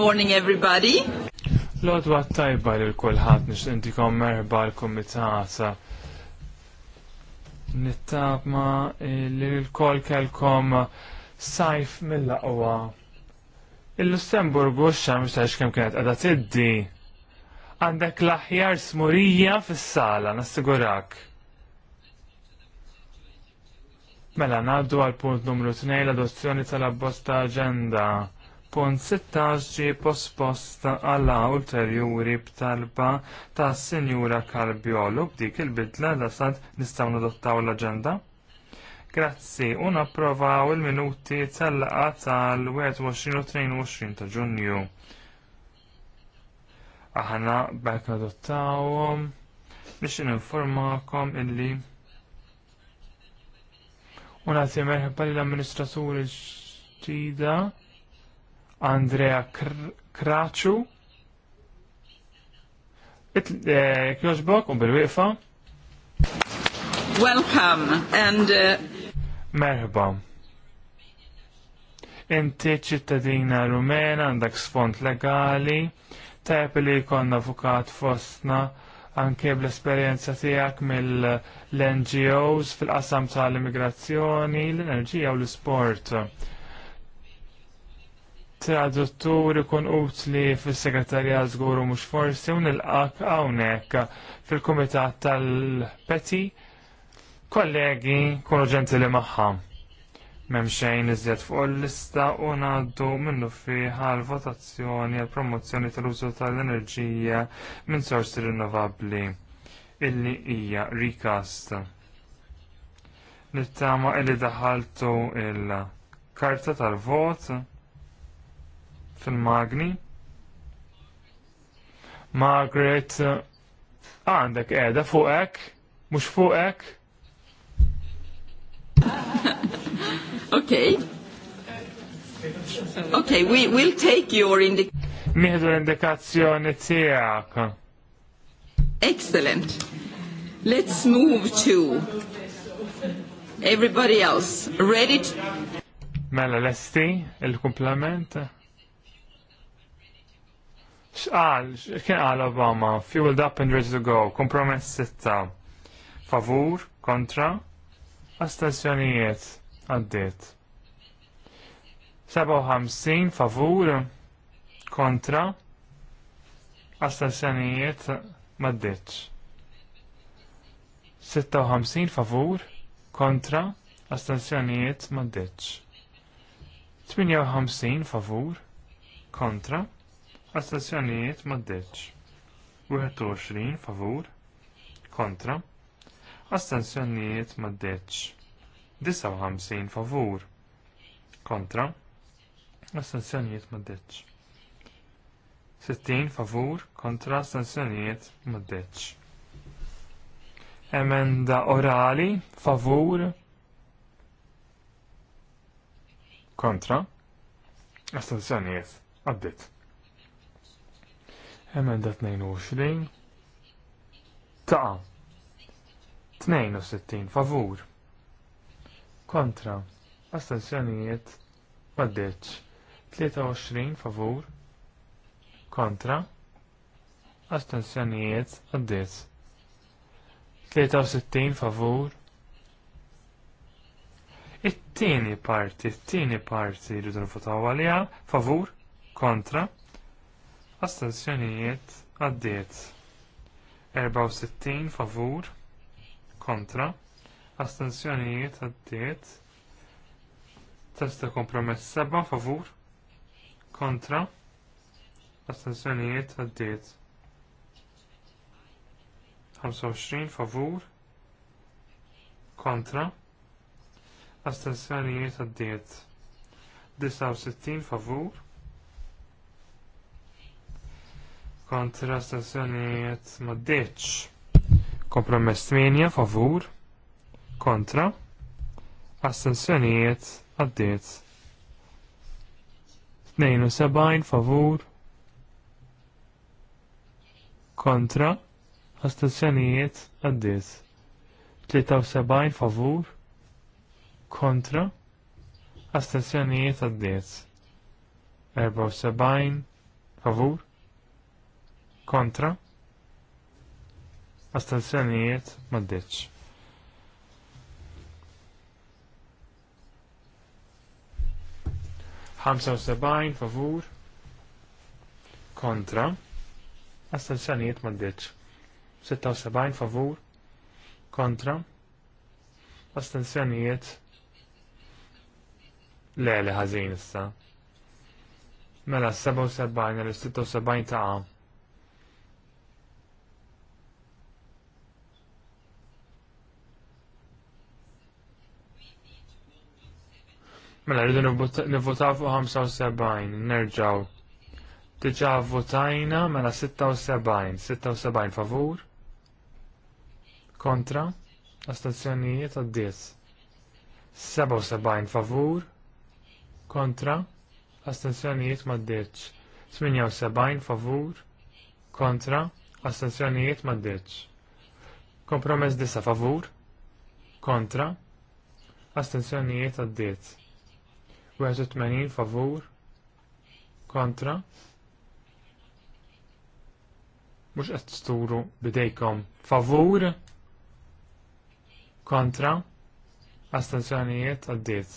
morning everybody. Lord, għadwa tajba lil l-kolħat nix indikom merħba l-komitata. Nittabma ma l-kol kelkom sajf mill-laqwa. Il-Lussemburgu xamx taħx kem kienet għada tiddi. Għandek l-aħjar smurija fis-sala, nassigurak. Mela, naddu għal punt numru 2 l-adozzjoni tal-abbosta agenda. Punt 16 ġie posposta għala ulterjuri b'talba ta' Sinjura Kalbiolu b'dik il-bidla da sad nistgħu nadottaw l-aġenda. Grazzi, u napprovaw il-minuti tal laqgħa tal-21 u 22 ta' Ġunju. Aħna bekk nadottawhom biex ninformakom illi u nagħti merħba lill amministraturi ġdida Andrea Kraċu. Eh, Kjoġbok, un bil-wiqfa. Welcome and. Uh, Merħba. Inti ċittadina rumena għandak sfond legali, tajb li jkollna avukat fostna anke bl-esperienza tiegħek mill-NGOs fil-qasam tal-immigrazzjoni, l-enerġija u l-sport traduttur ikun utli fil-segretarja żguru mhux forsi u nilqak hawnhekk fil-kumitat tal-Peti kollegi kunu ġentili magħha memxejn iżjed fuq l-lista u ngħaddu minnu fiħa l-votazzjoni għall promozzjoni tal-użu tal-enerġija minn sorsi rinnovabbli illi hija recast. Nittama illi daħaltu il-karta tal-vot fil-magni. Margaret, eh, għandek edha fuqek, mux fuqek. ok. Ok, we will take your indication. Nieħdu l-indikazzjoni tijak. Excellent. Let's move to everybody else. Ready? To... Mela esti il-komplement. X'qal, kien qal Obama? Fueled up and ready to go. Kompromess sitta. Favur, kontra, astensjonijiet, għaddit. 57 favur, kontra, astensjonijiet, maddiċ. 56 favur, kontra, astensjonijiet, maddiċ. 58 favur, kontra, Astenzjonijiet maddeċ. 21 favur kontra. Astenzjonijiet maddeċ. 59 favur kontra. Astenzjonijiet maddeċ. 60 favur kontra astenzjonijiet maddeċ. Emenda orali favur kontra astenzjonijiet għaddit. Emenda 22. Ta' 62 favur. Kontra. astensjonijiet maddeċ. 23 favur. Kontra. astensjonijiet, Maddeċ. 63 favur. It-tieni parti, it-tieni parti rridu nfutaw għalija, favur, kontra, astensjonijiet għaddiet 64 favur kontra astensjonijiet għaddiet testa kompromess 7 favur kontra astensjonijiet għaddiet 25 favur kontra astensjonijiet għaddiet 69 favur kontra stazzjonijiet deċ kompromess 8 favur kontra astensjonijiet għaddiet 72 favur kontra astensjonijiet għaddiet 73 favur kontra astensjonijiet għaddiet 74 favur kontra astensjonijiet maddeċ. Hamsa u favur kontra astensjonijiet u sebajn favur kontra astensjonijiet le li ħażin issa. Mela 77 l-76 ta' Mela rridu nivvotaw fuq 75, nerġaw. Diġà votajna mela 76, 76 favur. Kontra, astazzjonijiet għaddiet. 77 favur. Kontra, astazzjonijiet maddiċ. 78 favur. Kontra, astazzjonijiet maddiċ. Kompromess disa favur. Kontra, għad għaddiet. 81 favur kontra mhux qed sturu bidejkom favur kontra astenzjonijiet għaddiet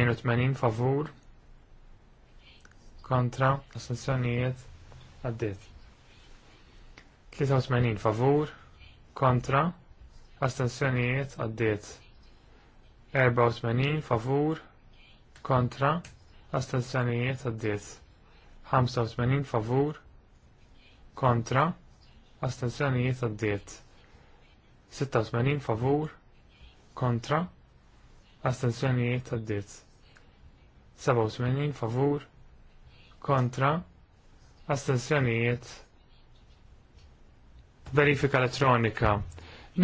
82 favur kontra astenzjonijiet għaddiet 83 favur kontra astenzjonijiet għaddiet 84 favur kontra astazzjonijiet għaddiet 85 favur kontra astazzjonijiet għaddiet 86 favur kontra astazzjonijiet għaddiet 87 favur kontra astazzjonijiet verifika elettronika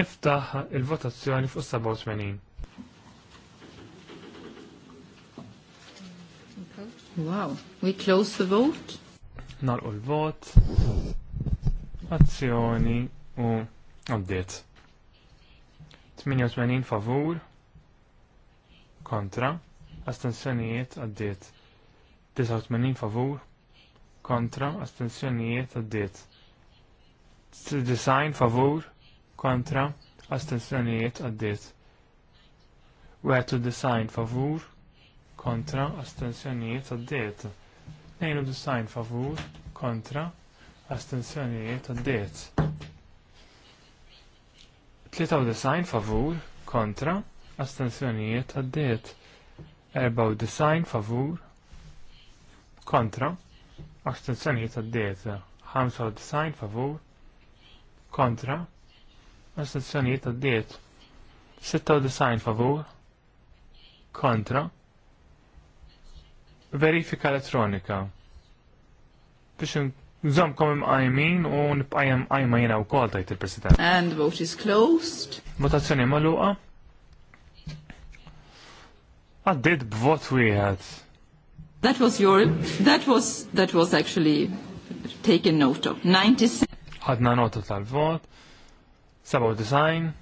niftaħ il-votazzjoni fuq 87 Wow, we close the vote. Nalqu l-vot. Azzjoni u għaddiet. 88 favur kontra astensjonijiet għaddiet. 89 favur kontra astensjonijiet għaddiet. 90 favur kontra astensjonijiet għaddiet. 91 favur kontra astensjonijiet għaddiet. 92 favur kontra astensjonijiet għaddiet. 93 favur kontra astensjonijiet għaddiet. 94 favur kontra astensjonijiet għaddiet. 95 favur kontra astensjonijiet għaddiet. 96 favur kontra verifika elettronika. Biex nżomkom imqajmin u nibqajem qajma jena u kol tajt il-President. And the vote is closed. Votazzjoni maluqa. Għaddit b'vot wieħed. That was your, that was, that was actually taken note of. 96. Għadna nota tal-vot. 97.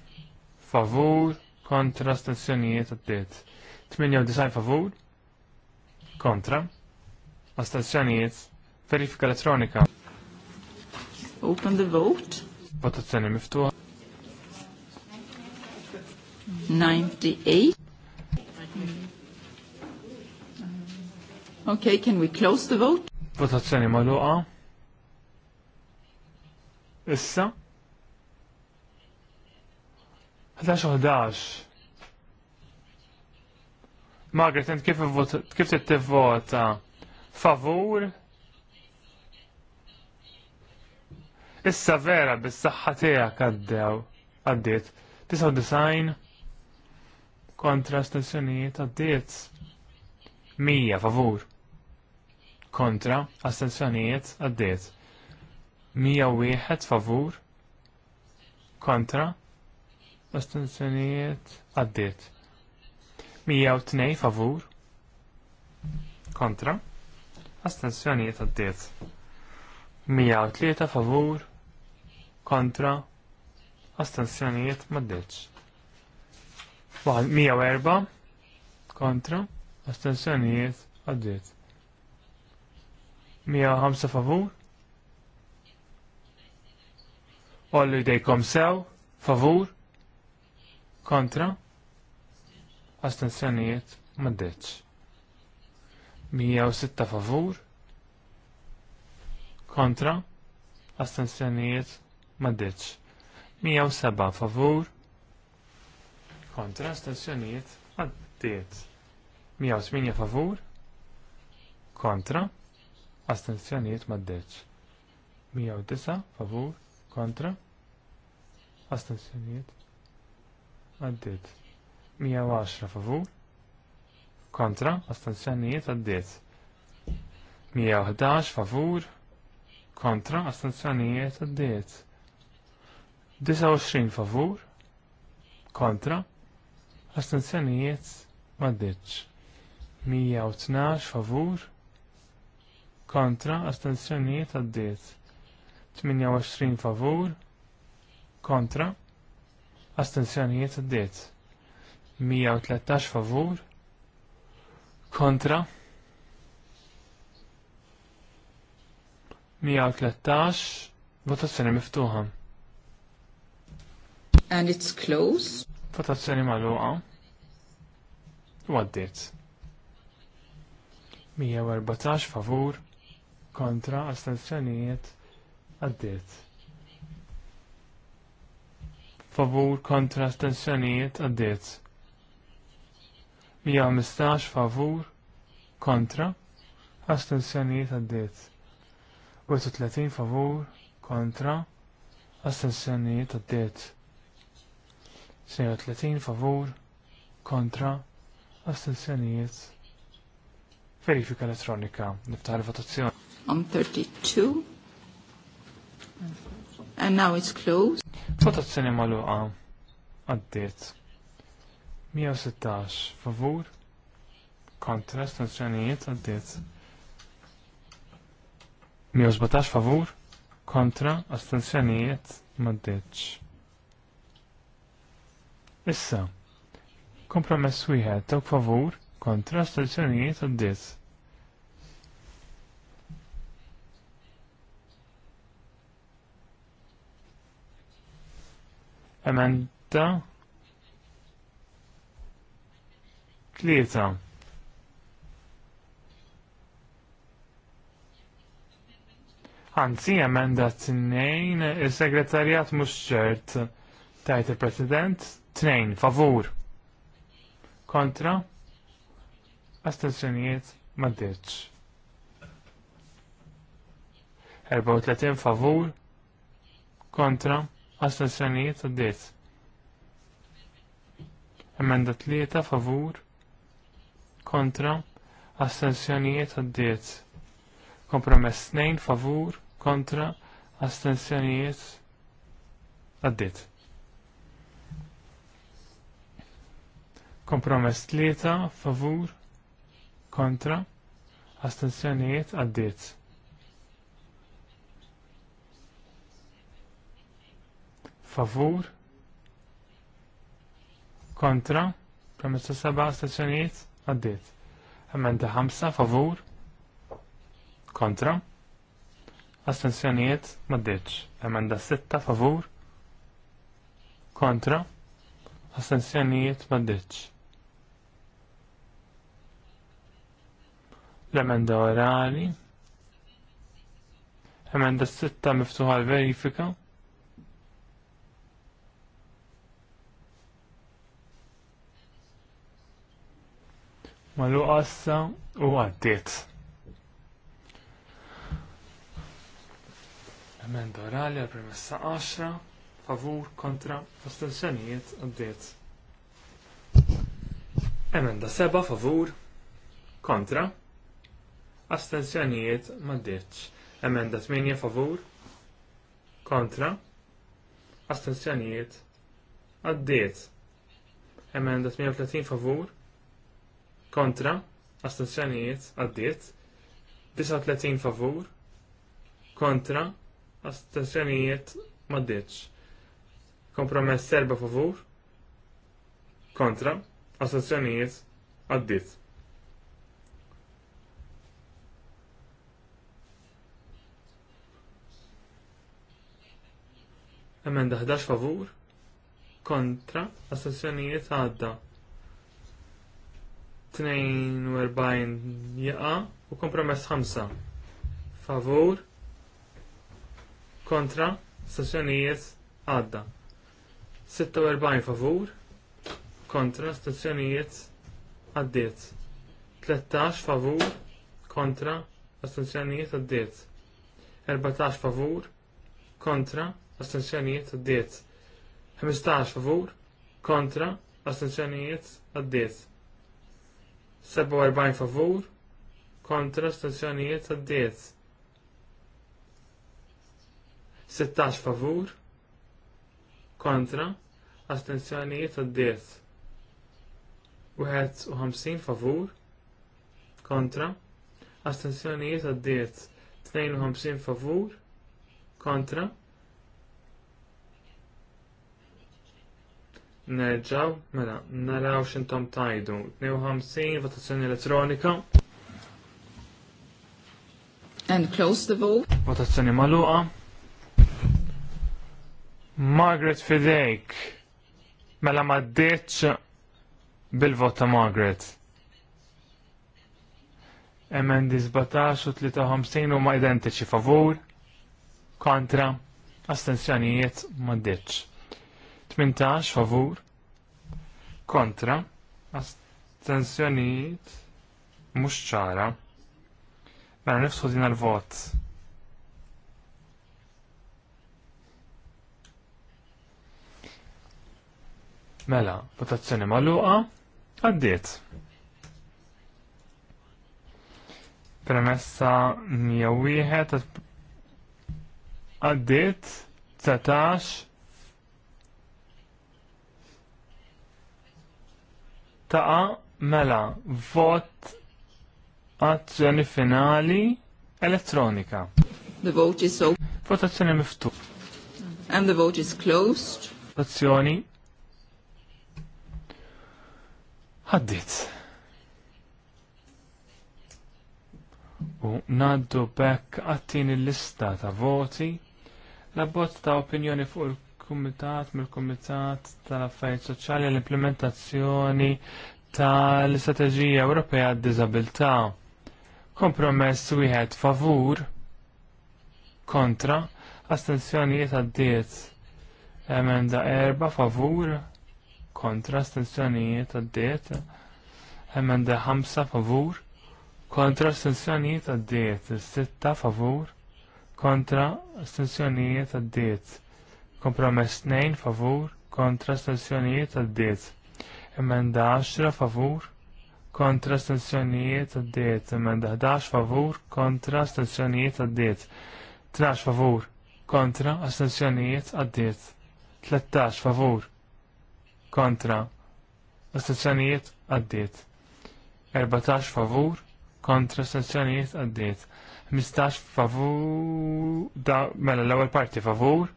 Favur. Kontra stazzjonijiet għaddit. 98 favur kontra, astazzjonijiet, verifika elettronika. Open the vote. Votazzjoni miftuħa. 98. Okay, can we close the vote? Votazzjoni maluqa. Issa. 11-11. Margaret, ent kif kif tivvota? Favur? Issa vera bis-saħħa tiegħek għaddew għaddiet. 99 kontra astensjonijiet għaddiet. Mija favur. Kontra astensjonijiet għaddiet. wieħed favur. Kontra astensjonijiet għaddiet. 102 favur kontra astensjonijiet għaddiet 103 favur kontra astensjonijiet maddeċ 104 kontra astensjonijiet għaddiet 105 favur Ollu jdejkom sew, favur, kontra, astensjonijiet maddeċ. 106 favur kontra astensjonijiet maddeċ. 107 favur kontra astensjonijiet maddeċ. 108 favur kontra astensjonijiet maddeċ. 109 favur kontra astensjonijiet maddeċ. 110 favur kontra astanzjonijiet għaddiet 111 favur kontra astanzjonijiet għaddiet 29 favur kontra astanzjonijiet għaddiet 112 favur kontra astanzjonijiet għaddiet 28 favur kontra astanzjonijiet għaddiet 113 favur kontra 113 votazzjoni miftuħa. And it's close? Votazzjoni magħluqa. Għaddiet. 114 favur kontra astenzjonijiet għaddiet. Favur kontra astenzjonijiet għaddiet. 115 favur kontra astensjonijiet għaddiet. 30 favur kontra astensjonijiet għaddiet. 30 favur kontra astensjonijiet. Verifika elettronika, niftar votazzjoni. On 32. And now it's closed. Votazzjoni maluqa addiet. 116 favur kontra stazzjonijiet għaddiet. 117 favur kontra astenzjonijiet maddeċ. Issa, kompromess wieħed dawk favur kontra astenzjonijiet għaddiet. Emenda Tlieta. Anzi, emenda t-nejn, il-segretarjat mux ċert, tajt il-president, t-nejn, favur. Kontra, astensjonijiet, maddeċ. 34 favur, kontra, astensjonijiet, addeċ. Emenda t-lieta, favur, kontra astensjonijiet għaddiet. Kompromess 2 favur kontra astensjonijiet għaddiet. Kompromess 3 favur kontra astensjonijiet għaddiet. Favur kontra premessa seba' astensjonijiet għaddiet. Emenda ħamsa favur kontra. Astensjonijiet maddiċ. Emenda sitta favur kontra. Astensjonijiet maddiċ. L-emenda orali. Emenda sitta miftuħa l-verifika. malu qassa u għaddiet. Emenda orali għal premessa 10, favur kontra astensjonijiet għaddiet. Emenda 7, favur kontra astensjonijiet maddiċ. Emenda 8, favur kontra astensjonijiet għaddiet. Emenda 38, favur kontra, astenzjonijiet għaddiet, 39 favur, kontra, astenzjonijiet maddiċ. Kompromess serba favur, kontra, astenzjonijiet għaddiet. Emenda 11 favur, kontra, astenzjonijiet għadda. 42 jaqa u kompromess 5 favur kontra stazzjonijiet għadda 46 favur kontra stazzjonijiet għaddiet 13 favur kontra astensjonijiet għaddiet 14 favur kontra astensjonijiet għaddiet 15 favur kontra astensjonijiet għaddiet 47 favur kontra stazzjonijiet ta' diet. 16 favur kontra astenzjonijiet ta' diet. 51 favur kontra astenzjonijiet ta' diet. 52 favur kontra Nerġaw, mela, naraw xintom tajdu. 52, votazzjoni elettronika. And close the vote. Votazzjoni maluqa. Margaret Fidejk. Mela ma ddeċ bil-vota Margaret. Emendi 17 u 53 huma identiċi favur, kontra, astenzjonijiet ma ddeċ. 18 favur kontra astensjonijiet mhux ċara. Mela nifsu din l-vot. Mela, votazzjoni magħluqa għaddiet. Premessa 101 għaddiet 19 taqa mela vot azzjoni finali elettronika. The vote is open. Votazzjoni miftuħ. And the vote is closed. Votazzjoni. Għaddit. U naddu bekk għattin il-lista ta' voti, la bot ta' opinjoni fuq kumitat mill-Kumitat tal-Affarijiet Soċjali l-implementazzjoni tal-Istrateġija Ewropea għad-Diżabilità. Kompromess wieħed favur kontra astensjonijiet għaddiet. Emenda erba favur kontra astensjonijiet għaddiet. Emenda ħamsa favur kontra astensjonijiet għaddiet. Sitta favur kontra astensjonijiet għaddiet. Kompromess 2 favur kontra stazzjonijiet għaddiet. Emenda 10 favur kontra stazzjonijiet għaddiet. Emenda 11 favur kontra stazzjonijiet diet 13 favur kontra astazzjonijiet diet 13 favur kontra astazzjonijiet diet 14 favur kontra astazzjonijiet diet 15 favur da mela l-ewwel parti favur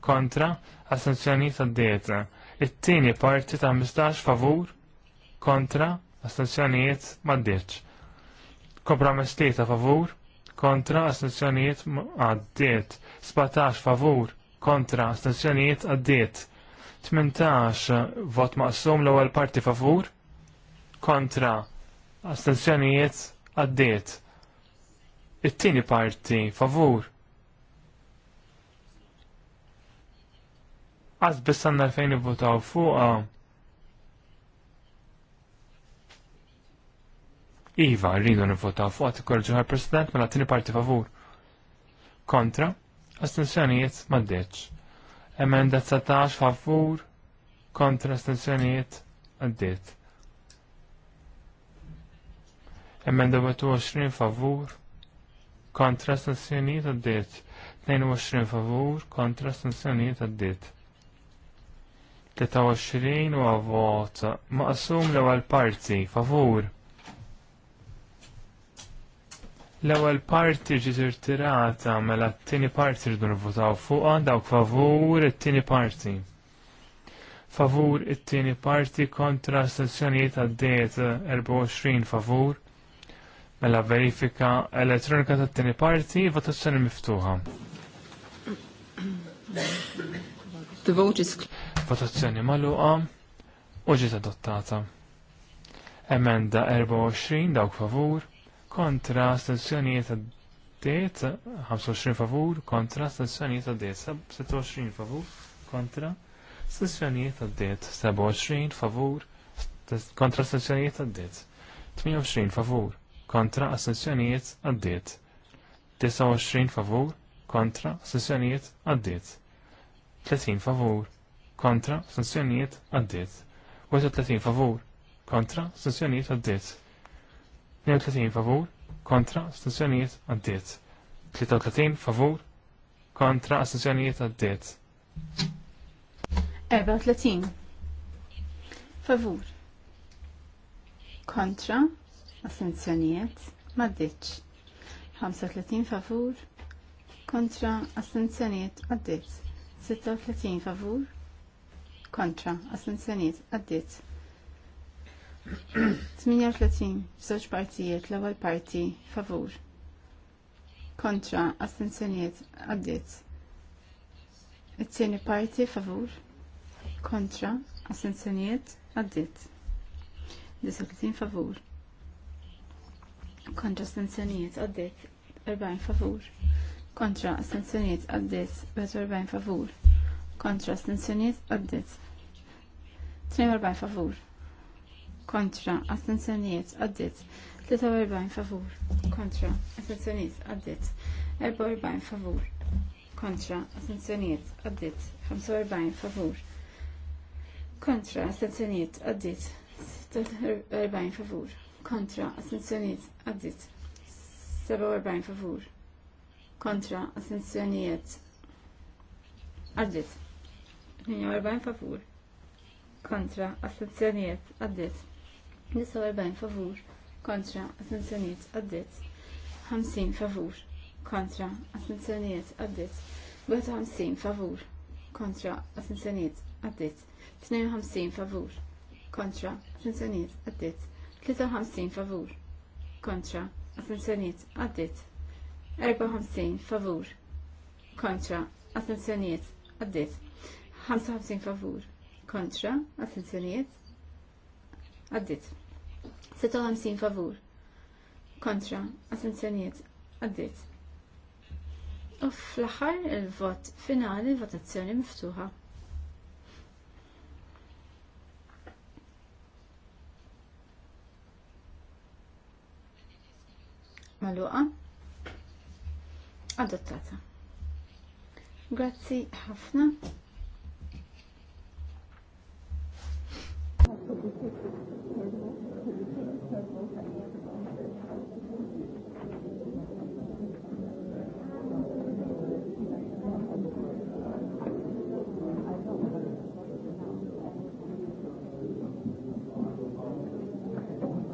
kontra astenzjonijiet dieta. It-tieni parti ta' 15 favur kontra astenzjonijiet dieċ. Kompromess ta' favur kontra astenzjonijiet għaddiet. 17 favur kontra astenzjonijiet għaddiet. 18 vot maqsum l-ewwel parti favur kontra astenzjonijiet għaddiet. It-tieni parti favur għaz bissanna fejn votaw fuqa. Iva, rridu nivvotaw fuqa t-korġu għal-president mela t-tini parti favur. Kontra, astensjonijiet maddeċ. Emenda 19 favur, kontra astensjonijiet għaddit. Emenda 20 favur, kontra astensjonijiet għaddit. 22 favur, kontra astensjonijiet għaddit. 23 u vot maqsum l-ewwel parti favur. L-ewwel parti ġiet irtirata mela t-tieni parti rridu nivvotaw fuqha dawk favur it-tieni parti. Favur it-tieni parti kontra stazzjonijiet għaddiet 24 favur. Mela verifika elettronika tat-tieni parti votazzjoni miftuħa. The vote is clear votazzjoni magħluqa u ġiet adottata. Emenda 24 dawk favur kontra astensjonijiet għaddiet 25 favur kontra astensjonijiet għaddiet 26 favur kontra astensjonijiet għaddiet 27 favur kontra astensjonijiet għaddiet 28 favur kontra astensjonijiet għaddiet 29 favur kontra astensjonijiet għaddiet 30 favur kontra, sanzjonijiet għaddiet. 31 favur, kontra, sanzjonijiet għaddiet. 32 favur, kontra, sanzjonijiet għaddiet. 33 favur, kontra, sanzjonijiet għaddiet. 34 favur, kontra, assenzjonijiet maddiċ. 35 favur, kontra, assenzjonijiet maddiċ. 36 favur, kontra assenzjoniet għaddit. 38 żewġ partijiet l-ewwel parti favur kontra assenzjoniet għaddit. It-tieni parti favur kontra assenzjoniet għaddit. 39 favur kontra assenzjoniet għaddit 40 favur kontra assenzjoniet għaddit 40 favur kontra astenzjoniet għaddit. 42 favur kontra astenzjoniet għaddit. 43 favur kontra astenzjoniet għaddit. 44 favur kontra astenzjoniet għaddit. 45 favur kontra astenzjoniet għaddit. 46 favur kontra astenzjoniet għaddit. 47 favur kontra astenzjoniet għaddit. 48 favur kontra astenzjonijiet għaddit 49 favur kontra astenzjonijiet għaddit 50 favur kontra astenzjonijiet għaddit 50 favur kontra astenzjonijiet għaddit 52 favur kontra astenzjonijiet għaddit 53 favur kontra astenzjonijiet għaddit 54 favur kontra astenzjonijiet għaddit 55 favur kontra astenzjonijiet għaddit 56 favur kontra astenzjonijiet għaddit U fl-aħħar il-vot finali votazzjoni miftuħa. Maluqa. Adottata. Grazzi ħafna.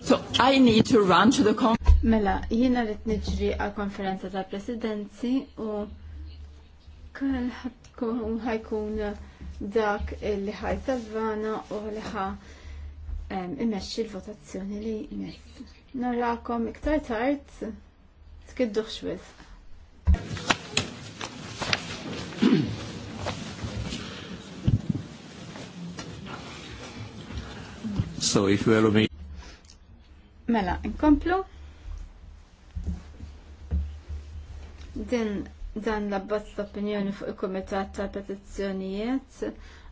So I need to run to the con Mela, jiena rrit niġri għal konferenza tal presidenzi u kalħat ħajkun dak li ħaj salvana u li ħa imesċi l-votazzjoni li jmiss. Narrakom iktar tard skidduħ xwiz. So if you allow me. Mela, inkomplu. Din dan l opinjoni fuq il-Kumitat tal Petizzjonijiet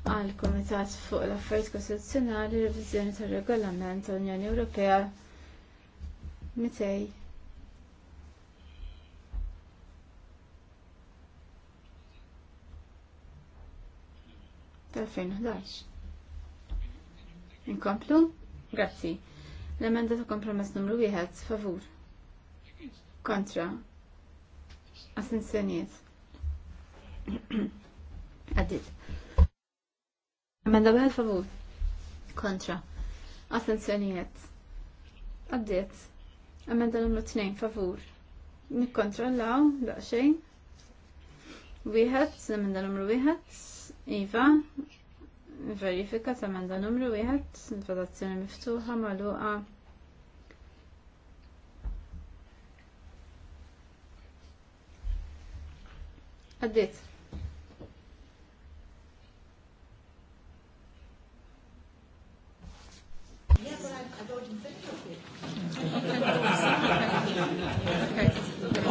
għal Kumitat fuq l-Affarijiet Kostituzzjonali Revizjoni tar-Regolament tal-Unjoni Ewropea 200. tal-2011. Inkomplu? Grazzi. L-emenda ta' kompromess numru 1, favur. Kontra, Assenzjoniet. Għaddit. Amenda wieħed favur. Kontra. Assenzjoniet. Għaddit. Amenda numru 2 favur. Nikkontrollaw daqsxejn. Wieħed, amenda numru wieħed. Iva. Verifika ta' amenda numru wieħed. Votazzjoni miftuħa magħluqa. Għaddit.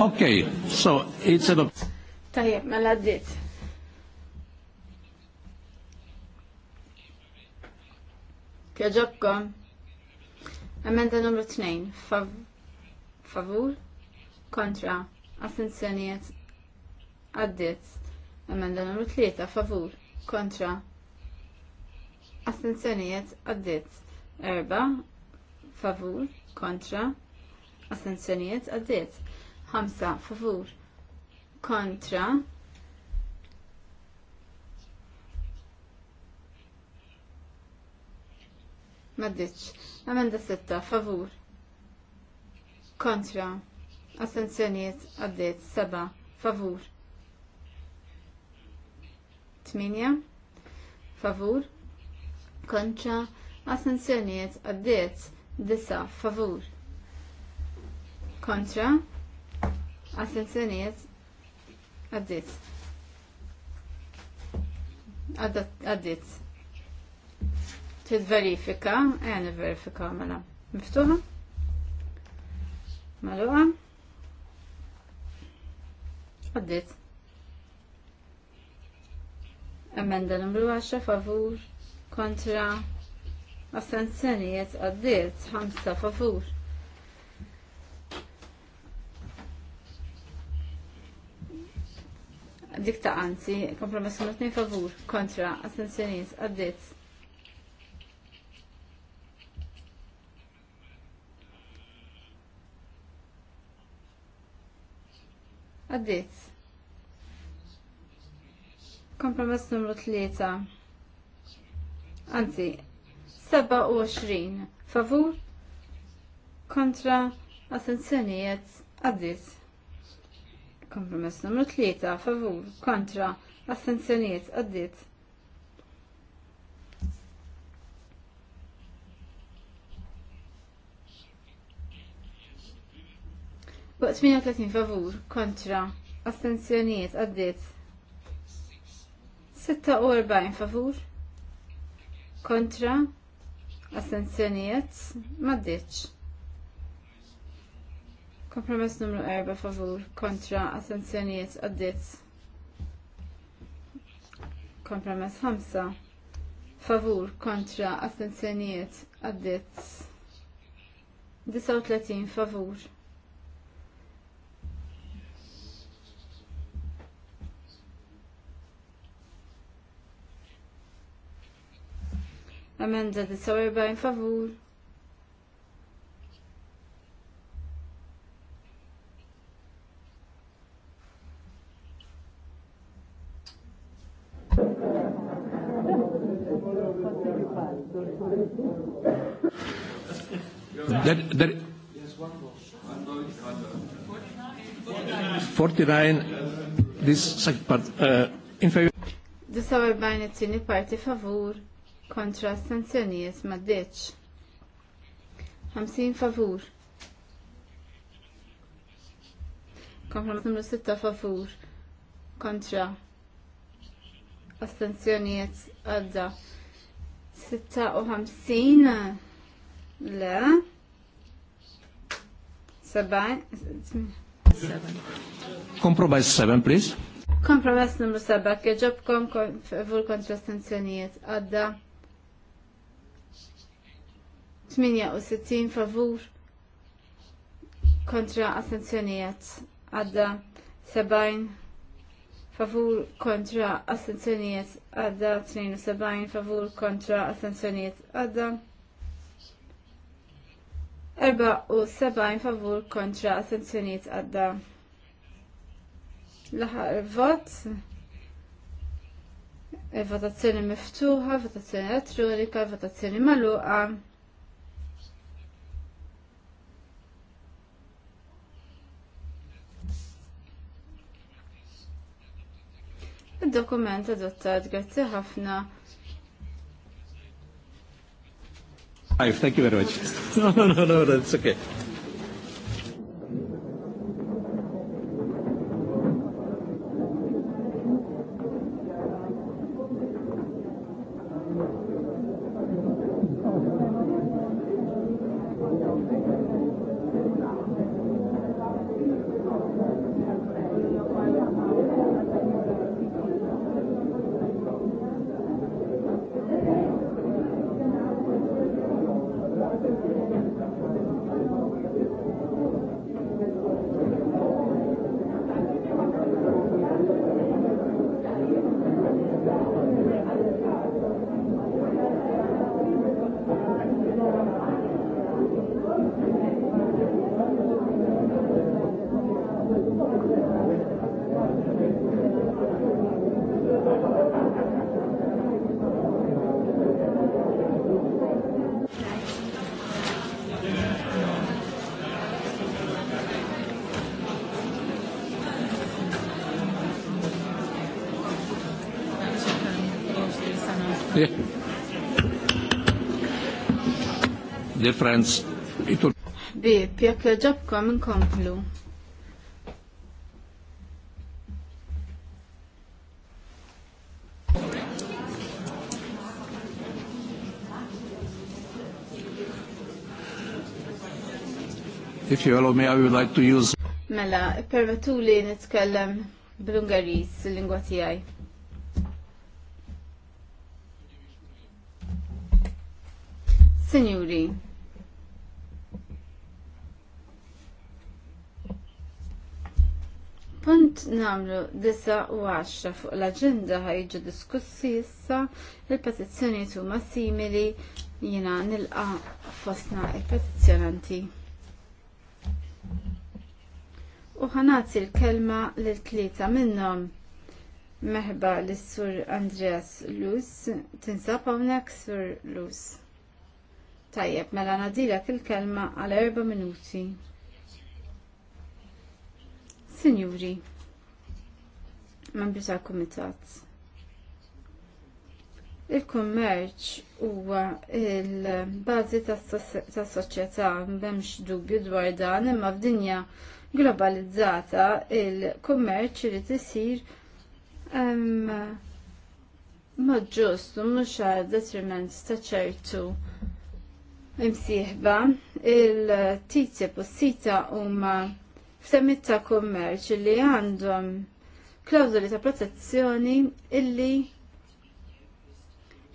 Okay, so it's a... Tajjeb, mela għaddit. Kjaġobkom. Amenda numru 2. Favur? Kontra? Assenzjoniet? għaddiet. Emenda numru 3 favur kontra astenzjonijiet għaddiet. 4 favur kontra astenzjonijiet għaddiet. 5 favur kontra Maddiċ. Amenda sitta, favur. Kontra. astenzjonijiet għaddiet 7 favur tminja favur kontra astenzjonijiet għaddiet Disa. favur kontra astenzjonijiet għaddiet għaddiet Tid verifika, għen eh, verifika mela. Miftuħa? Maluqa? għaddiet Emenda numru 10 favur kontra assenzjonijiet għaddiet 5 favur. Dik ta' anzi, kompromess numru 2 favur kontra assenzjonijiet għaddiet. Għaddiet. Kompromess numru 3. Anzi, 27. Favur kontra assenzjonijiet għaddis. Kompromess numru 3. Favur kontra assenzjonijiet għaddis. Waqt 38 favur kontra astenzjonijiet għaddis. 46 favur kontra astenzjonijiet maddiċ. Kompromess numru 4 favur kontra astenzjonijiet għaddiet. Kompromess 5 favur kontra astenzjonijiet għaddiet. 39 favur Emenda 49 favur. That, that, 49 this part uh, in favor. favur kontra astensjonijiet maddeċ. 50 favur. Kompromiss numru 6 favur kontra astensjonijiet għadda 56 le 7 Compromise 7 please Kompromess numru 7 kieġobkom favur kontra astensjonijiet għadda 68 favur kontra astenzjonijiet għadda 70 favur kontra assenzjonijiet għadda 72 favur kontra assenzjonijiet għadda 74 favur kontra assenzjonijiet għadda l-ħar vot votazzjoni miftuħa, votazzjoni elettronika, votazzjoni maluqa. Il-dokument adottat grazie ħafna. Thank you very much. No, no, no, no, that's okay. difference. Bib, jekk joġobkom inkomplu. If you allow me, I would like to use... Mela, permetu li nitkellem bl-Ungaris, lingwa tijaj. Signori, Punt namlu 9 u 10 fuq l-agenda ħajġu diskussi jissa il-petizzjoni huma simili jina nilqa fosna il-petizzjonanti. U ħanati l-kelma l-tlieta minnhom. Meħba l-sur Andreas Luz, tinsab hawnhekk sur Luz. Tajjeb, mela nadilek il-kelma għal erba' minuti. Sinjuri, membri tal-Kumitat. Il-kummerċ huwa il-bażi tas-soċjetà m'hemmx dubju dwar dan imma f'dinja globalizzata il-kummerċ irid isir mod ġust u mhux għal detriment ta' ċertu imsieħba il-titjeb u s-sita huma f'temmit ta' kummerċ li għandhom klawżoli ta' protezzjoni illi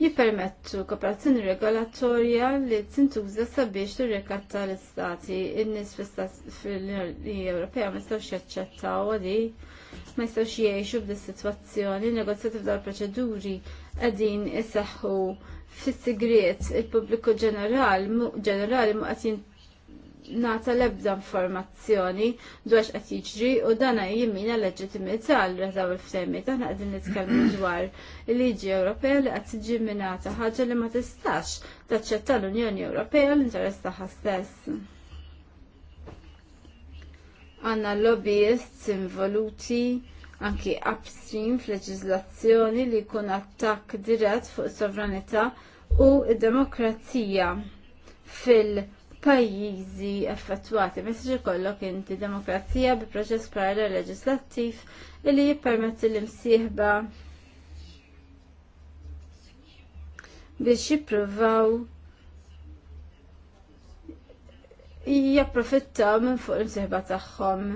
jippermettu kooperazzjoni regolatorja li tintuża sabiex rekatta l-istati in-nies fil-Unjoni Ewropea ma jistgħux jaċċettaw għadi ma jistgħux jgħixu b'di sitwazzjoni negozjati f'dar proċeduri qegħdin isaħħu fis-sigriet il-pubbliku ġenerali qed nata lebda informazzjoni dwar qed jiġri u dana jimmina leġitimità għal rezaw il-ftehmiet aħna qegħdin nitkellmu dwar il-liġi Ewropea li qed tiġi minata ħaġa li ma tistax taċċetta l-Unjoni Ewropea l-interess tagħha stess. Għanna lobbyists involuti anki upstream f'leġiżlazzjoni li jkun attakk dirett fuq sovranità u d-demokrazija fil- pajjiżi effettwati meta kollok inti demokrazija bi proċess parallel leġislattiv li jippermetti l-imsieħba biex jippruvaw japprofittaw minn fuq l-imsieħba tagħhom.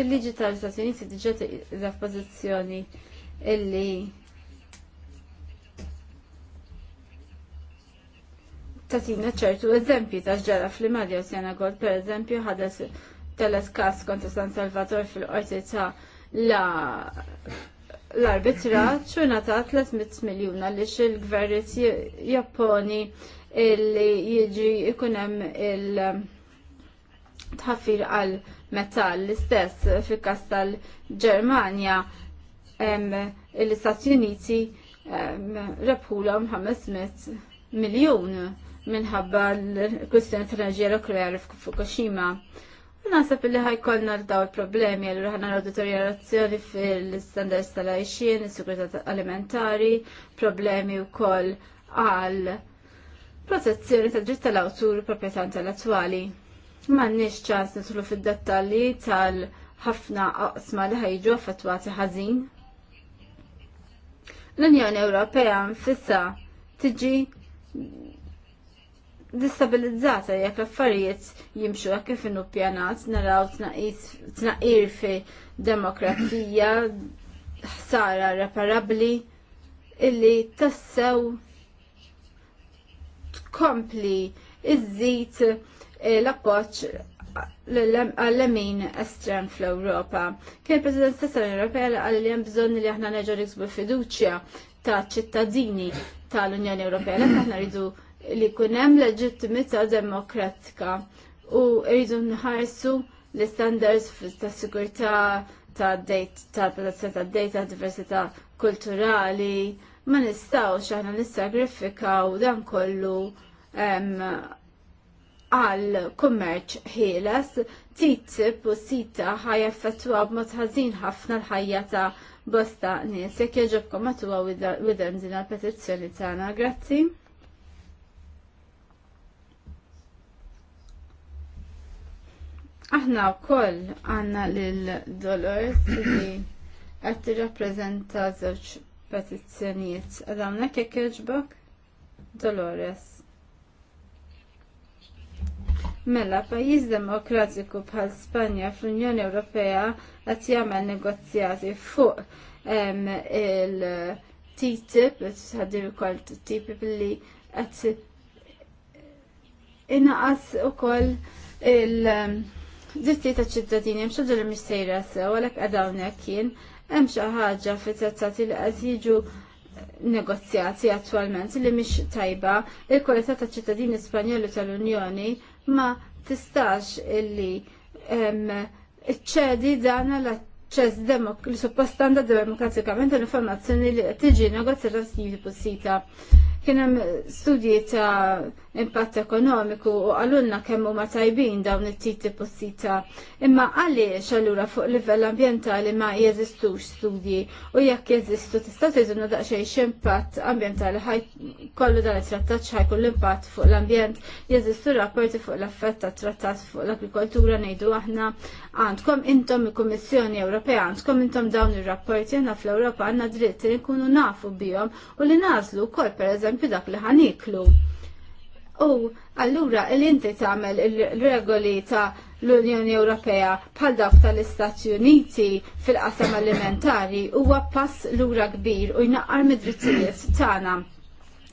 Il-liġi tal istati Uniti diġà f'pożizzjoni illi tatina ċertu eżempji ta' ġara fl-Imalja u Senagol, per eżempju, ħadas teles kontra San Salvador fil-qorti ta' la l-arbitrat xuna ta' 300 miljuna li xil-gverrit japponi illi jiġi ikunem il-tħaffir għal metall l-istess fil kastal tal il l-Istati Uniti rebħulhom 500 miljun minħabba l-kwistjoni tal-enerġija nukleari f'Fukushima. Nasab li ħajkollna l-daw il-problemi għallu ħana l-auditorjerazzjoni fil standard tal-għajxin, il-sigurta alimentari, problemi u koll għal protezzjoni ta' dritt tal-awtur u proprietà intellettuali. Mannix ċans nitlu fid-dettalji tal-ħafna qasma li ħajġu affettwati ħażin l-Unjoni Ewropea nfissa tiġi distabilizzata jekk l-affarijiet jimxu hekk kif inhu pjanat, naraw tnaqir fi demokrazija ħsara reparabbli illi tassew tkompli iżżid eh, l-appoġġ għall-lemin estrem fl-Ewropa. Kien il-President Sessar l li għal li hemm bżonn li aħna neġgħu niksbu fiduċja ta' ċittadini tal-Unjoni Ewropea, l aħna rridu li kunem leġittimità demokratika u rridu nħarsu l-standards ta' sigurtà ta' data ta' protezzjoni ta' diversità kulturali ma nistgħux aħna nissagrifikaw dan kollu għal kummerċ ħieles titsib u sita ħaj effettwa b'mod ħażin ħafna l-ħajja ta' bosta nies jekk jaġobkom matuwa widem din il-petizzjoni tagħna. Grazzi. Aħna wkoll għandna lil dolors li qed tirrappreżenta żewġ petizzjonijiet. Għad hawnhekk jekk jogħġbok? Dolores. Mela, pajjiż demokratiku bħal Spanja fl-Unjoni Ewropea qed jagħmel negozjati fuq il-TTIP, ħadir ukoll TTIP li qed inaqas ukoll il- Zitti ta' ċittadini hemm xogħol mistejra sew għalhekk għadawnek kien hemm xi ħaġa t-tazzati li qed jiġu negozjati attwalment li mhix tajba il-kwalità ta' ċittadini Spanjoli tal-Unjoni ma tistax illi ċedi dan l ċez demok li suppostanda demokratikament l-informazzjoni li tiġi negozjata f'snidi possita. Kien hemm studji ta' impatt ekonomiku u għalunna kemmu ma tajbin dawn it-titi possita. Imma għaliex allura fuq livell ambientali ma jeżistux studji u jekk jeżistu tista' tgħidulna daqsxejn x'impatt ambientali ħaj kollu dan it-trattat x'ħajkun l-impatt fuq l-ambjent jeżistu rapporti fuq l-affett tat-trattat fuq l-agrikoltura ngħidu aħna għandkom intom il-Kummissjoni Ewropea għandkom intom dawn ir-rapporti għandna fl-Ewropa għandna dritt li nkunu nafu bihom u li nażlu wkoll pereżempju dak li ħaniklu. U allura l-inti tagħmel il-regoli ta' l-Unjoni Ewropea bħal dawk tal-Istati Uniti fil-qasam alimentari huwa pass lura kbir u jnaqqar mid-drittijiet tagħna.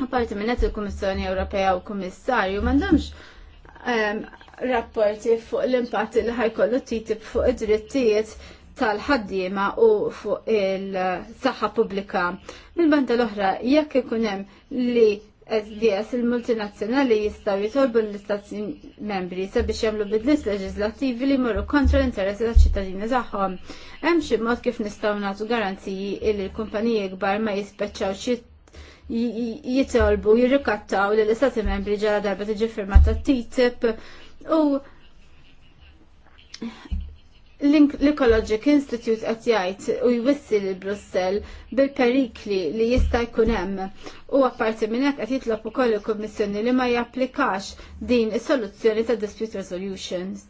Apparti minn qed il-Kummissjoni Ewropea u Kummissarju m'għandhomx ehm, rapporti fuq l-impatt li ħajkollu TTIP fuq id-drittijiet tal-ħaddiema u fuq il-saħħa pubblika. Mill-banda l-oħra, jekk ikun hemm li SDS il-multinazzjonali jistaw jitolbu l-istati membri sabiex jagħmlu bidlis leġislattivi li jmorru kontra l-interessi ta' ċittadini tagħhom. Hemm xi mod kif nistgħu nagħtu garanziji li l-kumpaniji kbar ma jispeċċaw jitolbu jirrikattaw li l-istati membri ġara darba tiġi firmata TTIP u l-Ecologic Institute qed jgħid u jwissi li Brussell bil-perikli li jista' jkun hemm. U apparti minn hekk qed jitlob ukoll il-Kummissjoni li ma japplikax din is-soluzzjoni ta' dispute resolutions.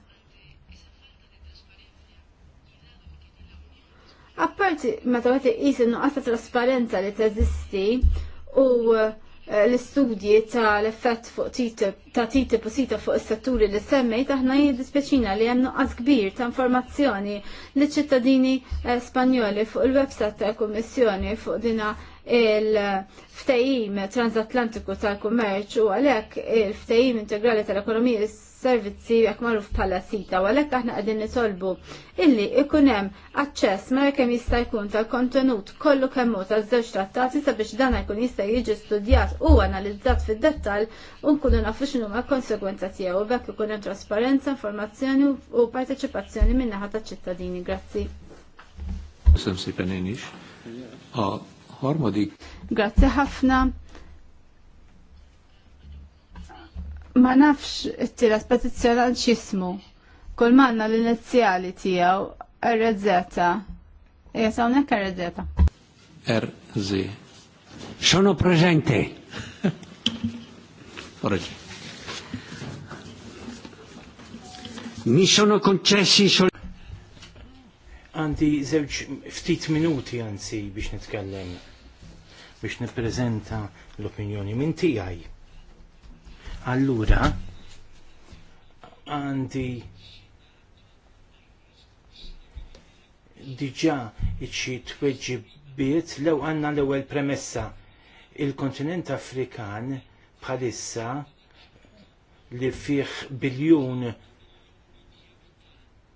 Apparti meta qed iqis nuqqas ta' trasparenza li teżisti u Eh, l-istudji ta' l-effett fuq TTIP ta' TTIP u sita fuq is-setturi li semmejt aħna jiddispjaċina li hemm nuqqas kbir ta' informazzjoni li ċittadini eh, Spanjoli fuq il-website tal-Kummissjoni fuq dina il-ftajim transatlantiku tal-kummerċ u għalhekk il-ftajim integrali tal-ekonomija servizzi jekk magħruf bħala sita u għalhekk aħna qegħdin nitolbu illi ikun hemm aċċess mara kemm jista' jkun tal-kontenut kollu kemm hu taż-żewġ trattati sabiex dan jkun jista' jiġi studjat u analizzat fid-dettall u nkunu nafu x'inhu ma' konsegwenza tiegħu u bekk ikun hemm trasparenza, informazzjoni u partecipazzjoni min-naħa taċ-ċittadini. Grazzi. si penenix harmadik. Grazzi ħafna. Ma nafx it tira petizzjonant x'ismu. Kol manna l-inizjali tiegħu RZ. Jes hawnhekk RZ. RZ. Sono presente. Mi sono concessi solo Għandi żewġ ftit minuti anzi biex nitkellem biex nippreżenta l-opinjoni minn tiegħi. Allura għandi diġà iċċi tweġibiet lew għandna l-ewwel premessa. Il-kontinent Afrikan bħalissa li fih biljun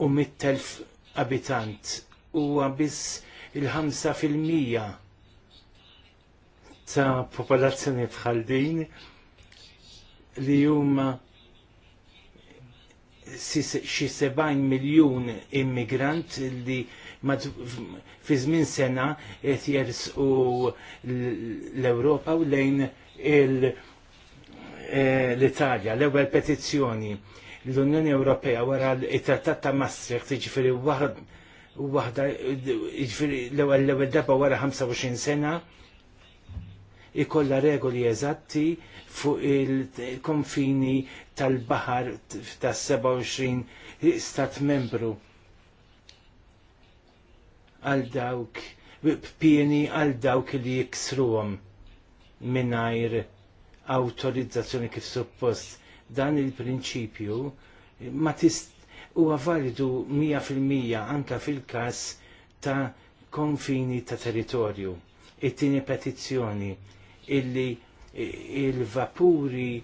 u mittelf abitant huwa biss il-5 ta' popolazzjoni tħaldin li huma xi 70 miljun immigrant li fi żmien sena qed jersqu l-Ewropa u lejn eh, l-Italja, l-ewwel petizzjoni l-Unjoni Ewropea wara l trattat ta' Maastricht jiġifieri waħda jiġifieri l-ewwel l-ewwel darba wara 25 sena ikolla regoli eżatti fuq il-konfini tal-baħar ta' 27 stat membru għal dawk pieni għal dawk li jiksruhom mingħajr awtorizzazzjoni kif suppost dan il-prinċipju ma tist u validu 100% anka fil-każ ta' konfini ta' territorju. It-tieni petizzjoni illi il-vapuri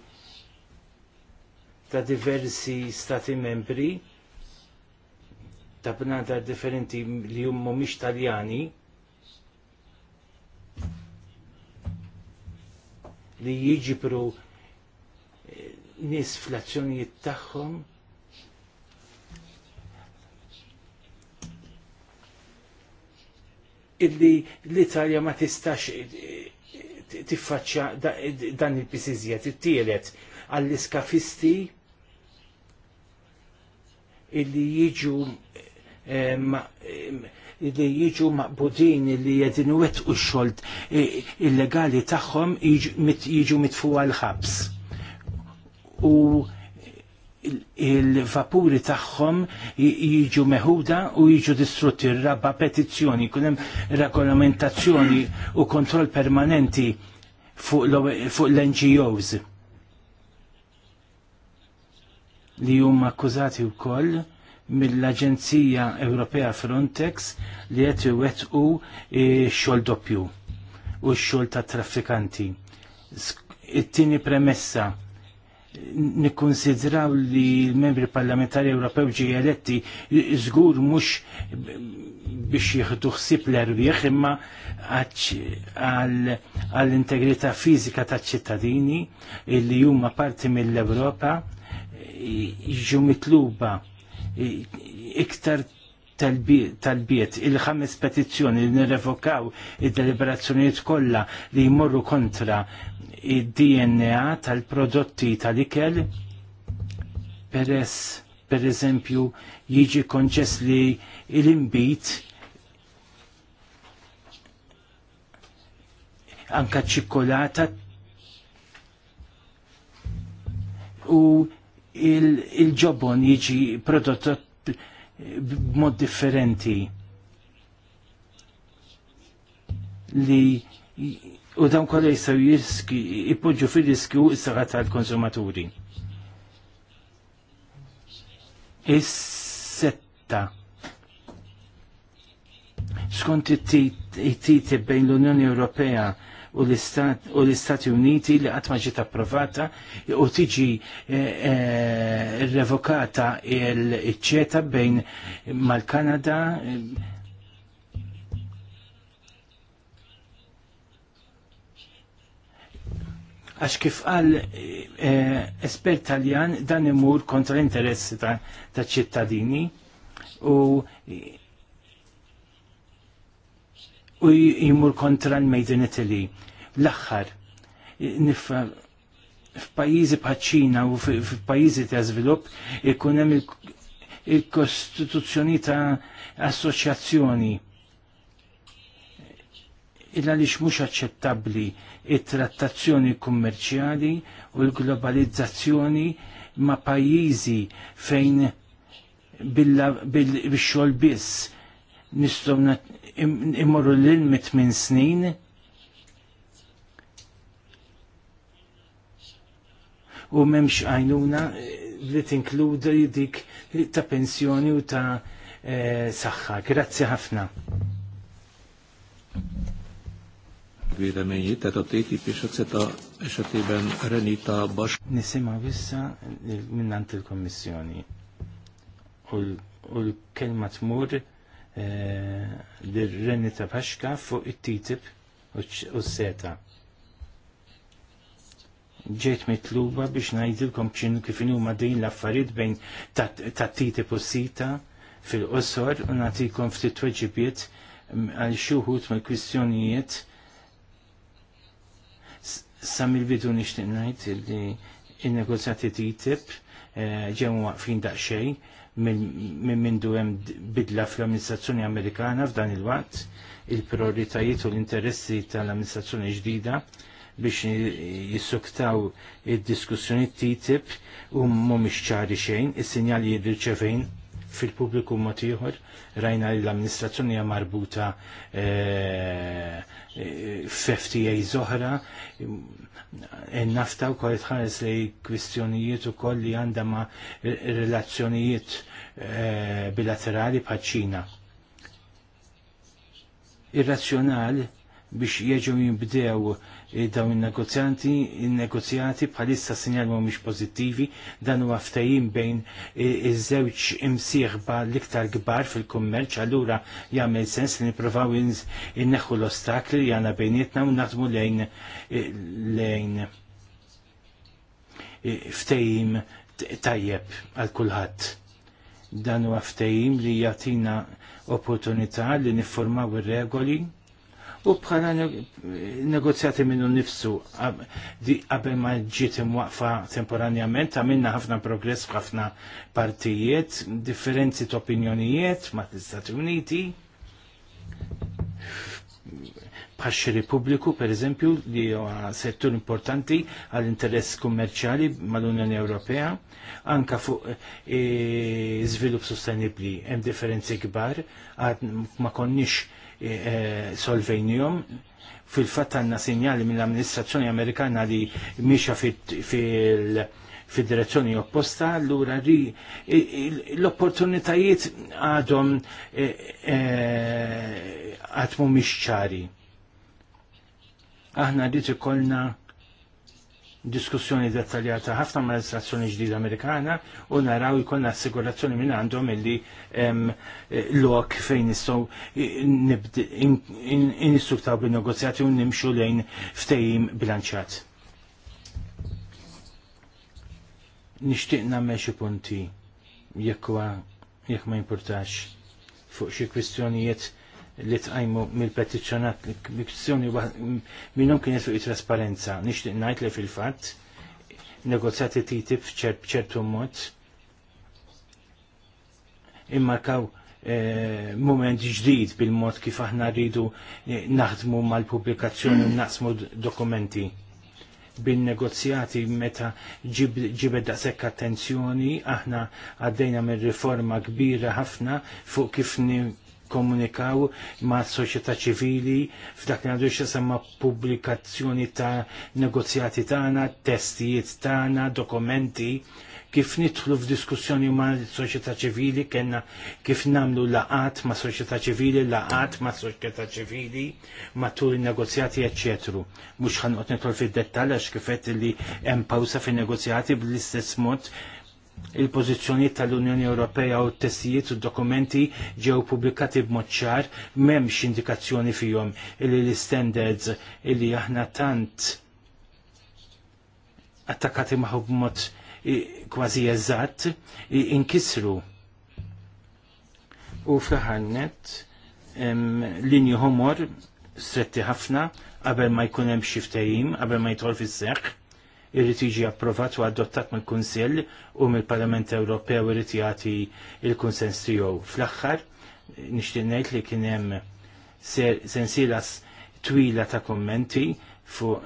ta' diversi stati membri ta' bnada differenti li jummu mhix taljani li jiġibru nies fl-azzjonijiet tagħhom illi l-Italja ma tistax eh, eh, tiffaċċja eh, dan il-pisiżjed it-tielet għall-iskafisti illi jiġu li jiġu maqbudin li jedinu wet u xolt illegali taħħom jiġu mitfu l ħabs u il-vapuri tagħhom jiġu meħuda u jiġu distrutti raba petizzjoni, kunem regolamentazzjoni u kontroll permanenti fuq l-NGOs li huma akkużati wkoll mill-Aġenzija Ewropea Frontex li qed iwettqu xogħol doppju u x-xogħol tat traffikanti. It-tieni premessa nikkonsidraw li l-membri parlamentari Ewropew ġi eletti żgur mhux biex jieħdu ħsieb l-erbieħ imma għall-integrità fiżika taċ-ċittadini li huma parti mill-Ewropa jiġu mitluba iktar tal-biet il-ħames petizzjoni li nirrevokaw id-deliberazzjonijiet kollha li jmorru kontra id-DNA tal-prodotti tal-ikel peress per eżempju jiġi konċess li l-imbit anka ċikkolata u il-ġobon il jiġi prodott b'mod differenti li u dawn kollha jistgħu jiski ipoġġu fir-riskju s-saħħa tal-konsumaturi. Is-setta. Skont it-titib bejn l-Unjoni Ewropea u l-Istati Uniti li qatt ma ġiet approvata u tiġi eh, eh, revokata il-ċeta bejn mal-Kanada eh, għax kif qal espert taljan dan imur kontra l-interessi ta' ċittadini u u jimur kontra l-Made in Italy. L-axħar, f'pajjiżi bħaċ-Ċina u f'pajjiżi ta' żvilupp ikun hemm il-kostituzzjoni ta' assoċjazzjoni illa li mhux aċċettabbli it-trattazzjoni kummerċjali u l-globalizzazzjoni ma' pajjiżi fejn bil-xogħol biss nistgħu immorru l-ilmi 8 snin u memx għajnuna eh, li tinkludu dik ta' pensjoni u ta' e, saħħa. Grazzi ħafna. Véleményi, tehát a TTIP és a CETA esetében Renita Bas... Nisima vissa eh, minnant il-kommissjoni. U l-kelma tmur Eh, l-renni ta' Paxka fuq it titib u s-seta. Ġejt mitluba biex najdilkom ċinu kif huma din l-affarijiet bejn ta' Titib u sita fil-qosor u natikom ftit weġibiet għal xuħut ma' kwistjonijiet sam il-bidu nishtiq ngħid li n-negozjati TTIP eh, ġew waqfin daqsxejn minn mindu hemm bidla fl-amministrazzjoni Amerikana f'dan il-waqt, il-prioritajiet u l-interessi tal-amministrazzjoni ġdida biex jissuktaw id-diskussjoni TTIP u mhumiex ċari xejn, is-sinjali jirriċevejn fil-pubbliku mod ieħor rajna li l-amministrazzjoni hija marbuta eh, FTA zoħra nafta wkoll tħares li kwistjonijiet ukoll li għandha ma' relazzjonijiet Eh, bilaterali bħaċ-Ċina. Irrazzjonal biex jieġu jimbdew eh, dawn il-negozjanti, il-negozjati bħalissa sinjal mhumiex pożittivi dan huwa ftehim bejn eh, iż-żewġ imsieħba l-iktar kbar fil-kummerċ, allura jagħmel sens li nippruvaw inneħħu l-ostakli li għandna bejnietna u naħdmu lejn lejn ftehim tajjeb għal kulħadd dan u għaftajim li jatina opportunità li niformaw ir-regoli u bħala negozjati minnu nifsu qabel ma ġiet imwaqfa temporanjament għamilna ħafna progress f'ħafna partijiet, differenzi ta' opinjonijiet ma' l-Istati Uniti paxxiri pubbliku, per eżempju, li huwa settur importanti għall interess kummerċjali mal-Unjoni Ewropea, anka fuq e, żvilupp sostenibbli hemm differenzi kbar għad ma konniex e, e solvejnijom fil-fatt għandna sinjali mill-amministrazzjoni Amerikana li miexa fil- fid-direzzjoni opposta, allura ri l-opportunitajiet għadhom e, għatmu miex ċari aħna rrid ikollna diskussjoni dettaljata ħafna ma' l-istrazzjoni ġdida Amerikana u naraw jkollna assigurazzjoni minn għandhom illi l-ok fejn nistgħu nistruktaw bin-negozjati u nimxu lejn ftehim bilanċat. Nixtieq nagħmel xi punti jekk jekk ma jimpurtax fuq xi kwistjonijiet li tqajmu mill-petizzjonat li kwistjoni minnhom kien jesu it-trasparenza. Nixtieq ngħid li fil-fatt negozjati TTIP f'ċertu mod immarkaw eh, moment ġdid bil-mod kif aħna rridu eh, naħdmu mal-pubblikazzjoni u naqsmu dokumenti bil-negozjati meta ġibed daqshekk attenzjoni aħna għaddejna mir riforma kbira ħafna fuq kif komunikaw ma' soċjetà ċivili f'dak li għandu semma pubblikazzjoni ta' negozjati tagħna, testijiet tagħna, dokumenti, kif nidħlu f'diskussjoni ma' soċjetà ċivili kellna kif nagħmlu laqat ma' soċjetà ċivili, laqat ma' soċjetà ċivili matul in-negozjati eċċetru. Mhux ħanqod nidħol fid-dettall għax kif li hemm pawsa fin-negozjati bl-istess mod il-pożizzjonijiet tal-Unjoni Ewropea u t-testijiet u dokumenti ġew pubblikati b'mod ċar m'hemmx indikazzjoni fihom li l-standards li aħna tant attakati magħhom b'mod kważi eżatt inkisru. U fl-ħarnet linji homor stretti ħafna qabel ma jkun hemm xi ftehim, qabel ma jidħol fis-seħħ irrid jiġi approvat u adottat mill-Kunsill u mill-Parlament Ewropew irrid jagħti il-kunsens tiegħu. Fl-aħħar nixtieq ngħid li kien hemm sensilas twila ta' kommenti fuq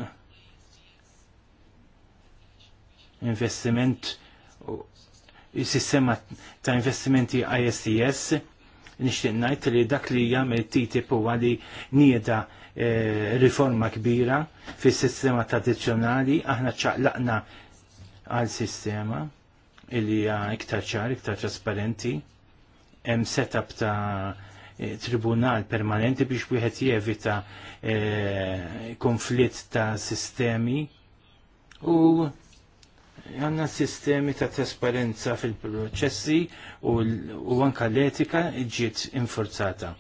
investiment sistema ta' investimenti ISDS nixtieq ngħid li dak li il TTIP huwa li nieda Eh, riforma kbira fis sistema tradizzjonali, aħna ċaqlaqna għal sistema illi hija iktar ċar, iktar trasparenti, hemm setup ta' eh, tribunal permanenti biex wieħed jevita eh, konflitt ta' sistemi u għanna sistemi ta' trasparenza fil-proċessi u anka l-etika ġiet infurzata.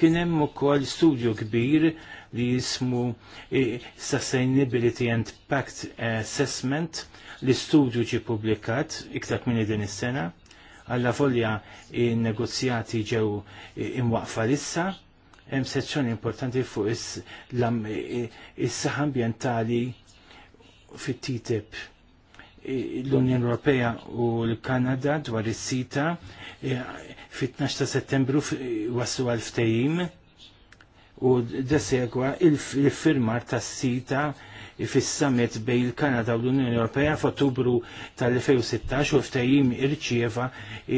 Kien hemm ukoll studju kbir li jismu Sustainability and Pact Assessment li studju ġi publikat iktar minn din is-sena għalla volja negozjati ġew imwaqfa lissa hemm sezzjoni importanti fuq is-saħ ambjentali fit-TTIP l-Unjoni Ewropea u l-Kanada dwar is-sita fit-12 ta' Settembru waslu għal ftehim u desegwa il-firmar tas sita fis-summit bejn il-Kanada u l-Unjoni Ewropea f'Ottubru tal-2016 u ftehim irċieva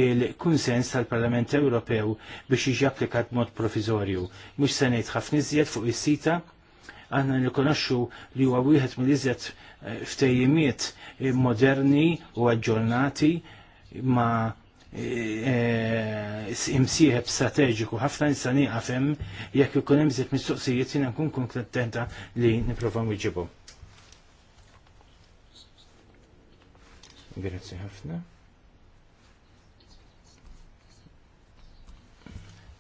il-kunsens tal-Parlament Ewropew biex jiġi applikat mod provizorju. Mhux se ngħid ħafna iżjed fuq is-sita għanna nikonoxxu li huwa wieħed mill-iżjed eh, ftejjimiet eh, moderni u aġġornati ma' Eh, imsieħeb strateġiku ħafna nistani għafem jekk ikun hemm żied mistoqsijiet jiena nkun kontenta li nipprova nwiġibhom. Grazzi ħafna.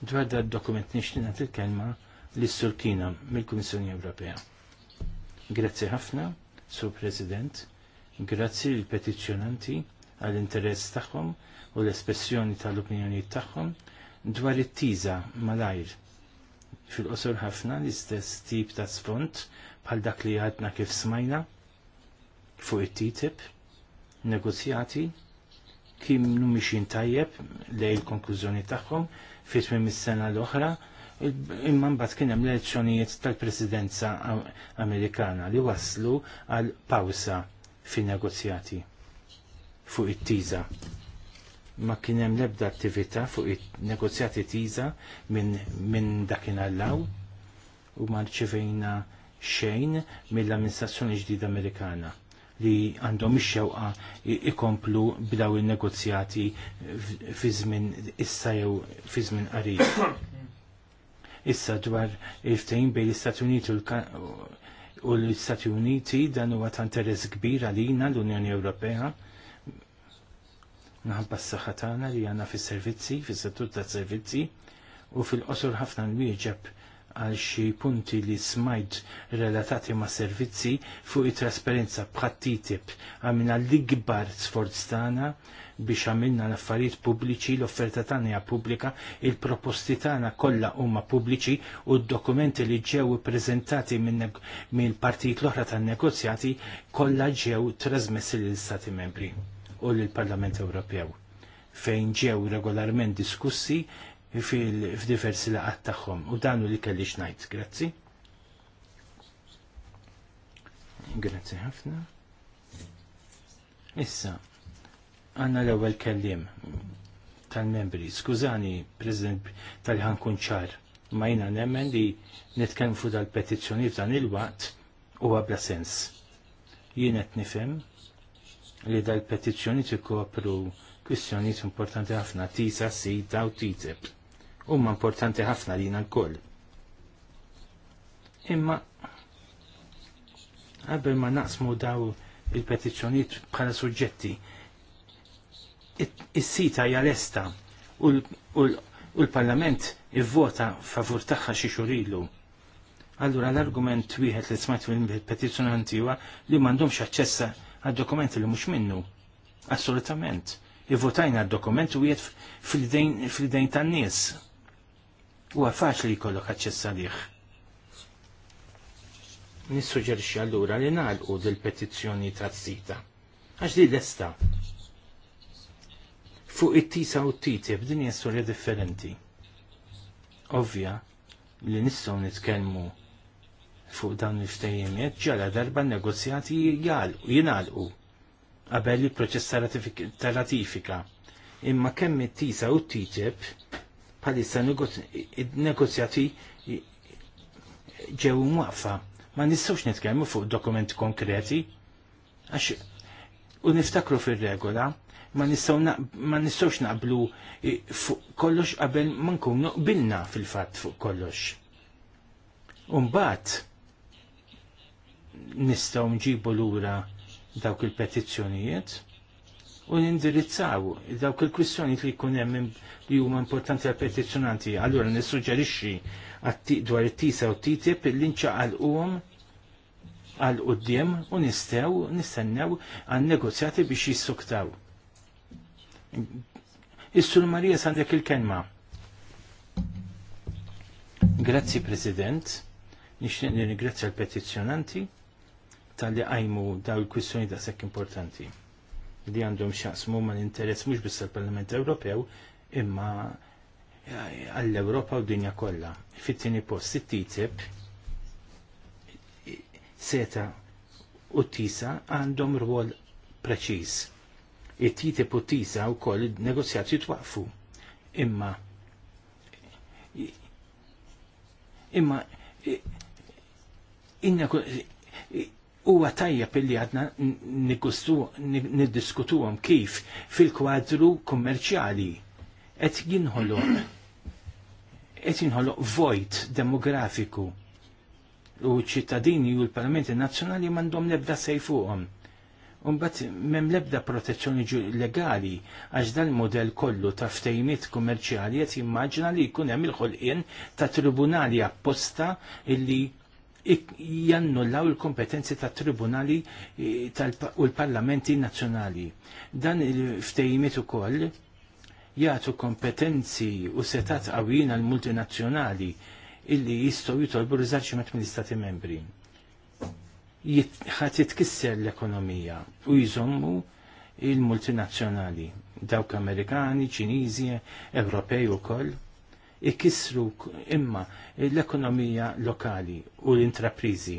Dwar da dokument nixtina til-kelma li sulkina mill-Kummissjoni Ewropea. Grazzi ħafna, Sur President, grazzi l-petizjonanti għall-interess tagħhom u l-espressjoni tal-opinjoni tagħhom dwar it-tiża malajr. Fil-qosor ħafna l-istess tip ta' sfond bħal dak li għadna kif smajna fuq it-TTIP, negozjati, kim numiex tajjeb lej il-konklużjoni tagħhom fit minn is-sena l-oħra, imma mbagħad kien hemm l-elezzjonijiet tal-Presidenza Amerikana li waslu għal pawsa fin negozjati fuq it-tiża ma kien hemm l-ebda attività fuq it-negozjati tiża minn min dakin allaw u ma rċivejna xejn mill-amministrazzjoni ġdida Amerikana li għandhom ixxewqa ikomplu b'daw il-negozjati fi żmien issa jew fi żmien qarib. Issa dwar il-ftehim bejn l-Istati Uniti u l-Istati Uniti dan huwa tant interess kbir għalina l-Unjoni Ewropea Naħba s saxħa tagħna li għandna fis-servizzi, fis-settur tas-servizzi u fil-qosor ħafna nwieġeb għal xi punti li smajt relatati ma' servizzi fuq it-trasparenza bħat TTIP għamilna l-ikbar sforz tagħna biex għamilna l-affarijiet pubbliċi, l-offerta tagħna hija pubblika, il-proposti tagħna kollha huma pubbliċi u d-dokumenti li ġew ippreżentati mill-partijiet l-oħra tan-negozjati kollha ġew trasmessi lill istati membri u l-Parlament Ewropew fejn ġew regolarment diskussi f'diversi laqat tagħhom u u li kelli xnajt. Grazzi. Grazzi ħafna. Issa, għanna l-ewwel kellim tal-membri. Skużani, President, tal ħan ċar, ma jina nemmen li nitkellmu fuq dal-petizzjoni f'dan il-waqt u bla sens. Jien qed nifhem li dal-petizzjoni tikkopru kwistjonijiet importanti ħafna tisa, sita u titib. Huma importanti ħafna lina l-koll. Imma qabel ma naqsmu daw il-petizzjonijiet bħala suġġetti, is-sita hija lesta u l-Parlament ivvota favur tagħha xi xurilu. Allura l-argument wieħed li smajt fil-petizzjonanti huwa li m'għandhomx aċċessa għad dokumenti li mhux minnu. Assolutament. Ivvotajna għad dokumenti u jiet fil-dejn tan-nies. U għafax li jkollok aċċess għalih. Nissuġġerixxi allura li nagħlqu dil-petizzjoni tas-sita. Għax l lesta. Fuq it-tisa u t-titi b'dinja storja differenti. Ovvja li nistgħu nitkellmu fuq dawn il-ftejjemiet ġala darba negozjati jinalqu qabel il-proċess ta' ratifika. Imma kemm it-tisa u t-titib bħalissa negozjati ġew mwaqfa. Ma nistgħux nitkellmu fuq dokument konkreti għax u niftakru fir-regola ma nistgħux naqblu fuq kollox qabel ma nkunu qbilna fil-fatt fuq kollox. Umbat, nistgħu nġibu lura dawk il-petizzjonijiet u nindirizzaw dawk il-kwistjoni li jkun hemm li huma importanti għal petizzjonanti. Allura nissuġġerixxi dwar it-tisa u t-titib li nċaqalquhom għal qudiem u nistaw nistennew għan negozjati biex jissuktaw. Is-Sur Marija sandek il-kelma. Grazzi President, nixtieq nirringrazzja l-petizzjonanti tal-li għajmu daw il kwissjoni ta' sekk importanti li għandhom xaqsmu ma' l-interess mux biss tal-Parlament Ewropew imma eh, għall-Ewropa u dinja kollha. Fit-tieni post it-TTIP seta u tisa għandhom rwol preċiż. It-TTIP u tisa u koll negozjati twaqfu. Imma imma huwa tajjeb illi għadna niddiskutuhom kif fil-kwadru kummerċjali qed jinħoloq et jinħoloq vojt demografiku u ċittadini u l-Parlamenti Nazzjonali m'għandhom lebda sej fuqhom. Umbat mem lebda protezzjoni legali għax dan model kollu ta' ftejmiet kummerċjali qed jimmaġna li jkun hemm il-ħolqien ta' tribunali apposta illi jannullaw il-kompetenzi ta' tribunali eh, u l-parlamenti nazzjonali. Dan il-ftejimiet ukoll jagħtu kompetenzi u setat qawwin għal multinazzjonali illi jistgħu jitolbu riżarċiment mill-Istati membri. Ħadd jitkisser l-ekonomija u jżommu il-multinazzjonali, dawk Amerikani, Ċiniżi, Ewropej ukoll ikissru imma l-ekonomija lokali u l-intraprizi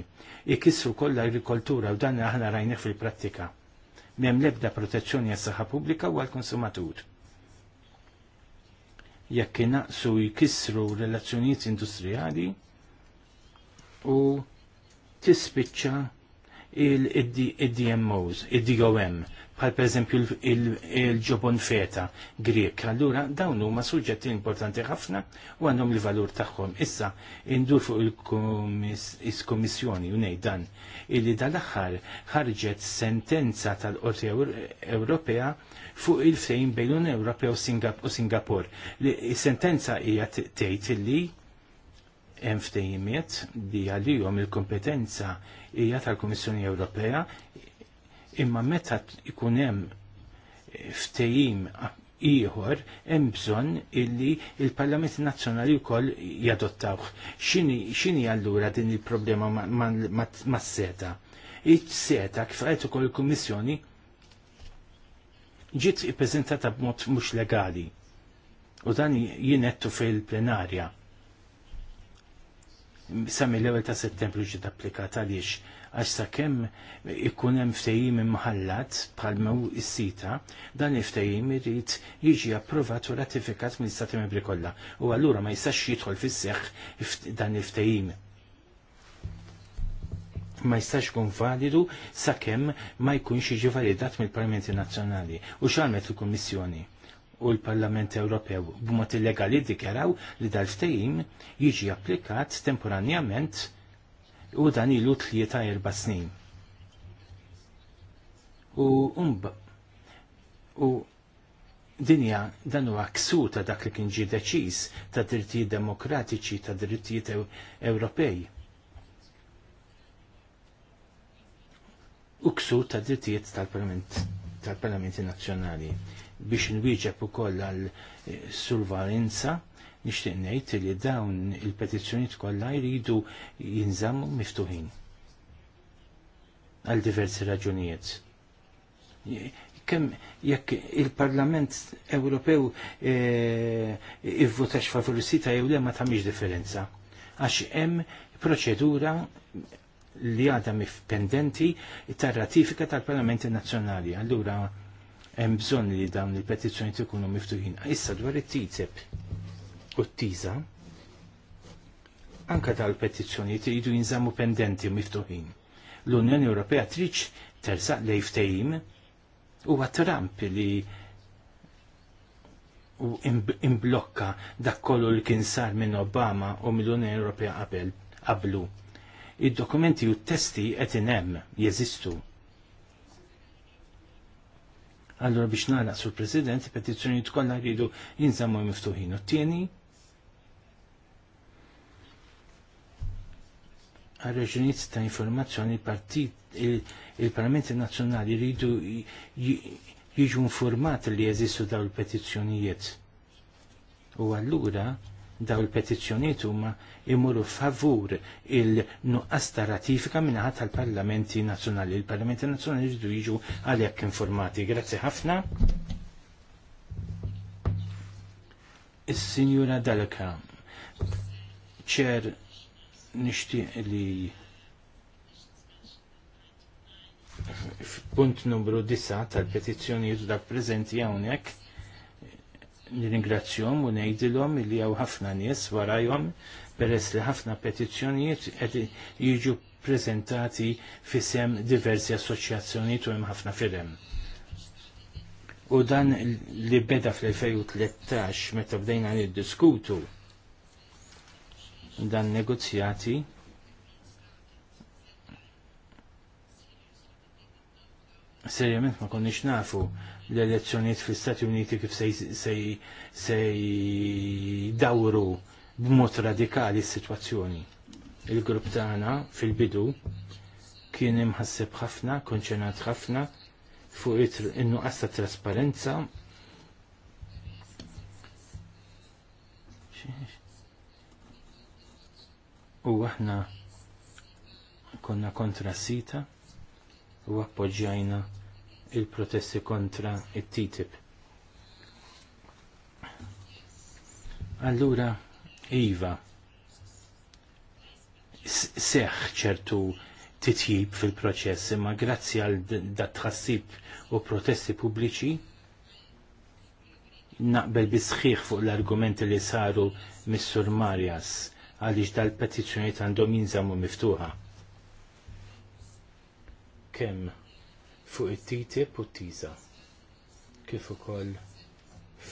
ikissru koll l-agrikoltura u dan aħna rajna fil-prattika. Mem lebda protezzjoni għas saħħa pubblika u għal-konsumatur. Jekk inaqsu jkissru relazzjonijiet industrijali u tispiċċa il-DMOs, il-DOM, bħal per eżempju il-ġobon feta grek. Allura dawn huma suġġetti importanti ħafna u għandhom il-valur tagħhom. Issa indur fuq il-Kummissjoni Unej dan illi dal-aħħar ħarġet sentenza tal-Qorti Ewropea fuq il-fejn bejn Ewropea u Singapur. Is-sentenza hija tgħid illi hemm ftehimiet li għalihom il-kompetenza hija tal-Kummissjoni Ewropea imma meta ikun hemm ftehim ieħor hemm bżonn illi il-Parlament Nazzjonali wkoll jadottawh. X'inhi allura din il-problema mas-seta? Iċ-seta kif qed ukoll il-Kummissjoni ġiet ippreżentata b'mod mhux legali. U dan jien fil-plenarja Sami l-ewel ta' settembru ġiet applikat għaliex għax sakemm ikun hemm ftehim imħallat bħal mew is-sita, dan il-ftehim irid jiġi approvat u ratifikat mill-Istati Membri kollha. U allura ma jistax jidħol fis-seħħ dan il-ftehim ma jistax kun validu sakemm ma jkunx jiġi validat mill-Parlamenti Nazzjonali u xalmet il-Kummissjoni u l-Parlament Ewropew b'mod illegali dikjaraw li dal-ftehim jiġi applikat temporanjament u dan ilu tlieta erba snin. U umb u dinja dan huwa ksu ta' dak li kien ġie deċiż ta' drittijiet demokratiċi ta' drittijiet Ewropej. u ksu ta' drittijiet tal-Parlamenti tal Nazzjonali biex nwieġeb ukoll għal eh, survalenza nixtieq ngħid li dawn il-petizzjonijiet kollha jridu jinżammu miftuħin għal diversi raġunijiet. Kemm jekk il-Parlament Ewropew eh, ivvotax favorisita jew le ma tagħmilx differenza. Għax hemm proċedura li għadha pendenti tar-ratifika tal-Parlamenti Nazzjonali. Allura hemm bżonn li dawn il-petizzjoni ikunu miftuħin. Issa dwar it-tizeb u t-tiża anka tal-petizzjoni jridu jinżammu pendenti miftuħin. L-Unjoni Ewropea triċ tersaq lej ftehim huwa Trump li u imblokka dak kollu li kien sar minn Obama u mill-Unjoni Ewropea qabel qablu. Id-dokumenti u t-testi qed hemm jeżistu Allora biex nagħlaq sur President, petizzjoni kollha rridu jinżammu miftuħin. U t-tieni għal reġunit ta' informazzjoni partit il-Parlamenti Nazzjonali jridu jiġu informat li jeżistu daw il-petizzjonijiet. U allura daw il-petizzjoniet huma imuru favur il-nuqqas ta' ratifika minnaħat tal-parlamenti nazzjonali. Il-parlamenti nazzjonali jridu jiġu għalhekk informati. Grazzi ħafna. Is-Sinjura Dalka, ċer nixtieq li f'punt numru 9 tal-petizzjonijiet dak preżenti hawnhekk nirringrazzjom u ngħidilhom li hawn ħafna nies warajhom peress li ħafna petizzjonijiet qed jiġu prezentati fisem diversi assoċjazzjonijiet u hemm ħafna firem. U dan li beda fl-2013 meta bdejna niddiskutu dan negozjati serjament ma konniex nafu l-elezzjoniet fl-Stati Uniti kif se dawru b'mod radikali s-situazzjoni. Il-grupp tagħna fil-bidu kien imħasseb ħafna, konċenat ħafna fuq in-nuqqas trasparenza u aħna konna kontra sita u appoġġajna il-protesti kontra it-TTIP. Allura, Iva, seħ ċertu titjib fil-proċess, imma grazzi għal dat tħassib u protesti pubbliċi, naqbel bisħiħ fuq l-argumenti li saru Mr. Marias Marjas għaliex dal petizjoniet għandhom jinżammu miftuħa. Kemm fuq it-TTIP u t-TISA kif ukoll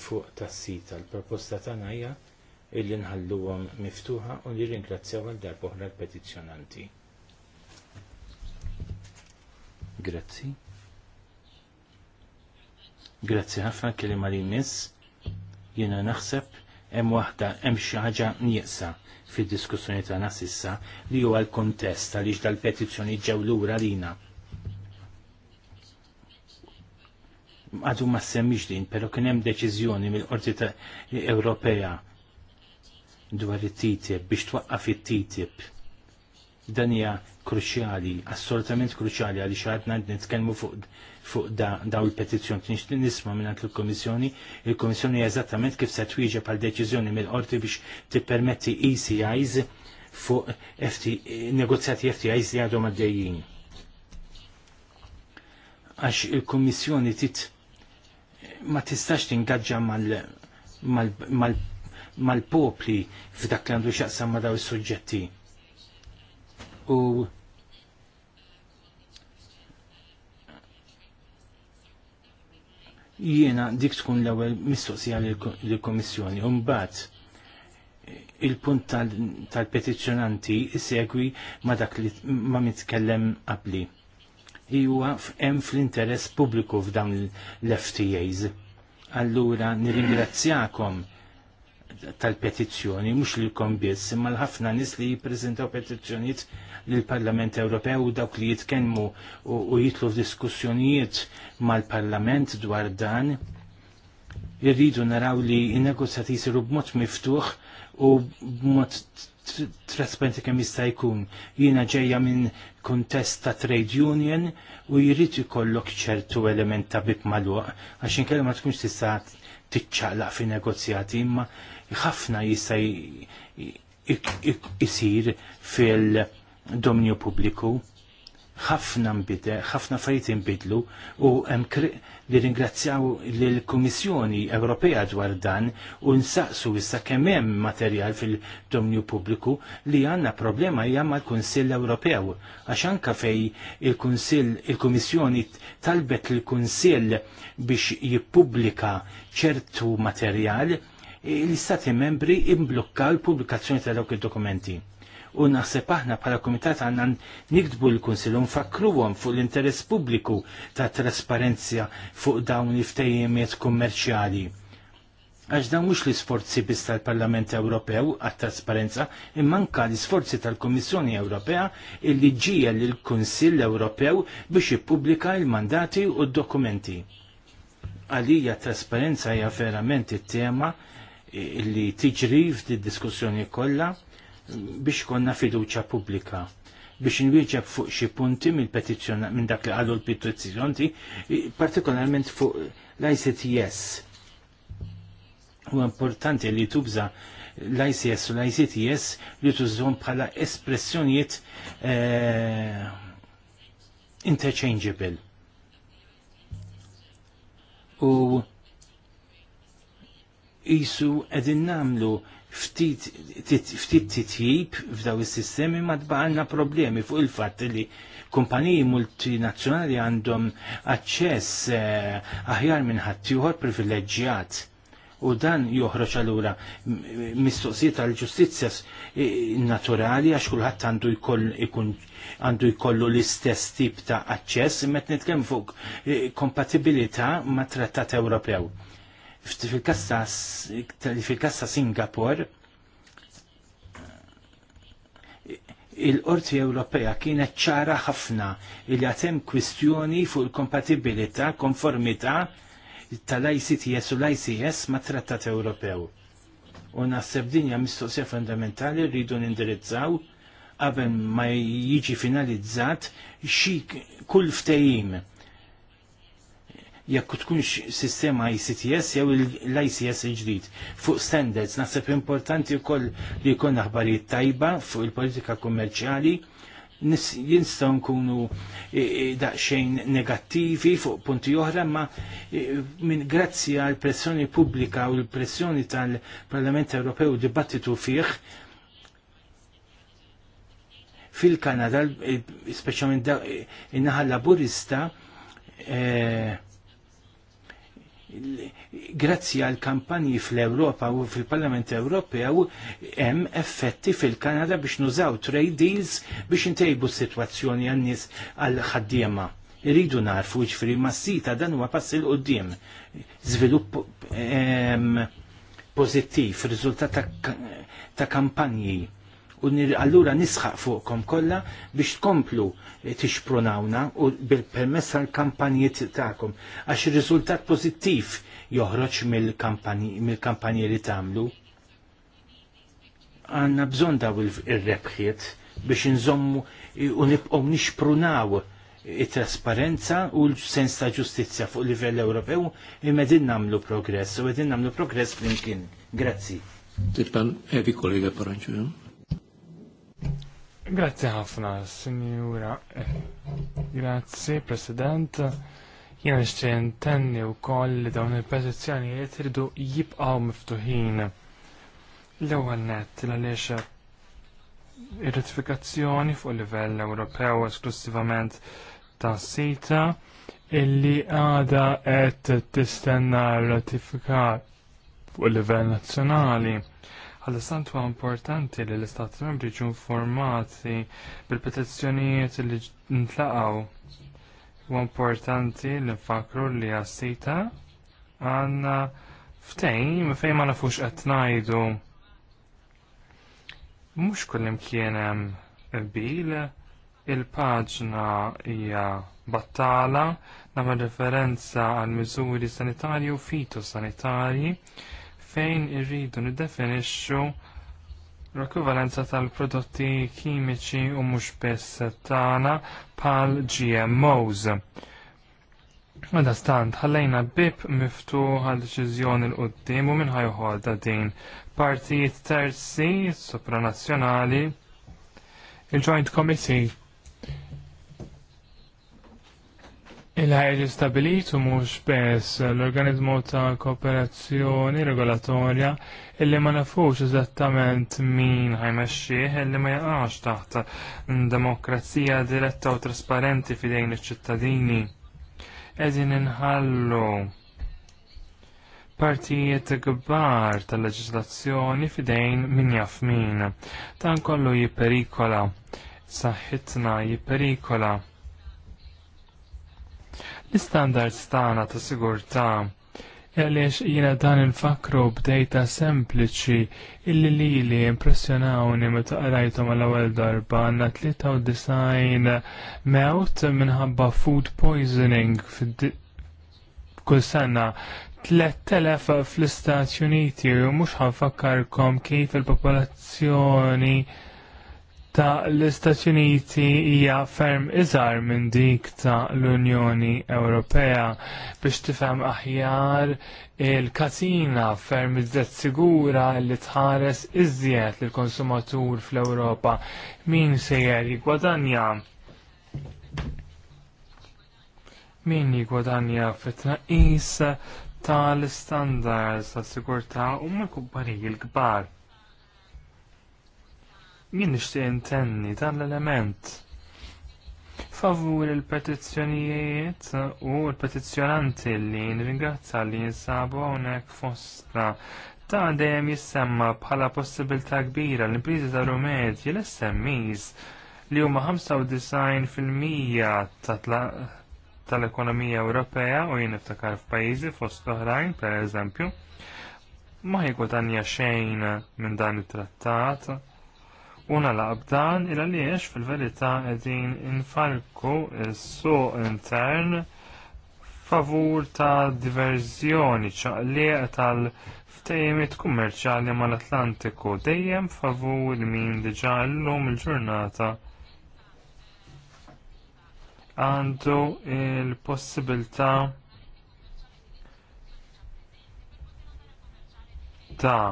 fuq tas-sita. L-proposta tagħna hija illi nħalluhom miftuħa u li ringrazzjaw għal darba oħra l-petizzjonanti. Grazzi. Grazzi ħafna kelli li miss jiena naħseb hemm waħda hemm xi ħaġa nieqsa fid-diskussjoni tagħna sissa li huwa l-kontest għaliex dal-petizzjoni ġew lura lina. għadu ma semmix din, pero kien hemm deċiżjoni mill-Qorti Ewropea dwar it-TTIP biex twaqqaf it-TTIP. Dan hija kruċjali, assolutament kruċjali għaliex għadna nitkellmu fuq fuq daw il-petizzjoni nixtieq nisma' minn il-Kummissjoni, il-Kummissjoni eżattament kif se twieġeb għal deċiżjoni mill-qorti biex tippermetti ECIs fuq negozjati FTIs li għadhom għaddejjin għax il-Kommissjoni tit ma tistax tingaġġa mal-popli f'dak li għandu xaqsam ma daw is-suġġetti. U jiena dik tkun l-ewwel mistoqsija lill-Kummissjoni u mbagħad il-punt tal-petizjonanti isegwi ma dak li ma mitkellem qabli huwa hemm fl-interess pubbliku f'dawn l-FTAs. Allura nirringrazzjakom tal-petizzjoni, mux lilkom biss, imma l-ħafna nis li jiprezentaw petizzjoniet l-Parlament Ewropew u dawk li jitkenmu u jitlu f'diskussjonijiet mal-Parlament dwar dan, irridu naraw li n-negozjati jisiru b'mod miftuħ u b'mod trasparenti kemm jista' jkun. Jiena ġejja minn kuntest ta' trade union u jrid ikollok ċertu element ta' bib magħluq għax inkellem ma tkunx tista' tiċċaqlaq fi negozjati imma ħafna jista' jisir fil-dominju pubbliku ħafna mbide, ħafna fajt inbidlu u li ringrazzjaw l-Komissjoni Ewropea dwar dan u nsaqsu issa kemm hemm materjal fil-domnju pubbliku li għandna problema hija mal-Kunsill Ewropew għax anke fej il komissjoni talbet il-Kunsill biex jippubblika ċertu materjal e l-istati membri imblokkaw il-pubblikazzjoni ta' dawk il dokumenti u naħseb aħna bħala kumitat għandna nikdbu l-Kunsill u nfakruhom fuq l-interess pubbliku ta' trasparenzja fuq dawn l-ftejjemiet kummerċjali. Għax dan mhux l-isforzi biss tal-Parlament Ewropew għat-trasparenza, imma anke l-isforzi tal-Kummissjoni Ewropea illi ġija lill-Kunsill Ewropew biex jippubblika l-mandati u d-dokumenti. Għalija trasparenza hija verament it-tema li tiġri f'di diskussjoni kollha biex konna fiduċa pubblika biex nwieġeb fuq xi punti mill-petizzjoni minn dak li qalu l-petizzjonanti, partikolarment fuq l-ICTS. U importanti li tubża l-ICS u l-ICTS li tużhom bħala espressjonijiet eh, interchangeable. U jisu għedin namlu ftit titjib f'daw is-sistemi ma tbaqalna problemi fuq il-fatt li kumpaniji multinazzjonali għandhom aċċess eh, aħjar minn ħaddieħor privileġġjat u dan joħroġ allura mistoqsijiet tal ġustizzja naturali għax kulħadd għandu jkun għandu jkollu l-istess tip ta' aċċess meta nitkellem fuq eh, kompatibilità ma' Trattat Ewropew fil-kassa fil-kassa il-Qorti Ewropea kienet ċara ħafna il hemm kwistjoni fuq il-kompatibilità, konformità tal-ICTS u l-ICS ma' Trattat Ewropew. U naħseb dinja mistoqsija fundamentali rridu nindirizzaw qabel ma jiġi finalizzat xi kull ftehim jekk tkunx sistema ICTS jew l-ICS il-ġdid. Fuq standards naħseb importanti wkoll li jkun aħbarijiet tajba fuq il-politika kummerċjali jinstaw nkunu e, e, daqxejn negattivi fuq punti oħra, ma e, minn grazzi għal pressjoni pubblika u l-pressjoni tal-Parlament Ewropew dibattitu fih fil-Kanada, specialment in-naħa laburista, eh, grazzi għal kampanji fl-Europa u fil-Parlament Ewropew hemm effetti fil-Kanada biex nużaw trade deals biex intejbu s-sitwazzjoni għan-nies għal ħaddiema. Irridu narfu ġifri massita dan huwa passi l qoddim Zvilupp pożittiv, riżultat ta' kampanji u allura nisħaq fuqkom kollha biex tkomplu eh, tixpronawna u bil-permess l kampanjiet tagħkom għax ir-riżultat pożittiv joħroġ mill-kampanji li tagħmlu. Għanna bżonn daw ir-rebħiet biex nżommu u nibqgħu nixprunaw il trasparenza u l-sens ta' ġustizzja fuq livell Ewropew imma din nagħmlu progress u qegħdin nagħmlu progress flimkien. Grazzi. Tirtan, evi kollega paranċu. Grazzi ħafna, signora Grazie, President. Jena nixtieq u wkoll li dawn il-petizzjonijiet iridu jibqgħu miftuħin. L-ewwel nett għaliex ir-ratifikazzjoni fuq livell Ewropew esklusivament ta' sita illi għada qed tistenna ratifika fuq livell nazzjonali Għal-istant huwa importanti li l-Istati Membri ġu informati bil-petizzjonijiet li ntlaqaw. Huwa importanti li nfakru li għasita għanna għandna ma fejn ma nafux qed ngħidu. Mhux kullim kien hemm bil il-paġna hija battala nagħmel referenza għal miżuri sanitarji u fitosanitarji fejn irridu niddefinixxu l-ekwivalenza tal-prodotti kimiċi u mhux biss tagħna bħal GMOs. Għada stant, ħallejna bib miftuħ għal deċiżjoni l-qoddim u minn ħajħodha din partijiet terzi supranazzjonali il-Joint Committee Il-ħajġi stabilitu mhux bes l-organizmu ta' kooperazzjoni regolatorja illi ma nafux eżattament min ħajmexxih illi ma jaqax taħt demokrazija diretta u trasparenti fidejn iċ-ċittadini. Qegħdin inħallu partijiet kbar tal-leġislazzjoni fidejn min jaf min. Dan kollu jipperikola, saħħitna jipperikola l istandards tagħna ta' sigurtà għaliex jiena dan infakru b'dejta sempliċi illi li li impressjonawni meta qrajthom għal ewwel darba għandna tlieta design mewt minħabba food poisoning kull sena 3000 fl-Istati Uniti u mhux ħanfakkarkom kif il-popolazzjoni ta' l-Istati Uniti hija ferm iżgħar minn dik ta' l-Unjoni Ewropea biex tifhem aħjar il-katina ferm iżjed sigura li tħares iżjed lill konsumatur fl-Ewropa min sejjer jigwadanja min jigwadanja fit-tnaqqis tal-istandards tas sigurtà u mal-kumpaniji l-kbar. Jien nixtieq intenni dan l-element favur il-petizzjonijiet u l-petizzjonanti li nringrazza li jinsabu hawnhekk fostra ta' dejjem jissemma bħala possibilità kbira l-impriżi ta' Rumed l-SMEs li huma 95% tal-ekonomija Ewropea u jien iftakar f'pajjiżi fost oħrajn pereżempju ma jkun tanja xejn minn dan it-trattat Una laqbdan il għaliex fil-verità qegħdin infalku s-suq intern favur ta' diverżjoni ċaqliq tal-ftejmiet kummerċjali mal-Atlantiku dejjem favur min diġà llum il-ġurnata għandu il-possibilità ta'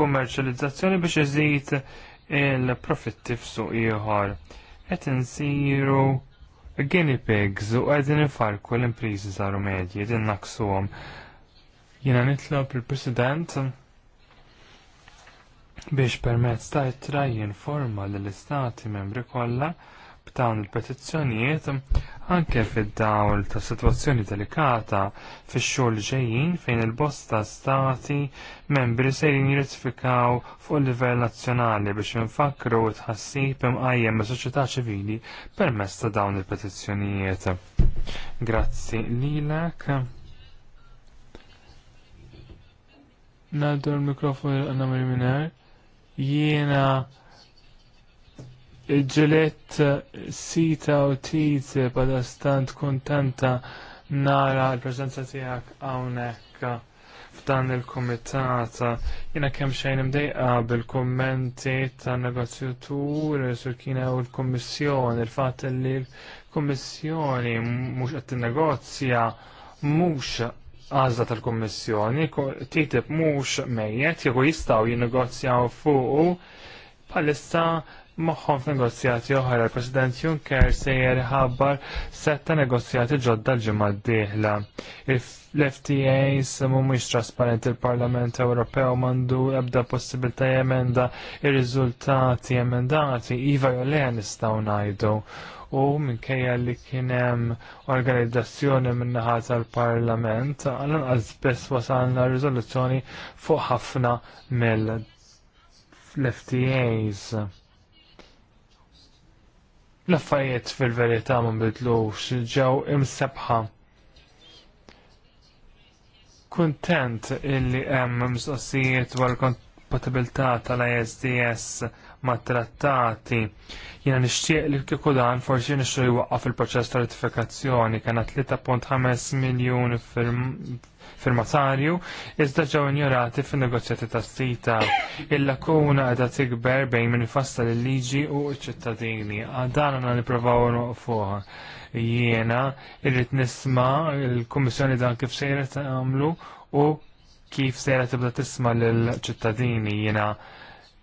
kummerċjalizzazzjoni biex iżid il-profitti f'suq ieħor. Qed insiru guinea pigs u qegħdin ifarku l imprizi saru medji, naqsu naqsuhom. Jiena nitlob il-President biex permezz ta' ittra jinforma lill istati membri kollha dawn il-petizzjonijiet anke fid-dawl ta' situazzjoni delikata fix-xogħol ġejjin fejn il-bosta stati membri se jirratifikaw fuq livell nazzjonali biex infakru u tħassib imqajjem ma' soċjetà ċivili permezz ta' dawn il-petizzjonijiet. Grazzi lilek. Nadu l-mikrofon għanna minar. jiena il-ġilet eh, sita u tit eh, bada stant kontenta nara l-prezenza tijak għawnek eh, f'dan il-komitat. Jena kem xejn imdejqa bil-kommenti ta' negozjatur, surkina u l-kommissjoni, il-fat li l-kommissjoni mux għat negozja mux għazda tal-kommissjoni, titib mux mejet, jgħu jistaw jinnegozjaw fuqu, palissa moħħom f'negozjati oħra il-President Juncker sejjer ħabbar setta negozjati ġodda l ġemma d-dieħla. L-FTAs mhumiex trasparenti l parlament Ewropew mandu ebda possibilta jemenda ir-riżultati emendati iva jolea nistgħu ngħidu u minkejja li kien hemm organizzazzjoni min-naħa tal-Parlament għal għazbess biss wasalna riżoluzzjoni fuq ħafna mill-FTAs L-affarijiet fil-verità ma bidlux ġew imsebħa. Kuntent illi hemm mistoqsijiet dwar kompatibilità tal-ISDS ma' trattati. Jena nixtieq li kieku dan forsi nixtieq waqqa fil proċess ta' ratifikazzjoni kena 3.5 miljon firmatarju iżda ġew injorati fin-negozjati ta' sita. Il-lakuna qiegħda tikber bejn min ifassal il-liġi u ċ-ċittadini. Għadana għandna nippruvaw noqfuha. Jiena irrid nisma' il-Kummissjoni dan kif sejra tagħmlu u kif sejra tibda tisma' lill-ċittadini jiena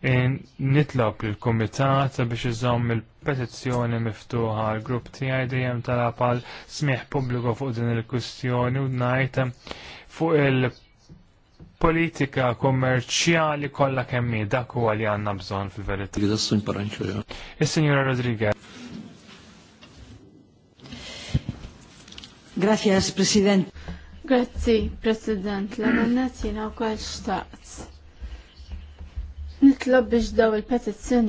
nitlob il-Kumitat biex iżomm il-petizzjoni miftuħa għal grupp tiegħi dejjem talab għal smieħ pubbliku fuq din il-kwistjoni u ngħid fuq il-politika kommerċjali kollha kemm hi dak huwa li għandna bżonn fil-verità. Is-Sinjura Rodriguez. Grazie, President. Grazie, President. L-għannat jina u kol Nitlob biex daw il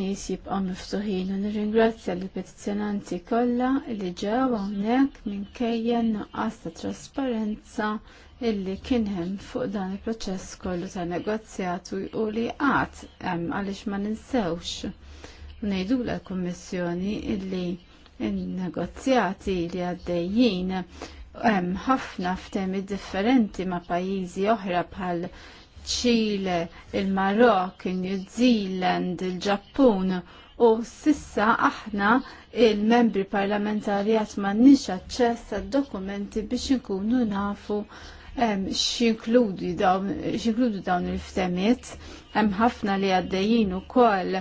jisib għom miftuħin u nirringrazzja lill petizzjonanti kollha li ġew hawnhekk minkejja nuqqas ta' trasparenza illi kien hemm fuq dan il-proċess kollu ta' negozjat u li qatt hemm għaliex ma ninsewx. Ngħidu l-Kummissjoni illi n negozjati li għaddejjin hemm ħafna ftemi differenti ma' pajjiżi oħra bħal ċile, il-Marok, il-New Zealand, il-Ġappun u sissa aħna il-membri parlamentari għatma aċċess ċess dokumenti biex nkunu nafu xinkludu dawn il-ftemiet, hemm ħafna li għaddejjin ukoll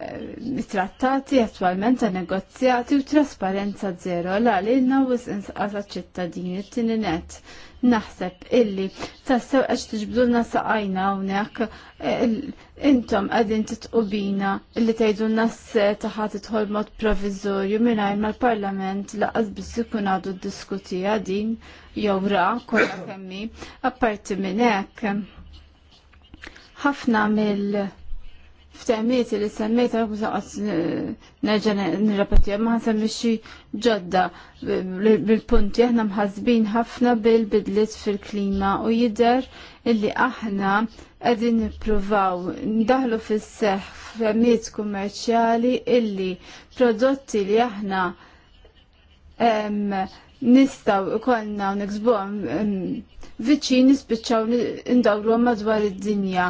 Eh, trattati attualment ta' negozjati u trasparenza zero la li nawis insqasa ċittadini t-tini net. Naħseb illi tassew għax tiġbdulna saqajna unek eh, intom għadin titqubina illi tajdulna s-taħat tħol mod provizorju minnajn ma l-parlament la biss ikun għadu diskuti din jew ra kolla kemmi apparti minnek ħafna mill- f'teħmiet li semmejt għu saqas eh, nerġa nirrapeti ma semmi xi ġodda bil-punti aħna mħazbin ħafna bil-bidliet fil-klima u jidher illi aħna qegħdin nippruvaw ndaħlu fis-seħħ f'emiet kummerċjali illi prodotti li aħna nistaw ikollna u niksbuhom viċin li indawru madwar id-dinja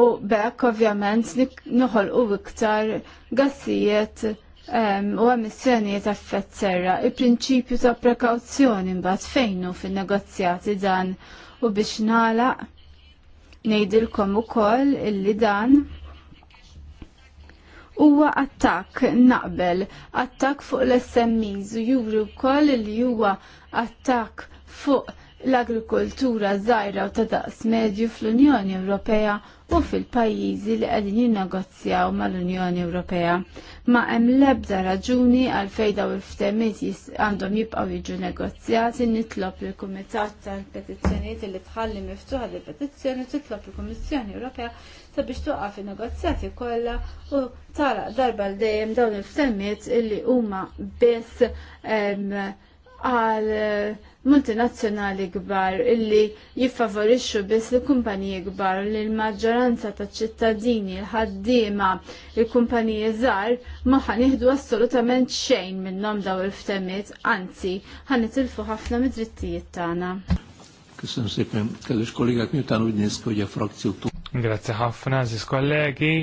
u bekk ovvjament u iktar gassijiet u emissjonijiet effett serra. Il-prinċipju ta' prekawzjoni mbagħad fejnu fin-negozjati dan u biex nalaq ngħidilkom ukoll illi dan huwa attak naqbel, attak fuq l-SMEs u juru wkoll li huwa attak fuq l-agrikoltura żgħira u ta' daqs medju fl-Unjoni Ewropea u fil-pajjiżi li qegħdin jinnegozjaw mal-Unjoni Ewropea. Ma hemm l-ebda raġuni għal fejda u l-ftemiet għandhom jibqgħu jiġu negozjati nitlob il kumitat tal-petizzjonijiet li tħalli miftuħa li petizzjoni titlob il-Kummissjoni Ewropea sabiex toqgħa fin-negozjati kollha u tara darba l dejjem dawn il-ftemiet illi huma biss għal multinazzjonali kbar illi jiffavorixxu biss il kumpaniji kbar li l-maġġoranza ta' ċittadini, l-ħaddiema, il-kumpaniji żgħar ma ħan jieħdu assolutament xejn minnhom daw il-ftemiet, anzi ħan itilfu ħafna mid-drittijiet tagħna. Kisem kellix kollega kmiju tanu id frakzju Grazie ħafna, ziz kollegi.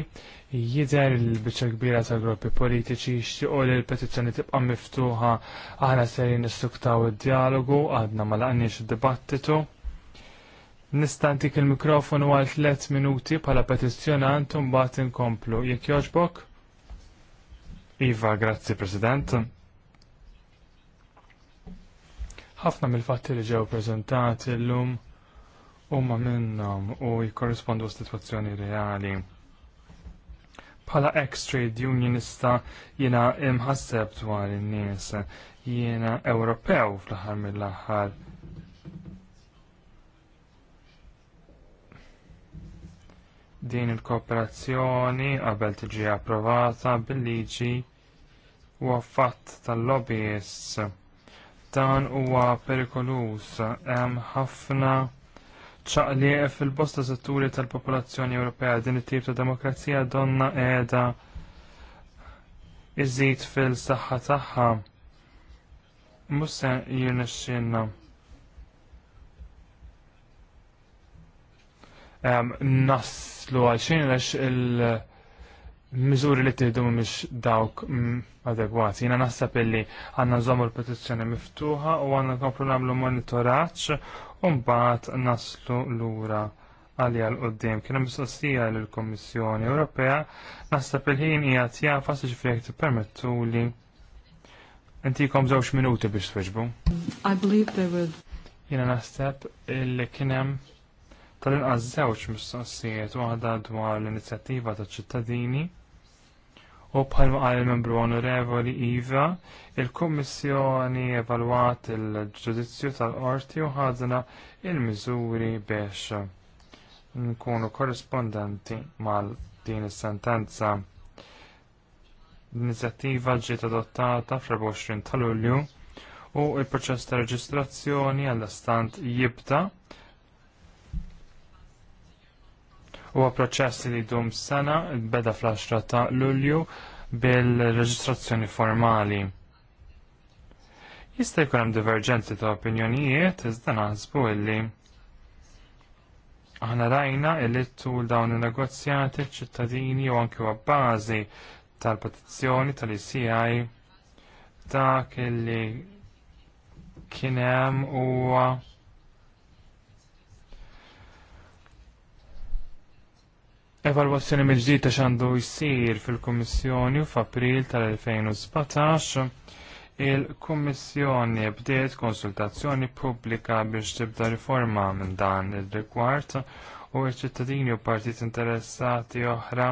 Jider il-bicċa kbira tal-gruppi politiċi xtiqo li l-petizzjoni tibqa miftuħa aħna serin nistuktaw id-dialogu għadna ma laqniex id-dibattitu. Nistantik il-mikrofonu għal 3 minuti bħala petizzjonant un bat inkomplu. Jek joġbok? Iva, grazzi President. ħafna mill-fatti li ġew prezentati l-lum huma minnhom u jkorrispondu s-sitwazzjoni reali Bħala ex-trade unionista jiena imħasseb dwar in-nies jiena Ewropew fl-aħħar mill-aħħar. Din il-kooperazzjoni qabel tiġi approvata bil-liġi huwa fatt tal-lobbyists. Dan huwa perikolus hemm ħafna ċaqli fil-bosta setturi tal-popolazzjoni Ewropea din it-tip ta' demokrazija donna qiegħda iżid fil-saħħa tagħha. Mhux se jirnexxinna naslu għalxin għax il miżuri li t mhumiex dawk adegwati. jiena naħseb illi għandna nżommu l-petizzjoni miftuħa u għandna nkomplu nagħmlu monitoraġġ Umbat naslu l-ura għalli għal-qoddim. Kienu mistoqsija l-Komissjoni Ewropea naħseb il-ħin hija tjafa siġifieri tippermettu li intikom żewġ minuti biex tweġbu. I believe they will. Jiena naħseb il kien hemm tal-inqas żewġ mistoqsijiet waħda dwar l-inizjattiva taċ ċittadini U bħalma qal il-membru onorevoli Iva, il-Kommissjoni evalwat il-ġudizzju tal-qorti u ħadna il-miżuri biex nkunu korrispondenti mal din is-sentenza. L-inizjattiva ġiet adottata fl-24 ta' Lulju u il-proċess ta' reġistrazzjoni għall-istant jibda Huwa proċess li jdum sena beda fl-10 ta' Lulju bil-reġistrazzjoni formali. Jista' jkun hemm divergenzi ta' opinjonijiet iżda naħsbu illi aħna rajna illi tul dawn in-negozjati ċittadini u anke bażi tal-petizzjoni tal-ICI dak illi kien hemm huwa evalwazzjoni mill-ġdid ta' xandu jsir fil-Kummissjoni u f'April tal-2017 il-Kummissjoni bdiet konsultazzjoni pubblika biex tibda riforma minn dan il-rigward u ċ-ċittadini u partit interessati oħra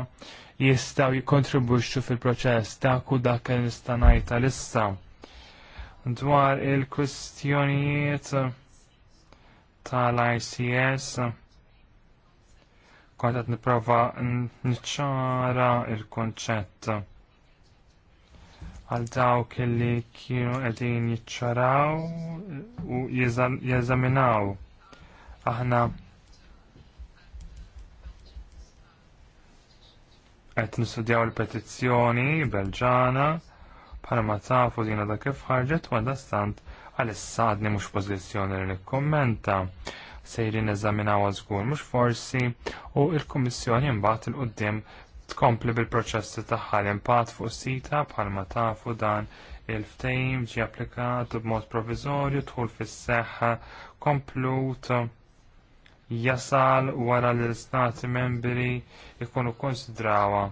jistaw jikontribuċu fil-proċess dak u dak li nista' ngħid issa Dwar il-kwistjonijiet tal-ICS kont qed nipprova niċċara il-konċett għal dawk li kienu qegħdin jiċċaraw u jeżaminaw. Aħna qed nistudjaw il-petizzjoni Belġana bħala ma tafu dina da kif ħarġet u għandastant għal sadni mux mhux pożizzjoni li kommenta sejrin eżaminaw żgur mhux forsi u l-Kummissjoni mbagħad il qudiem tkompli bil proċess tagħha l-impatt fuq sita bħalma tafu dan il-ftejm ġie applikat b'mod proviżorju tħul fis-seħħ komplut jasal wara l-istati membri jkunu konsidrawa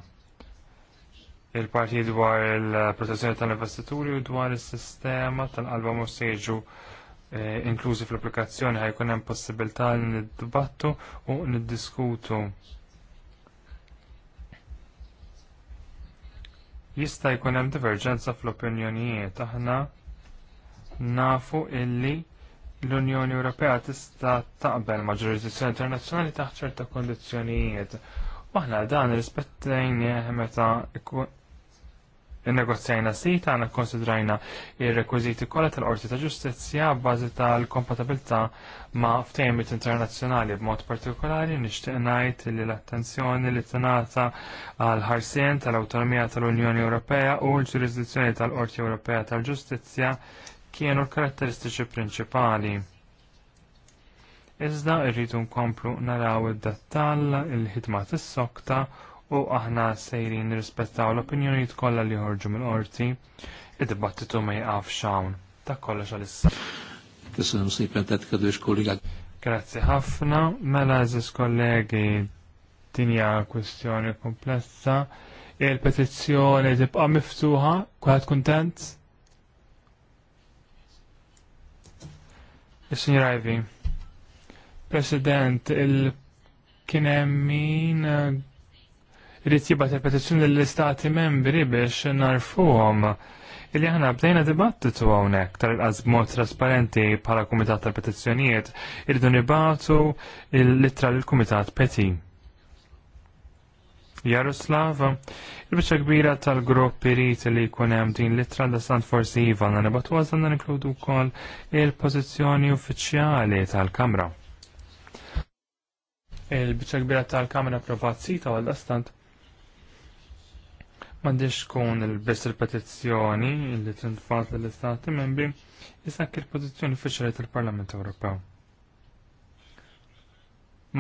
il-parti dwar il-protezzjoni tal-investituri u dwar is sistema tal-qalba mhux se jiġu Eh, inklużi fl-applikazzjoni ħajkun hemm possibilità li niddibattu u niddiskutu. Jista' jkun hemm diverġenza fl-opinjonijiet aħna nafu illi l-Unjoni Ewropea tista' taqbel ma' ġurisdizzjoni internazzjonali taħt ċerta kondizzjonijiet. Aħna dan rispettajni meta Negozjajna sit għana konsidrajna il-rekwiziti kollha tal-Qorti ta' Ġustizzja bbażi tal-kompatibilità ma' ftejmit internazzjonali b'mod partikolari nixtieq ngħid li l-attenzjoni li tingħata għal ħarsien tal-awtonomija tal-Unjoni Ewropea u l-ġurisdizzjoni tal-Qorti Ewropea tal-Ġustizzja kienu l-karatteristiċi prinċipali iżda rridu nkomplu naraw id-dettall il-ħidma t sokta u aħna sejrin nirrispettaw l-opinjonijiet kollha li ħorġu minn qorti, id-dibattitu ma jqaf xawn ta' kollox għalissa. Tisem kadwix kollega. Grazzi ħafna, mela eżis kollegi dinja kwestjoni komplessa. Il-petizzjoni tibqa' miftuħa, kulħadd kuntent? is Ivy. President, il kien hemm min Irrid jibgħat il-petizzjoni lill-istati membri biex narfuhom illi aħna bdejna dibattitu hawnhekk tal-inqas mod trasparenti bħala kumitat tal-petizzjonijiet irridu nibatu l-ittra lill-kumitat peti. Jaroslav, il-bicċa kbira tal-grupp irrit li jkun hemm din litra da stand forsi iva na nibatu għazan inkludu wkoll il-pożizzjoni uffiċjali tal-Kamra. Il-bicċa kbira tal-Kamra provat sita għal Dastant? M'għandix tkun il best il-petizzjoni li tintfat l istati membri, issa il pozizjoni pożizzjoni uffiċjali tal-Parlament Ewropew.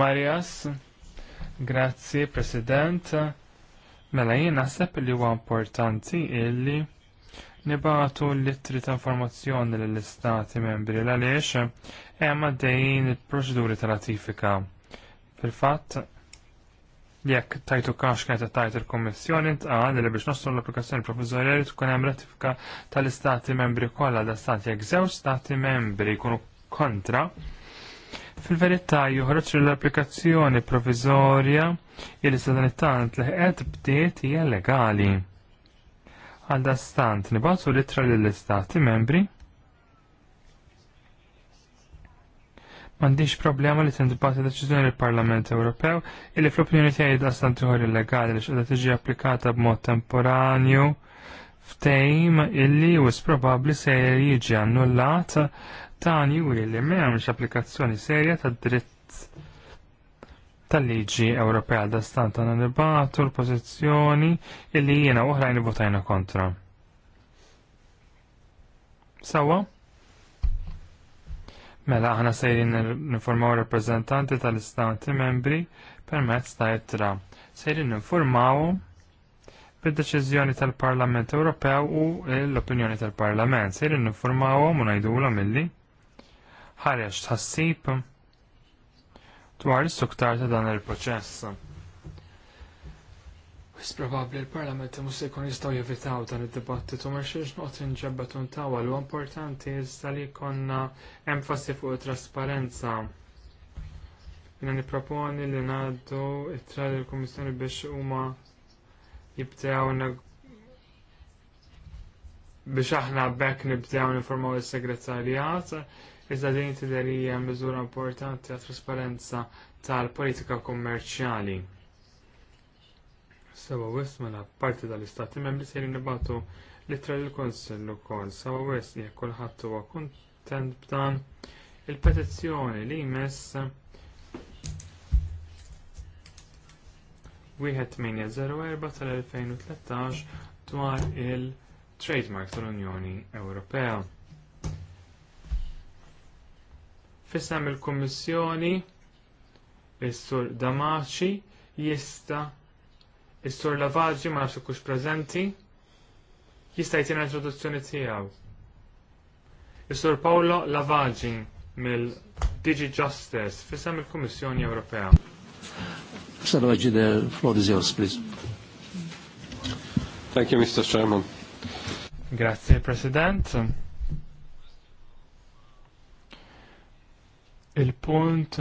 Marias, grazie President, mela jien naħseb li huwa importanti illi nibatu l-ittri ta' informazzjoni lill-Istati membri għaliex hemm għaddejjin il-proċeduri ta' ratifika. Fil-fatt, jekk tajtu kax kienet tajt il-Kommissjoni tqal li biex nostru l-applikazzjoni li tkun hemm ratifika tal-istati membri kollha da stati jekk żewġ stati membri jkunu kontra. Fil-verità joħroġ l-applikazzjoni provizorja li sadanittant li qed bdiet hija legali. Għal dastant nibgħatu litra lill-istati membri M'għandix problema li tindibati deċiżjoni l parlament Ewropew illi fl-opinjoni tiegħi daqstan tieħor illegali li x'qeda tiġi applikata b'mod temporanju ftejm illi wis probabbli se jiġi annullat tani u illi m'hemmx applikazzjoni serja tad-dritt tal-liġi Ewropea daqstant għandna nibatu l-pożizzjoni illi jiena oħrajn votajna kontra. Sawa? Mela aħna sejrin n-informaw rappreżentanti tal-istati membri permezz ta' jittra. Sejrin n-informaw bid-deċiżjoni tal-Parlament Ewropew u l-opinjoni tal-Parlament. Sejrin ninformawhom u ngħidulhom milli ħarjax tħassib dwar is-suktar ta' dan il-proċess. Wis probabbli l-Parlament mhux se jkun jistgħu jevitaw dan id-dibattitu ma xiex noqgħod inġebbet untawa lu importanti iżda li jkollna enfasi fuq it-trasparenza. Jina niproponi li ngħaddu it-tra l-Kummissjoni biex huma jibdew biex aħna bekk nibdew informaw is-segretarjat, iżda din tidher hija miżura importanti għat trasparenza tal-politika kummerċjali. Sawa West mela parti dal-Istati membri se nibatu litra l-Konsill ukoll. Sawa West jekk kulħadd huwa kuntent b'dan il-petizzjoni li jmess 1804 tal-2013 dwar il-trademark tal-Unjoni Ewropea. Fissam il kummissjoni is-Sur Damaci jista' Is-sur Lavaġi ma nafx kux preżenti jista' jtina introduzzjoni tiegħu. Is-sur Paolo Lavaġi mill-Digi Justice fisem il-Kummissjoni Ewropea. Mr. Lavaġi, the floor is yours, please. Thank you, Mr. Chairman. Grazie, President. Il-punt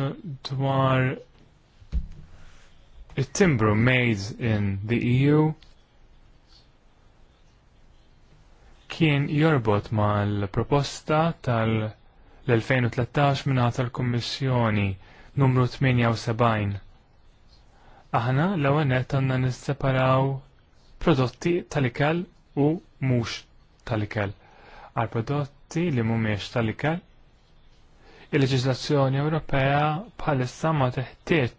dwar it-timbru made in the EU kien jorbot mal-proposta tal-2013 minna tal-Kommissjoni numru 78. Aħna l-għanet għanna nisseparaw prodotti tal-ikel u mux tal-ikel. Għal prodotti li mumiex tal-ikel, il-leġizlazzjoni Ewropea bħalissa ma teħtieġ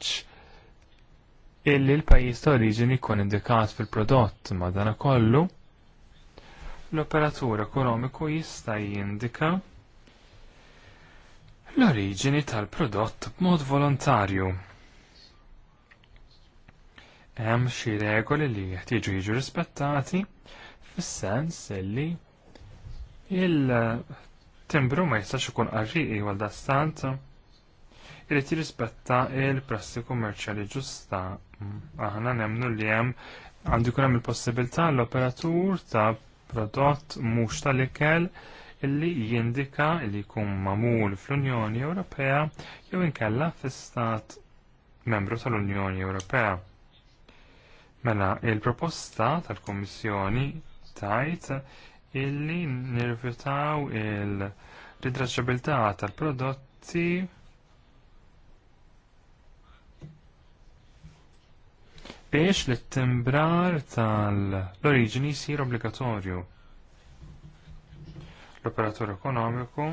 illi l-pajjiż ta' oriġini jkun indikat fil-prodott madana kollu l-operatur ekonomiku jista' jindika l-oriġini tal-prodott b'mod volontarju. Hemm xi regoli li jeħtieġu jiġu rispettati fis-sens illi il-timbru ma jistax ikun qarriqi għal dastant irid jirrispetta il-prassi kummerċjali ġusta Aħna nemnu li hemm għandu kunem hemm il-possibilità l-operatur ta' prodott mhux tal-ikel illi jindika li jkun mamul fl-Unjoni Ewropea jew inkella fl stat membru tal-Unjoni Ewropea. Mela, il-proposta tal komissjoni tajt illi nirrifjutaw il ridraċabilta tal-prodotti biex li t-timbrar tal origini jisir obbligatorju. L-operatur ekonomiku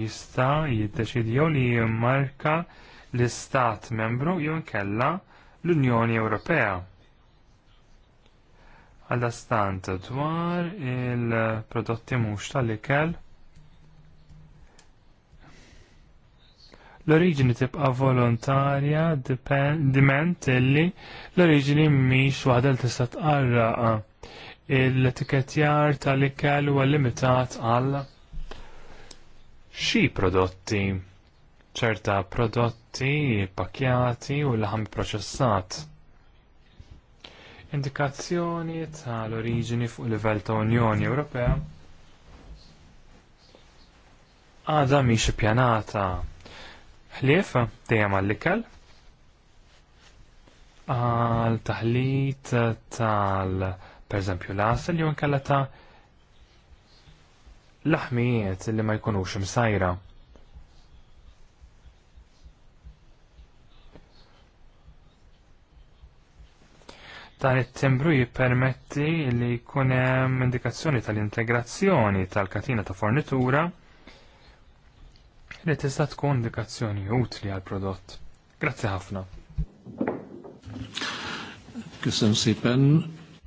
jista jiddeċidjew li jimmarka l-istat membru jew inkella l-Unjoni Ewropea. Għal-dastant dwar il-prodotti mhux tal-ikel l-oriġini tibqa' volontarja diment illi l-oriġini mhix waħda li tista' tqarraqa. Il-etikettjar tal-ikel huwa limitat għal xi prodotti ċerta prodotti pakjati u laħam proċessat. Indikazzjoni tal-oriġini fuq livell ta' Unjoni Ewropea għadha miex pjanata ħlief dejjem għall-ikel għal taħlit tal pereżempju l-asel jew inkella ta' laħmijiet li ma jkunux msajra. Dan it-timbru jippermetti li jkun hemm indikazzjoni tal-integrazzjoni tal-katina ta' fornitura li tista' tkun indikazzjoni utli għal prodott. Grazzi ħafna. Kisem sipen.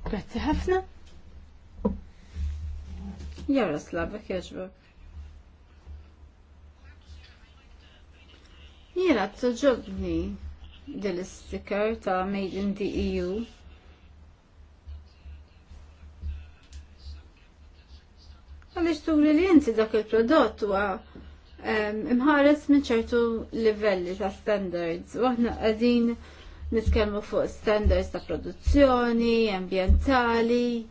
Grazzi ħafna. Jaroslava kieġbok. t-ġobni dil-sticker ta' Made in the EU. Għalix turi li jinti dak il-prodott huwa imħares minn ċertu livelli ta' standards u aħna qegħdin niskemmu fuq standards ta' produzzjoni, ambientali,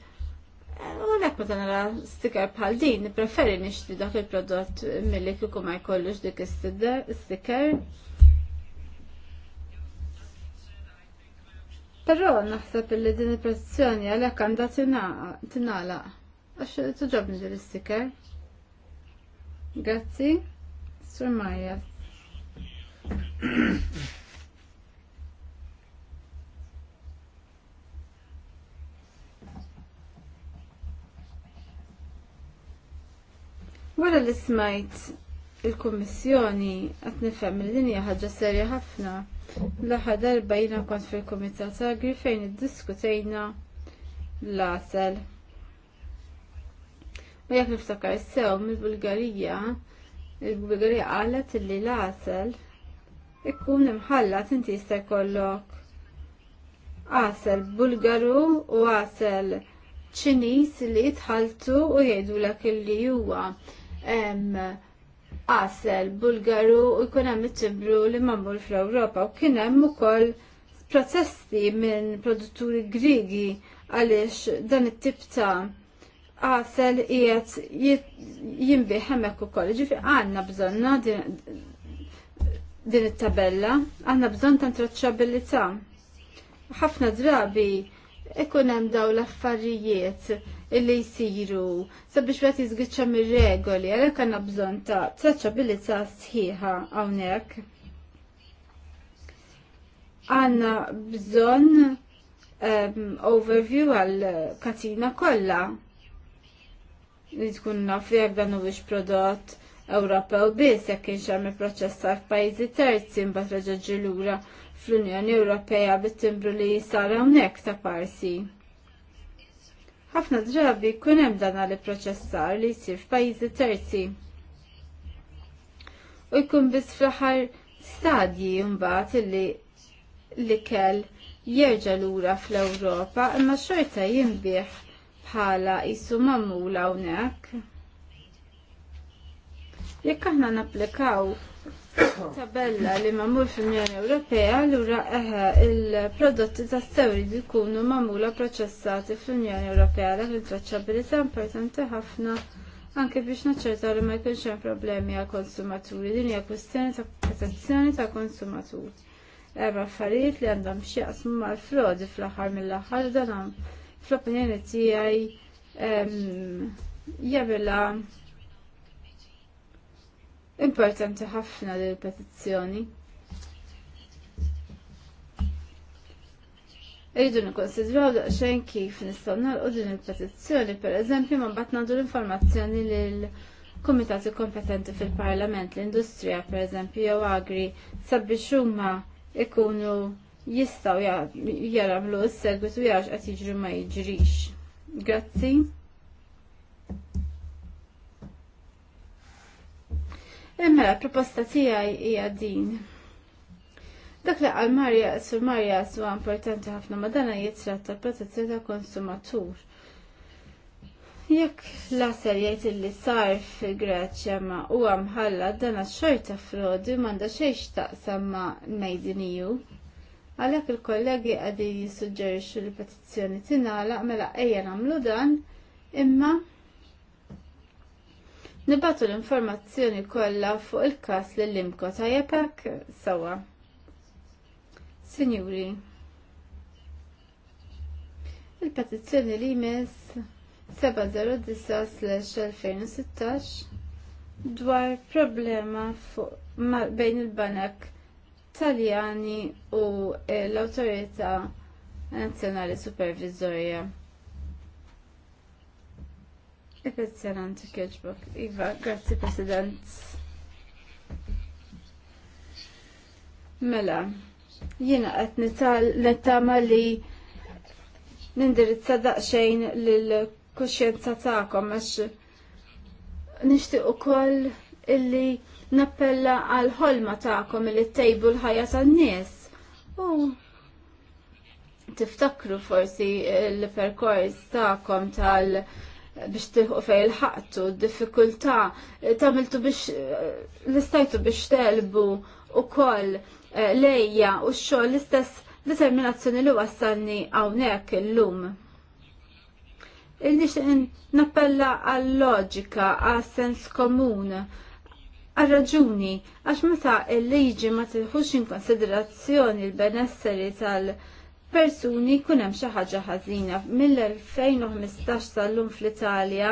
U l ma tanara sticker bħal din, preferi nixtri dak il-prodott mill-li kiku ma jkollux dik sticker. Però naħseb li din il-produzzjoni għalhekk għandha tingħalaq għax tuġobni din sticker Grazzi. Sur Maja. Wara li smajt il-Kummissjoni qed nifhem il-linja hija ħaġa serja ħafna. L-aħħar darba jiena kont fil-Kumitat Agri fejn iddiskutejna l-asel. U jekk niftakar sew mill-Bulgarija il-Bulgarija għallet li l-għasel ikkun imħallat inti jista' jkollok għasel Bulgaru u għasel Ċiniż li jitħaltu u jgħidulek li huwa għasel Bulgaru u jkun hemm li mamul fl-Ewropa u kien hemm ukoll protesti minn produtturi Grigi għaliex dan it tipta ta' għasel jiet jimbi ħemmek u koll, ġifi għanna bżonna din it-tabella, għanna bżon ta' traċċabilità. ħafna drabi ikun hemm daw l-affarijiet illi jisiru sabiex wet jiżgiċċa mir-regoli għalhekk għandna bżonn ta' traċċabilità sħiħa hawnhekk. Għandna bżonn um, ehm, overview għal katina kollha li tkun naf jekk dan biex prodott Ewropew biss jekk kienx hemm ipproċessar f'pajjiżi terzi mbagħad reġa' ġilura fl-Unjoni Ewropea bit-timbru li jisar hawnhekk ta' parsi. Ħafna drabi jkun hemm dan għal ipproċessar li jsir f'pajjiżi terzi. U jkun biss fl-aħħar stadji mbagħad li li kell jerġa' lura fl-Ewropa imma xorta jinbih bħala jissu mamula unek. Jekk aħna napplikaw tabella li mamul fil-Unjoni Ewropea, allura eħe il-prodotti ta' sewri li jkunu mamula proċessati fil-Unjoni Ewropea dak il-traċċabilità importanti ħafna anke biex naċċerta li ma jkunx hemm problemi għal konsumaturi din hija kwistjoni ta' protezzjoni ta' konsumatur. Erba' affarijiet li għandhom x'jaqsmu mal-frodi fl-aħħar mill-aħħar dan fl-opinjoni tiegħi jabela importanti ħafna l petizzjoni Irridu nikkonsidraw daqsxejn kif nistgħu nagħlqu din il-petizzjoni, pereżempju ma mbagħad nagħdu l-informazzjoni lil kumitati kompetenti fil-Parlament, l-Industrija pereżempju jew Agri sabiex huma ikunu jistaw jaramlu s u jarax għat jiġri ma jiġrix. Grazzi. Imma proposta tiegħi hija din. Dak li għal Marja sur Marja huwa importanti ħafna ma dana jitratta protezzjoni ta' konsumatur. Jekk laser jgħid li sar fil-Greċja ma huwa mħalla dana xorta frodi m'għandha xejn x'taqsam ma' Made in EU. Għalhekk il-kollegi għadi jissuġġerixxu li petizzjoni tingħalaq mela ejja nagħmlu dan imma Nibatu l-informazzjoni kollha fuq il-kas li l-imko tajjebek sawa. Sinjuri, il-petizzjoni li jmiss 709-2016 dwar problema fuq bejn il-banek Taljani u eh, l autorita Nazzjonali Supervizorja. Ipezzjonanti kieġbok. Iva, grazzi President. Mela, jiena qed nittama li nindirizza daqsxejn lill-kuxjenza tagħkom għax nixtieq ukoll illi nappella għal ħolma ta'kom li tejbu l-ħajja tan-nies. U tiftakru forsi l-perkors ta'kom tal- biex tilħu fej l-ħattu, diffikultà, tamiltu biex l-istajtu biex telbu u koll eh, lejja u xoll l-istess determinazzjoni li wassalni għawnek l lum Il-nix nappella għal-loġika, għal-sens komun, għal-raġuni għax meta il-liġi ma tilħux in konsiderazzjoni l-benesseri tal- persuni kunem hemm xi ħaġa ħażina mill-2015 tal-lum fl-Italja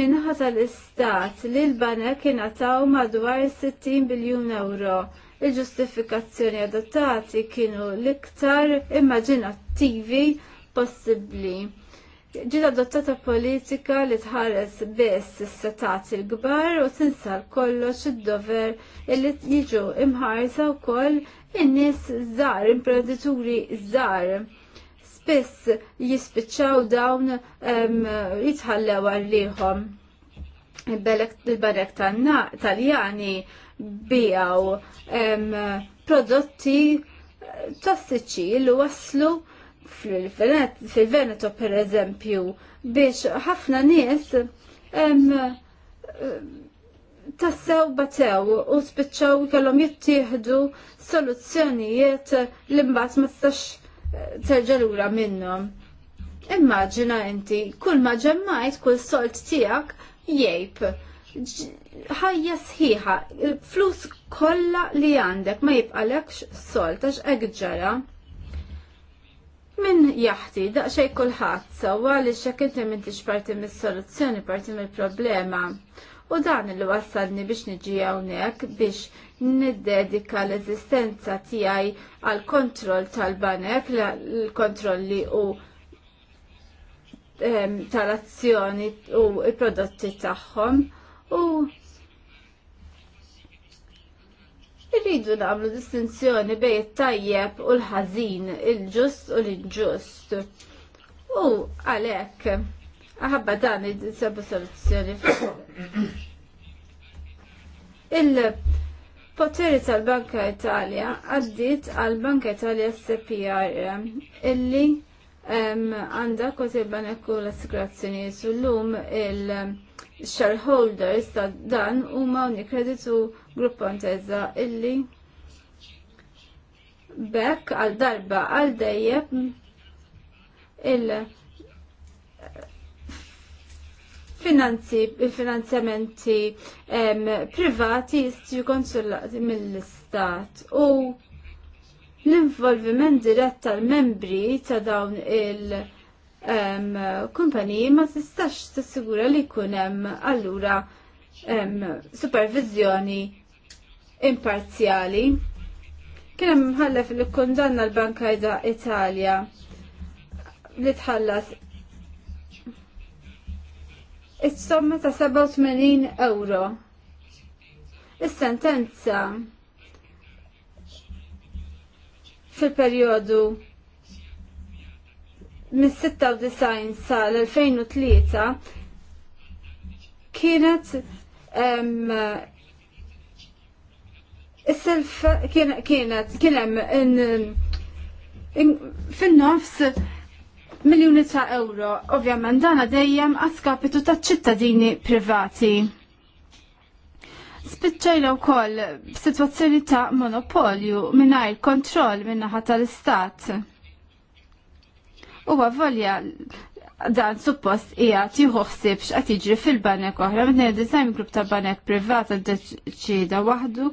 minħa tal-istat li l-banek ingħataw madwar 60 biljun euro. Il-ġustifikazzjoni adottati kienu l-iktar immaġinattivi possibbli ġiet adottata politika li tħares biss is-setat il-kbar u tinsal kollox id-dover illi jiġu imħarsa wkoll in-nies żgħar, imprenditori żgħar. Spiss jispiċċaw dawn jitħallew għalihom. Il-barek taljani bijaw prodotti tossiċi li waslu fil-Veneto per eżempju biex ħafna nies eh, tassew batew u spiċċaw kellhom jittieħdu soluzzjonijiet li mbagħad ma tistax eh, terġa' lura minnhom. Immaġina inti, kull ma ġemmajt kull solt tiegħek jgħib ħajja sħiħa, flus kollha li għandek ma jibqalekx solt għax hekk ġara. Min jaħti, daqxej kullħat, sawa li xekint mintix parti mis-soluzzjoni, parti mill-problema. U dan li wassadni biex niġi hawnhekk biex niddedika l-eżistenza tiegħi għal kontroll tal-banek, l-kontrolli u tal-azzjoni u l prodotti tagħhom u rridu nagħmlu distinzjoni bejn it-tajjeb u l-ħażin, il-ġust u l-inġust. U għalhekk aħabba dan id-sebu soluzzjoni. Il-poteri tal-Banka Italja għaddit għal-Banka Italja SPR illi għanda kot il u l-assigurazzjoni su lum il-shareholders ta' dan u mawni kreditu grupp Pontezza illi bekk għal darba għal dejjeb il finanzi il-finanzjamenti privati jistiju konsullati mill-istat u l-involviment dirett tal-membri ta' dawn il- um, kumpaniji ma tistax tassigura li jkun hemm allura supervizjoni imparzjali. Kien hemm mħallef li kkundanna l-Bankajda Italja li tħallas is-somma ta' 87 euro. Is-sentenza fil-perjodu mis-96 sal-2003 kienet um, Is-self kienet kienem fin-nofs miljoni ta' euro, ovvjament dana dejjem għaskapitu ta' ċittadini privati. Spiċċajna u koll situazzjoni ta' monopolju minnajr kontroll minnaħa tal-istat. U għavolja dan suppost ija tiħuħsib x'qed jiġri fil-banek oħra, minn design grupp ta' banek privata deċida waħdu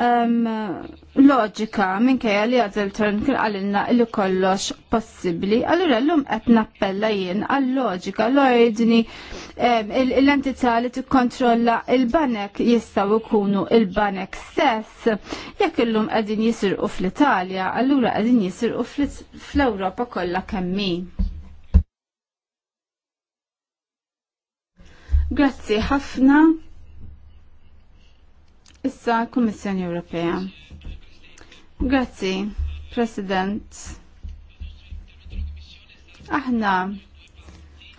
um, loġika minkejja li għazel turn kien li kollox possibli. Allura l-lum qed nappella jien għal-loġika, l-ordni, um, l-entità li tikkontrolla il-banek jistaw ikunu il-banek stess. Jekk illum qegħdin u fl-Italja, allura qegħdin u fl-Ewropa kollha kemmin. Grazzi ħafna. Issa Kummissjoni Ewropea. Grazzi, President. Aħna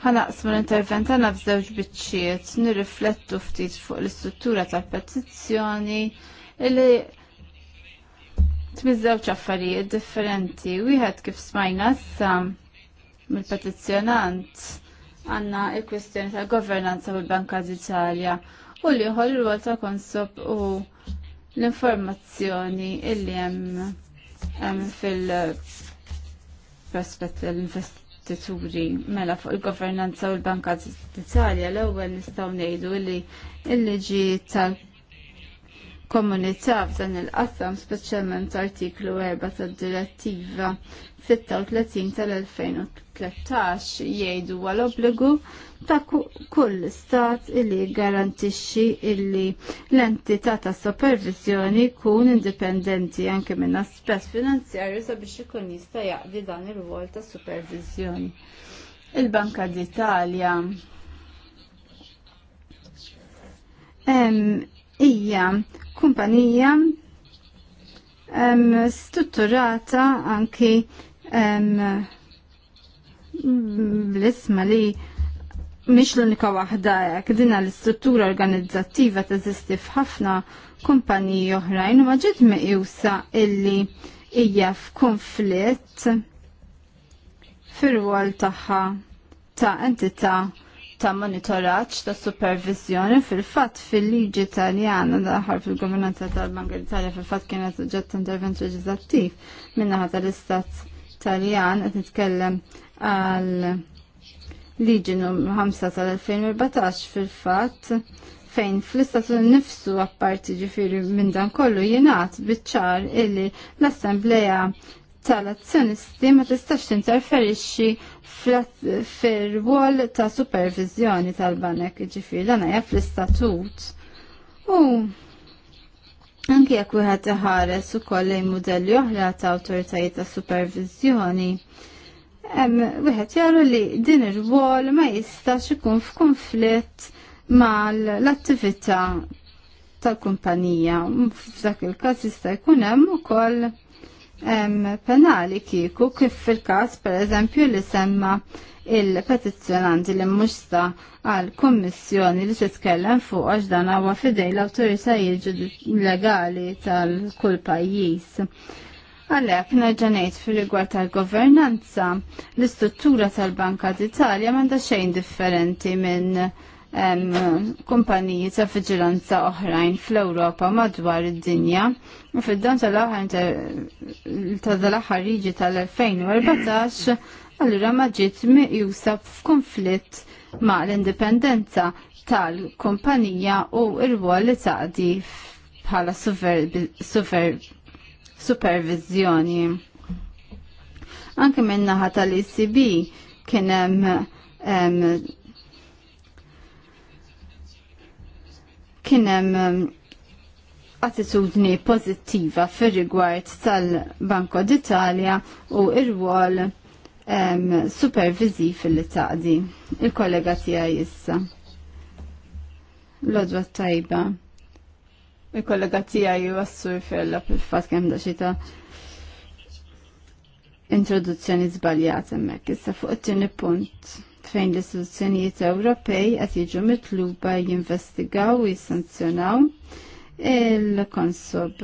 ħanaqsmu l-intervent għana f'żewġ biċċiet nirriflettu ftit fuq l-istruttura tal-petizzjoni li tmiżewġ affarijiet differenti. Wieħed kif smajna issa mill-petizzjonant għanna il-kwistjoni tal-governanza u l-Banka d'Italja u li jħol ta' konsob u l-informazzjoni illi hemm fil-prospett l-investituri mela fuq il-governanza u l-Banka t-Italja, l-ewwel nistgħu ngħidu li l-liġi tal komunità f'dan il-qasam speċjalment artiklu 4 tad-direttiva 36 tal-2013 jgħidu għal obbligu ta' kull stat illi garantixxi illi l-entità ta' supervizjoni kun indipendenti anke minn aspett finanzjarju sabiex ikun jista' jaqdi dan ir-rwol ta' supervizjoni. Il-Banka d'Italja hija kumpanija strutturata anki Mm, l isma li mhix l-unika waħda hekk dina l-istruttura organizzattiva teżisti f'ħafna kumpaniji oħrajn u ma ġiet meqjusa illi hija f'konflitt fir-rwol tagħha ta' entità ta' monitoraġġ ta' supervizjoni fil-fatt fil-liġi Taljana daħar fil-governanza tal-Banka Italja fil-fatt kienet suġġett intervent leġislattiv minnaħa tal-Istat Taljan qed nitkellem għal liġin 5 tal-2014 fil-fatt fejn fl-istatu nifsu apparti ġifiri minn dan kollu jenat bitċar illi l-assembleja tal-azzjonisti ma tistax interferixxi fir-rwol ta' supervizjoni tal-banek ġifiri dan fl-istatut. U Anki jekk wieħed iħares ukoll lejn mudelli oħra ta' awtoritajiet ta' supervizjoni, wieħed jaru li din ir-rwol ma jistax ikun f'konflitt mal-attività tal-kumpanija. F'dak il-każ jista' jkun hemm ukoll penali kieku kif fil-każ pereżempju li semma' il-petizzjonanti li mmusta għal kommissjoni li tkellem fuq għax dan huwa fidej l-awtoritajiet legali tal-kull pajjiż. Għalek, nerġanejt fil-rigward tal-governanza, l-istruttura tal-Banka d'Italja manda xejn differenti minn kumpaniji ta' vigilanza oħrajn fl-Ewropa madwar id-dinja u fid-dan tal-aħħar ta' dal-aħħar riġi tal-2014 allura ma ġiet miqjusa f'konflitt ma l-indipendenza tal-kumpanija u r-rwol li taqdi bħala supervizjoni. Anke minnaħa tal-ECB kien hemm kien hemm attitudni pozittiva fir rigward tal-Banko d'Italja u r rwol um, superviziv li taqdi il-kollega tiegħi issa. odwa tajba. Il-kollega tiegħi wassur fella fil-fatt kemm daċita introduzzjoni zbaljat hemmhekk. Issa fuq it-tieni punt fejn l-istituzzjonijiet Ewropej qed jiġu mitluba jinvestigaw u jissanzjonaw il-konsob,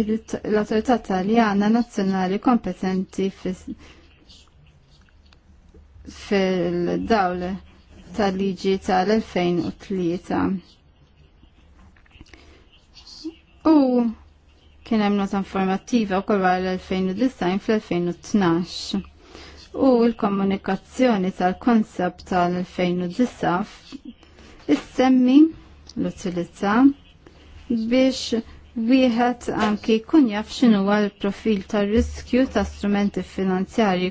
l-autorità taljana nazzjonali kompetenti fis fil-dawl tal-liġi tal-2003. U kien hemm nota informattiva wkoll wara l-2009 fl-2012. U l-komunikazzjoni tal-konsept tal-2009 issemmi l-utilizza biex wieħed anki jkun jaf x'inhu l-profil tar-riskju ta' strumenti finanzjarji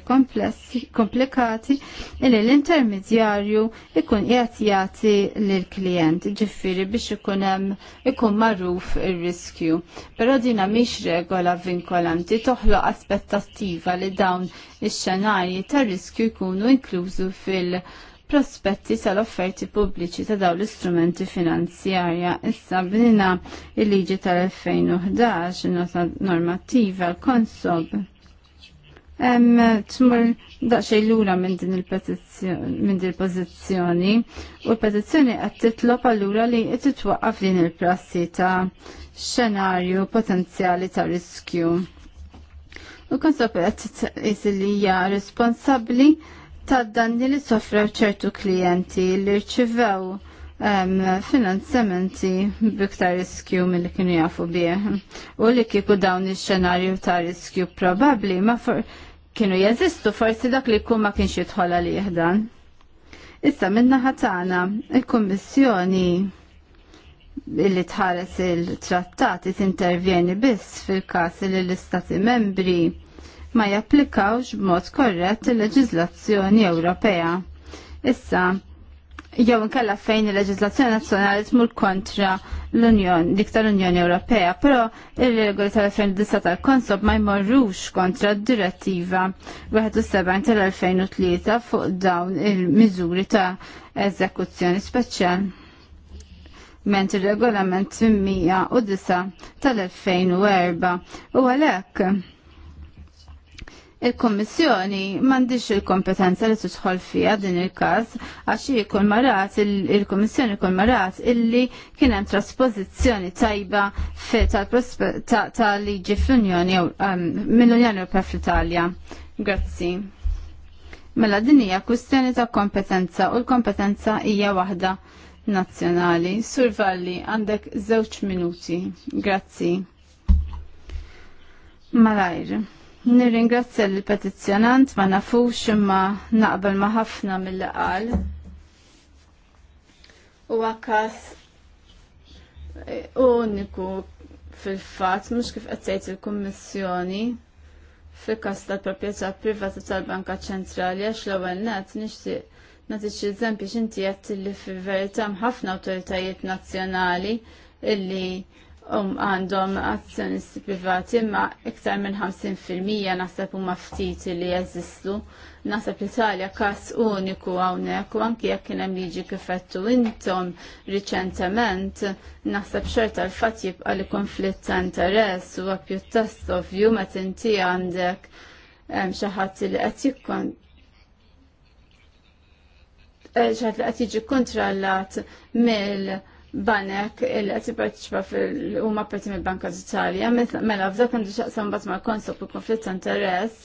komplikati li l-intermedjarju ikun qiegħed jagħti lill-klijent, ġifieri biex ikun hemm ikun magħruf ir-riskju. Però dina mhix regola vinkolanti toħloq aspettattiva li dawn ix-xenarji tar-riskju jkunu inklużu fil- prospetti tal-offerti pubbliċi ta' daw l-istrumenti finanzjarja issa bnina il-liġi tal-2011 nota normattiva l-konsob. Em, tmur l-ura minn din il-pozizjoni u l-pozizjoni għat titlob allura li titwaqqaf din il-prassi ta' xenarju potenzjali ta' riskju. U konsob għat jisilija responsabli tad-danni li soffra ċertu klijenti li rċivew finanzamenti biktar riskju mill-li kienu jafu bieħ. U li kiku dawn il-xenarju ta' riskju probabli ma for kienu jazistu forsi dak li kuma ma kienx jitħola li jihdan. Issa minna ħatana il-Kommissjoni illi tħares il-trattati tintervjeni biss fil-kas li l-Istati membri ma japplikawx b'mod korrett il-leġizlazzjoni Ewropea. Issa, jew nkella fejn il-leġizlazzjoni nazzjonali tmur kontra l-Unjon, dik tal-Unjoni Ewropea, però il-regoli tal-2009 tal-Konsob ma jmorrux kontra d-direttiva 71 tal-2003 fuq dawn il-miżuri ta' eżekuzzjoni speċjal ment il-regolament 109 tal-2004 u għalek Il-Kommissjoni m'għandix il-kompetenza li tidħol fiha din il-każ għax jikun marat il-Kommissjoni jikun marat illi kien hemm tajba tajba tal-liġi fl-Unjoni ehm, mill-Unjoni Ewropea fl-Italja. Grazzi. Mela din hija kwistjoni ta' kompetenza u l-kompetenza hija waħda nazzjonali. Sur Valli, għandek żewġ minuti. Grazzi. Malajr. Nirringrazzja l-petizzjonant ma nafux imma naqbel ma ħafna mill qal. U għakas eh, uniku fil-fat, mux kif għazzajt il-kommissjoni fil-kas tal-propieta privata tal-Banka ċentrali, għax l ewwel net nixtieq nagħti eżempju x'inti għattilli fil-verità ħafna awtoritajiet nazzjonali illi um għandhom azzjonisti privati imma iktar minn 50% naħseb huma ftit li jeżistu. Naħseb l-Italja każ uniku hawnhekk u anke jekk kien hemm liġi kifettu intom riċentement naħseb xorta l-fatt jibqa' li konflitt ta' interess u pjuttost ovvju meta tinti għandek xi ħadd li qed jikkon ċaħat eh, li għat jiġi kontrallat mill banek il qed jipparteċipa fil-huma parti mill-Banka Ġitalja, mela f'dak għandu x'aqsam bat mal konsop fil konflitt ta' interess,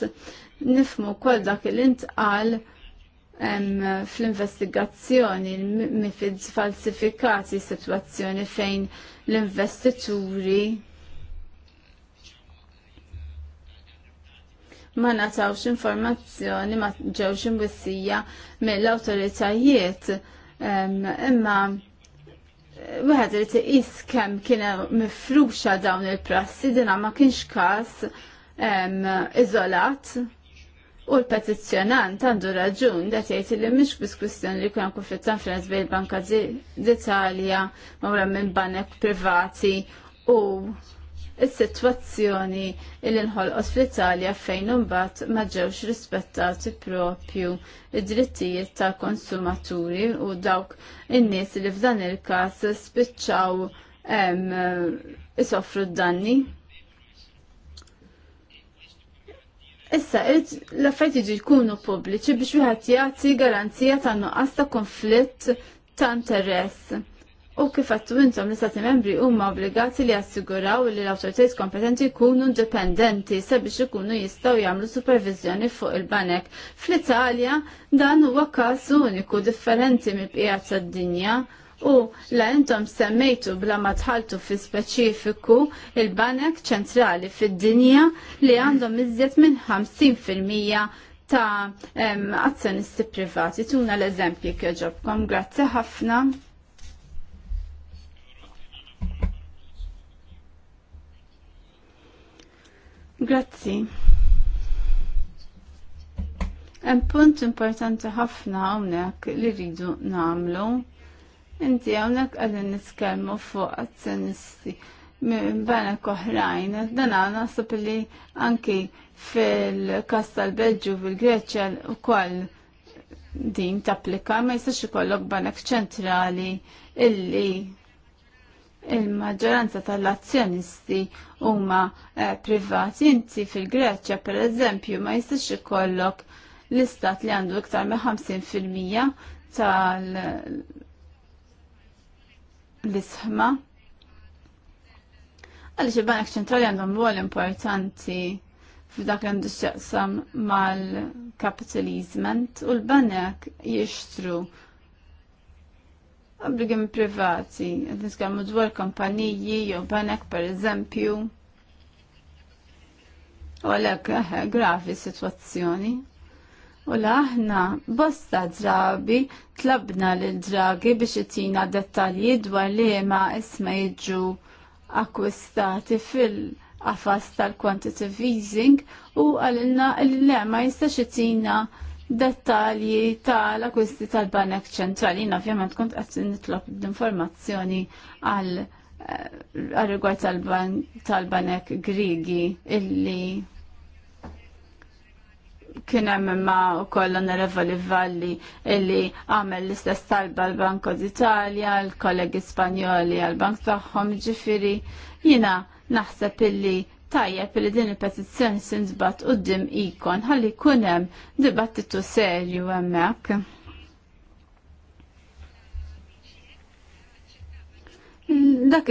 nifmu wkoll dak li intqal fl-investigazzjoni mifid falsifikati situazzjoni fejn l-investituri ma natawx informazzjoni ma ġewx imwissija mill-awtoritajiet imma Wieħed li tiqis kemm kien mifruxa dawn il-prassi dinha ma kienx każ iżolat. U l-petizzjonant għandu raġun da jgħid li mhix biss kwistjoni li jkun konflitt ta' interess bejn banka d'Italja magħmula minn banek privati u is-sitwazzjoni li nħolqos fl-Italja fejn imbagħad ma ġewx rispettati propju id-drittijiet tal konsumaturi u dawk in-nies li f'dan il-każ spiċċaw isofru d-danni. Issa, l affajt jiġi jkunu pubbliċi biex wieħed jagħti garanzija ta' nuqqas ta' konflitt ta' interess U kif għattu intom l-istati membri huma obbligati li assiguraw li l-autoritajiet kompetenti jkunu indipendenti sabiex ikunu jistgħu jagħmlu supervizjoni fuq il-banek. Fl-Italja dan huwa każ uniku differenti mill-bqija tad-dinja u la intom semmejtu bla ma tħaltu fi speċifiku il-banek ċentrali fid-dinja li għandhom iżjed minn 50% ta' azzjonisti privati. Tuna l-eżempju kieġobkom, grazzi ħafna. Grazzi. Hemm punt importanti ħafna hawnhekk li rridu nagħmlu. Inti hawnhekk għadin niskelmu fuq azzjonisti minn koħrajn. oħrajn, dan għana nasib li anki fil kastal tal-Belġu fil greċa u koll din tapplika ma jistax ikollok banek ċentrali illi il-maġġoranza tal-azzjonisti huma eh, privati. Inti fil-Greċja, per eżempju, ma jistax ikollok l-istat li għandu iktar me 50% tal isħma Għalix il-Banek ċentrali għandhom ruol importanti f'dak għandu xieqsam mal-capitalizment u l-banek jishtru obbligami privati, għed dwar kompaniji, jew banek per eżempju. U għalek eh, grafi situazzjoni. U laħna bosta drabi tlabna l-dragi biex itina dettalji dwar li ma isma jidġu akkwistati fil afas tal-quantitative easing u għalina l lema jistax itina dettalji tal-akwisti tal-Banek ċentrali. Jina ovvjament kont qed nitlob l-informazzjoni għal eh, rigward tal-Banek Grigi illi kien hemm imma wkoll onorevoli Valli illi għamel l-istess talba l-Banko d'Italja, l-kollegi Spanjoli għall bank tagħhom ġifieri jiena naħseb illi tajjeb li din il-petizzjoni sindbat u d-dim ikon ħalli kunem dibattitu serju emmek. Dak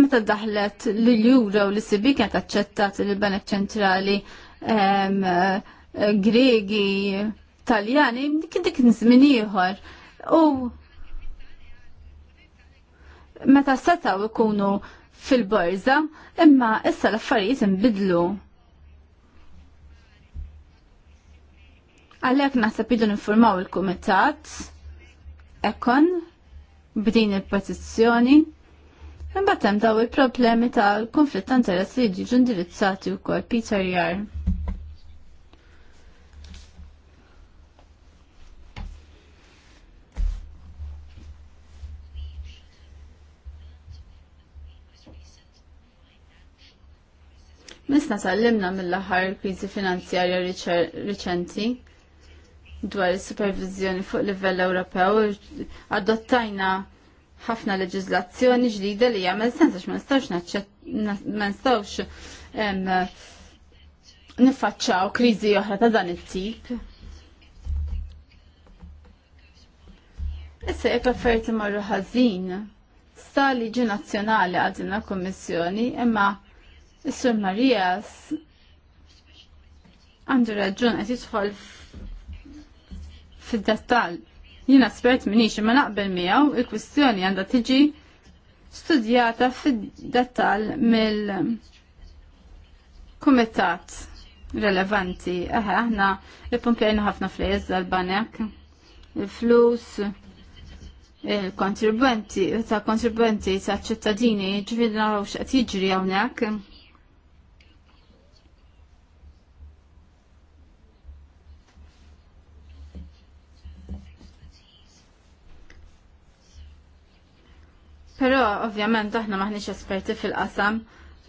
meta daħlet l-jura u l-sibi kienet aċċettat il-Banek Ċentrali eh, Gregi, Taljani, kien dik nżmin ieħor. U meta setaw ikunu fil-borza, imma issa l-affarijiet inbidlu. Għalhekk naħseb idu informaw il-kumitat ekon b'din il-petizzjoni. imbatem hemm daw il-problemi tal-konflitt ta' interessi jiġu indirizzati wkoll Peter Jar. Nisna sallimna mill-aħħar kriżi finanzjarja riċenti dwar is-supervizjoni fuq livell Ewropew adottajna ħafna leġislazzjoni ġdida li jagħmel sens għax ma nistgħux nifaċċaw niffaċċaw kriżi oħra ta' dan it-tip. Issa jekk affarijiet imorru ħażin, sta liġi nazzjonali għadilna kummissjoni imma Is-Sur Marijas għandu raġun qed jidħol fid-dettall. Jiena spert minix imma naqbel miegħu il-kwistjoni għandha tiġi studjata fid-dettall mill-kumitat relevanti. Aħe, aħna pumpjajna ħafna flejes dal-banek, il-flus, il-kontribwenti, ta' kontribwenti ta' ċittadini, ġvidna għawx għat jiġri għawnek. Però ovvjament aħna maħniex esperti fil-qasam,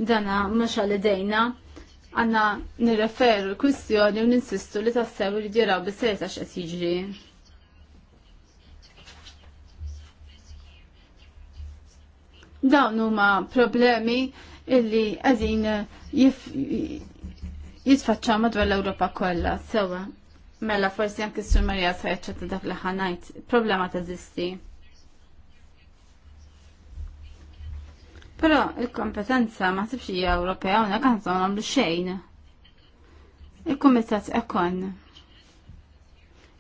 dana mhux għal idejna għanna nirreferu l-kwistjoni u ninsistu li tassew li diraw bis-serta qed jiġri. Dawn huma problemi illi għazin jitfaċċaw madwar l-Ewropa kollha sewa. Mela forsi anke s-Sur Marija sajċa ta' dak li ħanajt, problema ta' zisti. Però il-kompetenza ma tibx hija Ewropea u aħna ma nagħmlu xejn. Il-Kumitat Ekon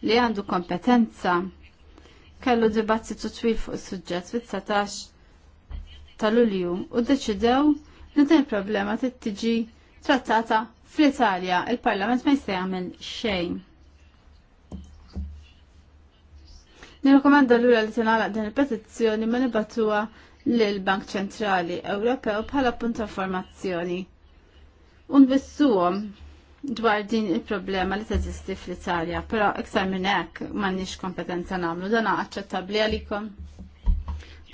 li għandu kompetenza kellu dibattitu twil fuq is-suġġett fit satax ta' Lulju u deċidew li din il-problema tittiġi trattata fl-Italja il-Parlament ma jista' jagħmel xejn. Nirrekomenda l-ura li tingħalaq din il-petizzjoni ma nibattuha l-Bank Ċentrali Ewropew bħala punt ta' formazzjoni. Unbissuhom dwar din il-problema li teżisti fl-Italja, però iktar minn hekk m'għandniex kompetenza nagħmlu dan aċċettabbli għalikom.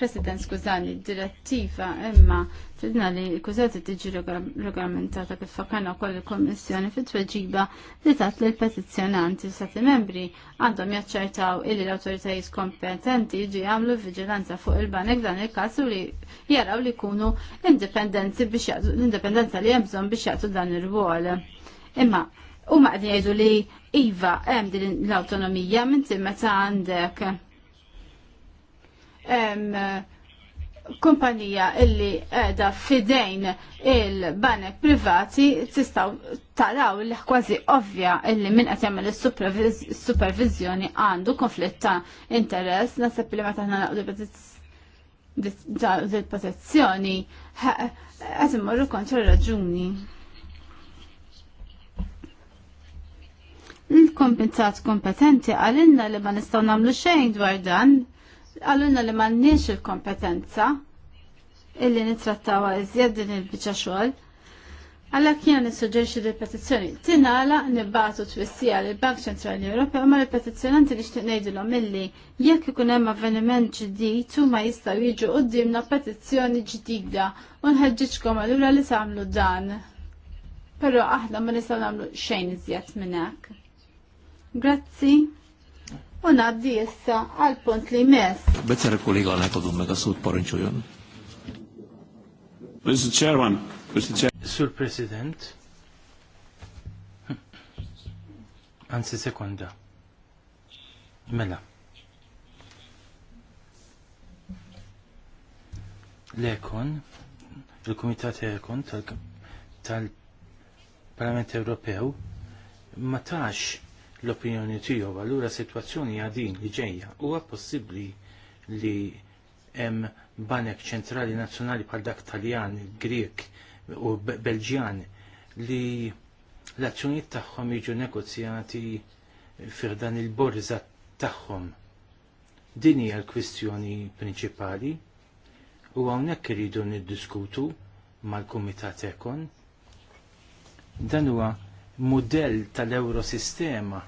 President skużani, direttiva imma fidna li kużati tiġi regolamentata kif fakana wkoll il-Kommissjoni fit-tweġiba li tat li l-petizzjonanti stati membri għandhom jaċċertaw illi l-awtoritajiet kompetenti jġi jagħmlu viġilanza fuq il-banek dan il-każ u li jaraw li jkunu indipendenti biex l-indipendenza li hemm bżonn biex jaqdu dan ir-rwol. Imma huma qed jgħidu li iva hemm din l-awtonomija minn meta għandek kumpanija illi qiegħda fidejn il-banek privati tistaw taraw li kważi ovvja illi minn qed jagħmel is-supervizjoni għandu konflitt ta' interess naħseb li meta aħna naqdu dil-pożizzjoni qed immorru kontra raġuni. Il-kompensat kompetenti għalinna li ma nistgħu nagħmlu xejn dwar dan għallunna li mannix il-kompetenza illi nitrattawa iżjed din il-bicċa xogħol. Għalla kien nissuġġerixi li petizzjoni tinala nibbatu twissija li bank Ċentrali Ewropew ma l-petizzjonanti li xtieq ngħidilhom milli jekk ikun hemm avveniment ġdid ma jistgħu jiġu qudiemna petizzjoni ġdida u nħeġġiġkom allura li tagħmlu dan. Però aħna ma nistgħu nagħmlu xejn iżjed minn hekk. Grazzi u naddi issa għal li mess. Bezzar kollega għal dumme da sud porinċujon. Mr. Chairman, Mr. Sur President. Anzi sekonda. Mela. L-Ekon, il-Komitat Ekon tal-Parlament Ewropew, ma tax l-opinjoni tiegħu allura sitwazzjoni hija din li ġejja huwa possibbli li hemm banek ċentrali nazzjonali bħal dak Taljan, Grek u Belġjan li l-azzjonijiet tagħhom jiġu negozjati fir dan il-borza tagħhom. Din hija l-kwistjoni prinċipali u hawnhekk iridu niddiskutu mal-Kumitat Ekon. Dan huwa mudell tal-Eurosistema.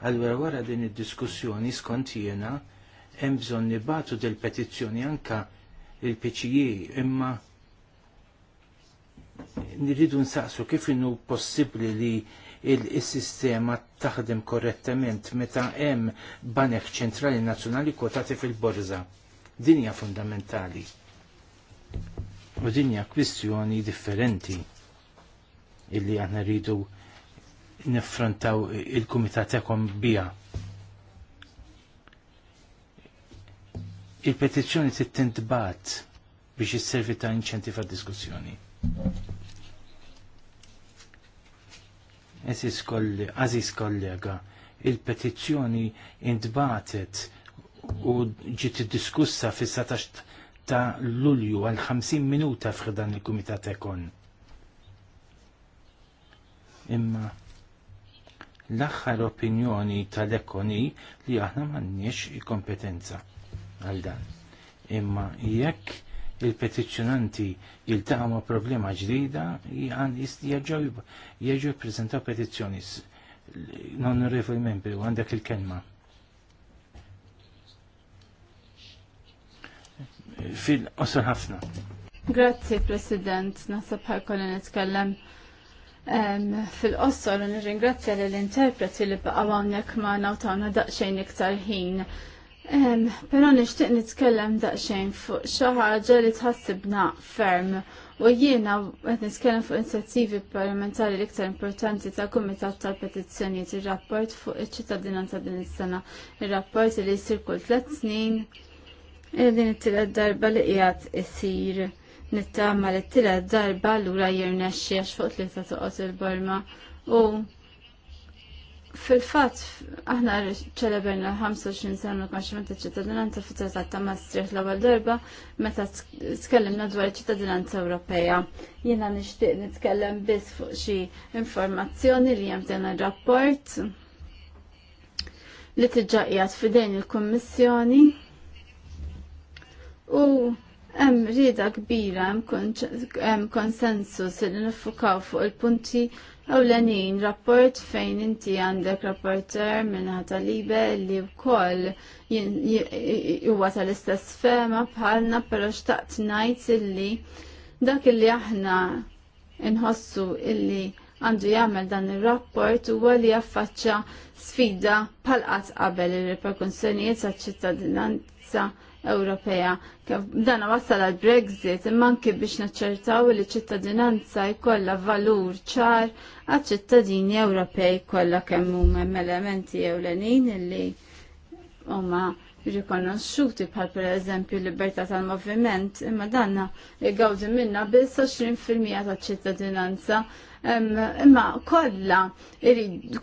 Allura wara din id-diskussjoni skont jiena hemm bżonn nibatu del petizzjoni anka il-PCI e, imma nridu nsaqsu kif inu possibbli li il-sistema taħdem korrettament meta hemm banek ċentrali nazzjonali kwotati fil-borża. Dinja fundamentali. U dinja kwistjoni differenti illi aħna rridu niffrontaw il-kumitat bija. Il-petizzjoni tintbat biex isservi ta' fa' diskussjoni. Eżis kollega, aziz kollega, il-petizzjoni intbatet u ġiet diskussa fis satax ta' Lulju għal 50 minuta f'dan il-Kumitat Ekon. Imma l-aħħar opinjoni tal-ekoni li aħna m'għandniex kompetenza għal dan. Imma jekk il-petizzjonanti jiltaqgħu ma' problema ġdida jeġgħu jippreżentaw petizzjoni non-onorevoli membri għandek il-kelma. fil-qosor ħafna. Grazzi, President. Nasab ħajkolli nitkellem fil-qossor nir nirringrazzja l interpreti li baqgħu hawnhekk ma' u daqsxejn iktar ħin. Però nixtieq nitkellem daqsxejn fuq xi ħaġa li tħassibna ferm u jiena qed nitkellem fuq inizjattivi parlamentari l-iktar importanti tal kumitat tal-petizzjonijiet ir-rapport fuq iċ ta' din is-sena, ir-rapport li jsir kull tliet snin din it-tielet darba li qiegħed isir nittama li t-tila darba l-ura jirna xiex fuq li ta' toqot il-Borma u fil-fat aħna ċelebrna l-25 sena l-konximenta ċittadinanza fit-trattat ta' Maastricht l-ewwel darba meta tkellimna dwar ċittadinanza Ewropea. Jiena nixtieq nitkellem biss fuq xi informazzjoni li hemm dan ir-rapport li tiġġaqjat f'idejn il-Kummissjoni u Hemm rieda kbira hemm konsensus li nifukaw fuq il-punti ewlenin rapport fejn inti għandek rapporter minn tal-libe li wkoll huwa tal-istess fema bħalna però xtaqt ngħid illi dak illi aħna inħossu illi għandu jagħmel dan ir-rapport huwa li jaffaċċja sfida bħal qatt qabel ir-reperkussjonijiet tal-ċittadinanza Ewropea. Dan wassal għal Brexit imma anke biex naċċertaw li ċittadinanza jkollha valur ċar għal ċittadini Ewropej kollha kemm huma elementi ewlenin li huma rikonosciuti bħal per eżempju libertà tal-moviment, imma danna għawdi minna biss 20% ta' ċittadinanza. Imma kolla,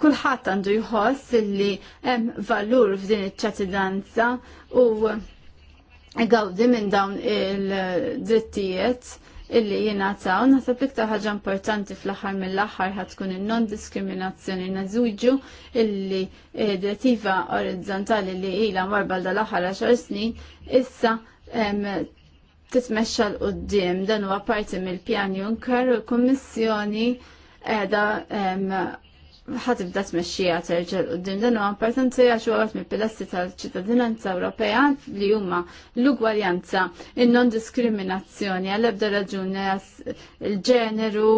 kullħat għandu jħoss li hemm valur f'din iċ-ċittadinanza u għawdi minn dawn il-drittijiet illi jina taw, naħseb iktar ħaġa importanti fl-axar mill-axar ħatkun il-non-diskriminazzjoni nażuġu illi eh, direttiva orizzontali li ila marba dal-axar 10 snin issa titmexxa l-qoddim dan huwa parti mill-pjan Juncker u l-Kummissjoni qiegħda ħat ibda tmexxija terġel qudiem dan huwa importanti għax huwa mill-pilastri tal-ċittadinanza Ewropea li huma l-ugwaljanza, in-non diskriminazzjoni għal ebda raġuni il-ġeneru,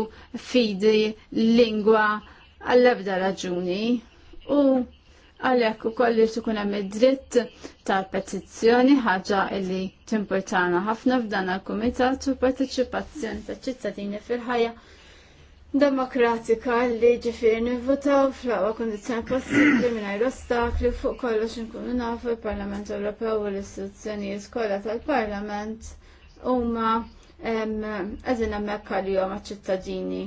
fidi, lingwa, għal ebda raġuni. U għalhekk ukoll li tkun hemm id-dritt tal-petizzjoni ħaġa li timportana ħafna f'dan għall kumitat u partiċipazzjoni taċ-ċittadini fil-ħajja demokratika li ġifir nivvotaw fl-aqwa kondizjoni possibbli mingħajr ostakli fuq kollox inkunu nafu il-Parlament Ewropew u l-istituzzjonijiet kollha tal-Parlament huma qegħdin hemmhekk għalihom għaċ-ċittadini.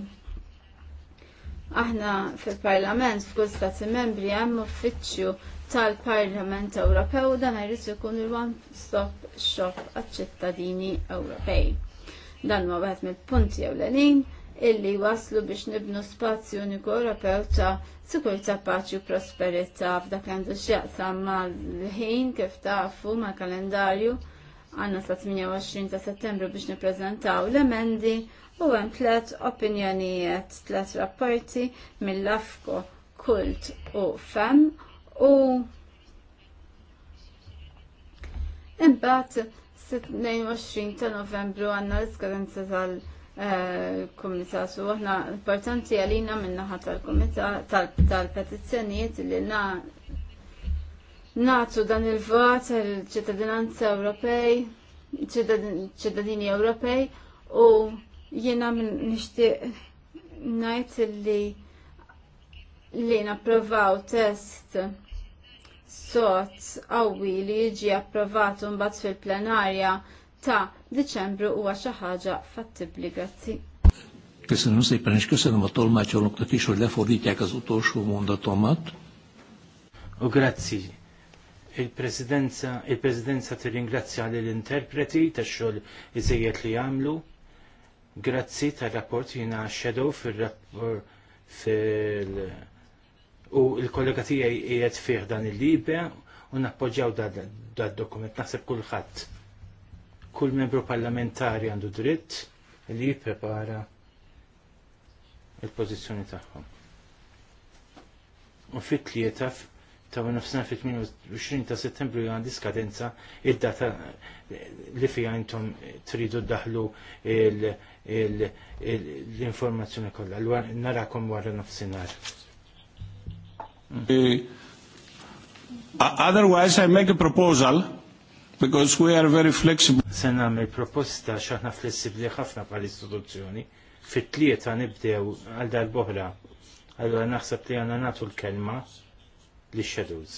Aħna fil-Parlament f'kull stati membri hemm uffiċċju tal-Parlament Ewropew dan jrid ikun il-one stop shop għaċ-ċittadini Ewropej. Dan huwa wieħed mill-punti ewlenin illi waslu biex nibnu spazju uniku Ewropew ta' sikurta paċi u prosperità f'dak li għandu x'jaqsam mal-ħin kif tafu mal-kalendarju għanna sa' 28 ta' settembru biex nippreżentaw l-emendi u hemm tliet opinjonijiet, tliet rapporti mill-Afko, Kult u Fem u imbagħad 22 ta' Novembru għandna l-iskadenza tal- kumitat u aħna importanti għalina minnaħa tal-kumitat tal-petizzjonijiet li na natu dan il-vot għal-ċittadinanza Ewropej, ċittadini Ewropej u jena nixtieq ngħid li li napprovaw test sot qawwi li jiġi approvat mbagħad fil-plenarja ta' Diċembru huwa xi ħaġa fattibbli grazzi. Köszönöm szépen, és köszönöm a tolmácsolóknak is, hogy lefordítják az munda tomat? U grazzi. Il-presidenza il li l interpreti ta' xol iżejjed li għamlu, Grazzi ta' rapport jina shadow fil rapport fil u l-kollega tiegħi qiegħed fih dan il-libe u nappoġġjaw da' dokument nasib kulħadd Kull membru parlamentari għandu dritt li jipprepara il-pozizjoni tagħhom. U fit-tlieta ta' nofsna fit-28 ta' settembru għandi skadenza id-data li fija intom tridu daħlu l-informazzjoni kollha. narakom wara nofsinhar. Eh, otherwise I make a proposal because we are very flexible. Se nagħmel proposta x'aħna flessibbli ħafna bħal-istituzzjoni fit-tlieta nibdew għal dal-boħra. Allora naħseb li għandna nagħtu l-kelma li shadows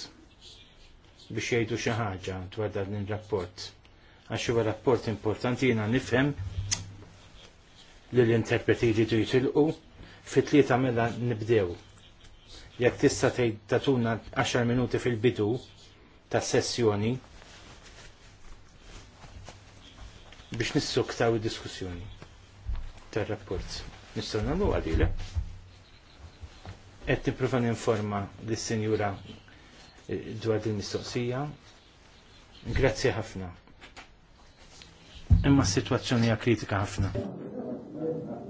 biex jgħidu xi ħaġa dwar dan ir-rapport. Għax huwa rapport importanti jiena nifhem li l-interpreti jridu jitilqu fit-tlieta mela nibdew. Jekk tista' tgħid tatuna 10 minuti fil-bidu tas sessjoni biex nissoktaw id-diskussjoni tar-rapport. Nistgħu nagħmlu għadile. Qed nipprova ninforma lis-Sinjura eh, dwar din mistoqsija. Grazzi ħafna. Imma s-sitwazzjoni hija kritika ħafna.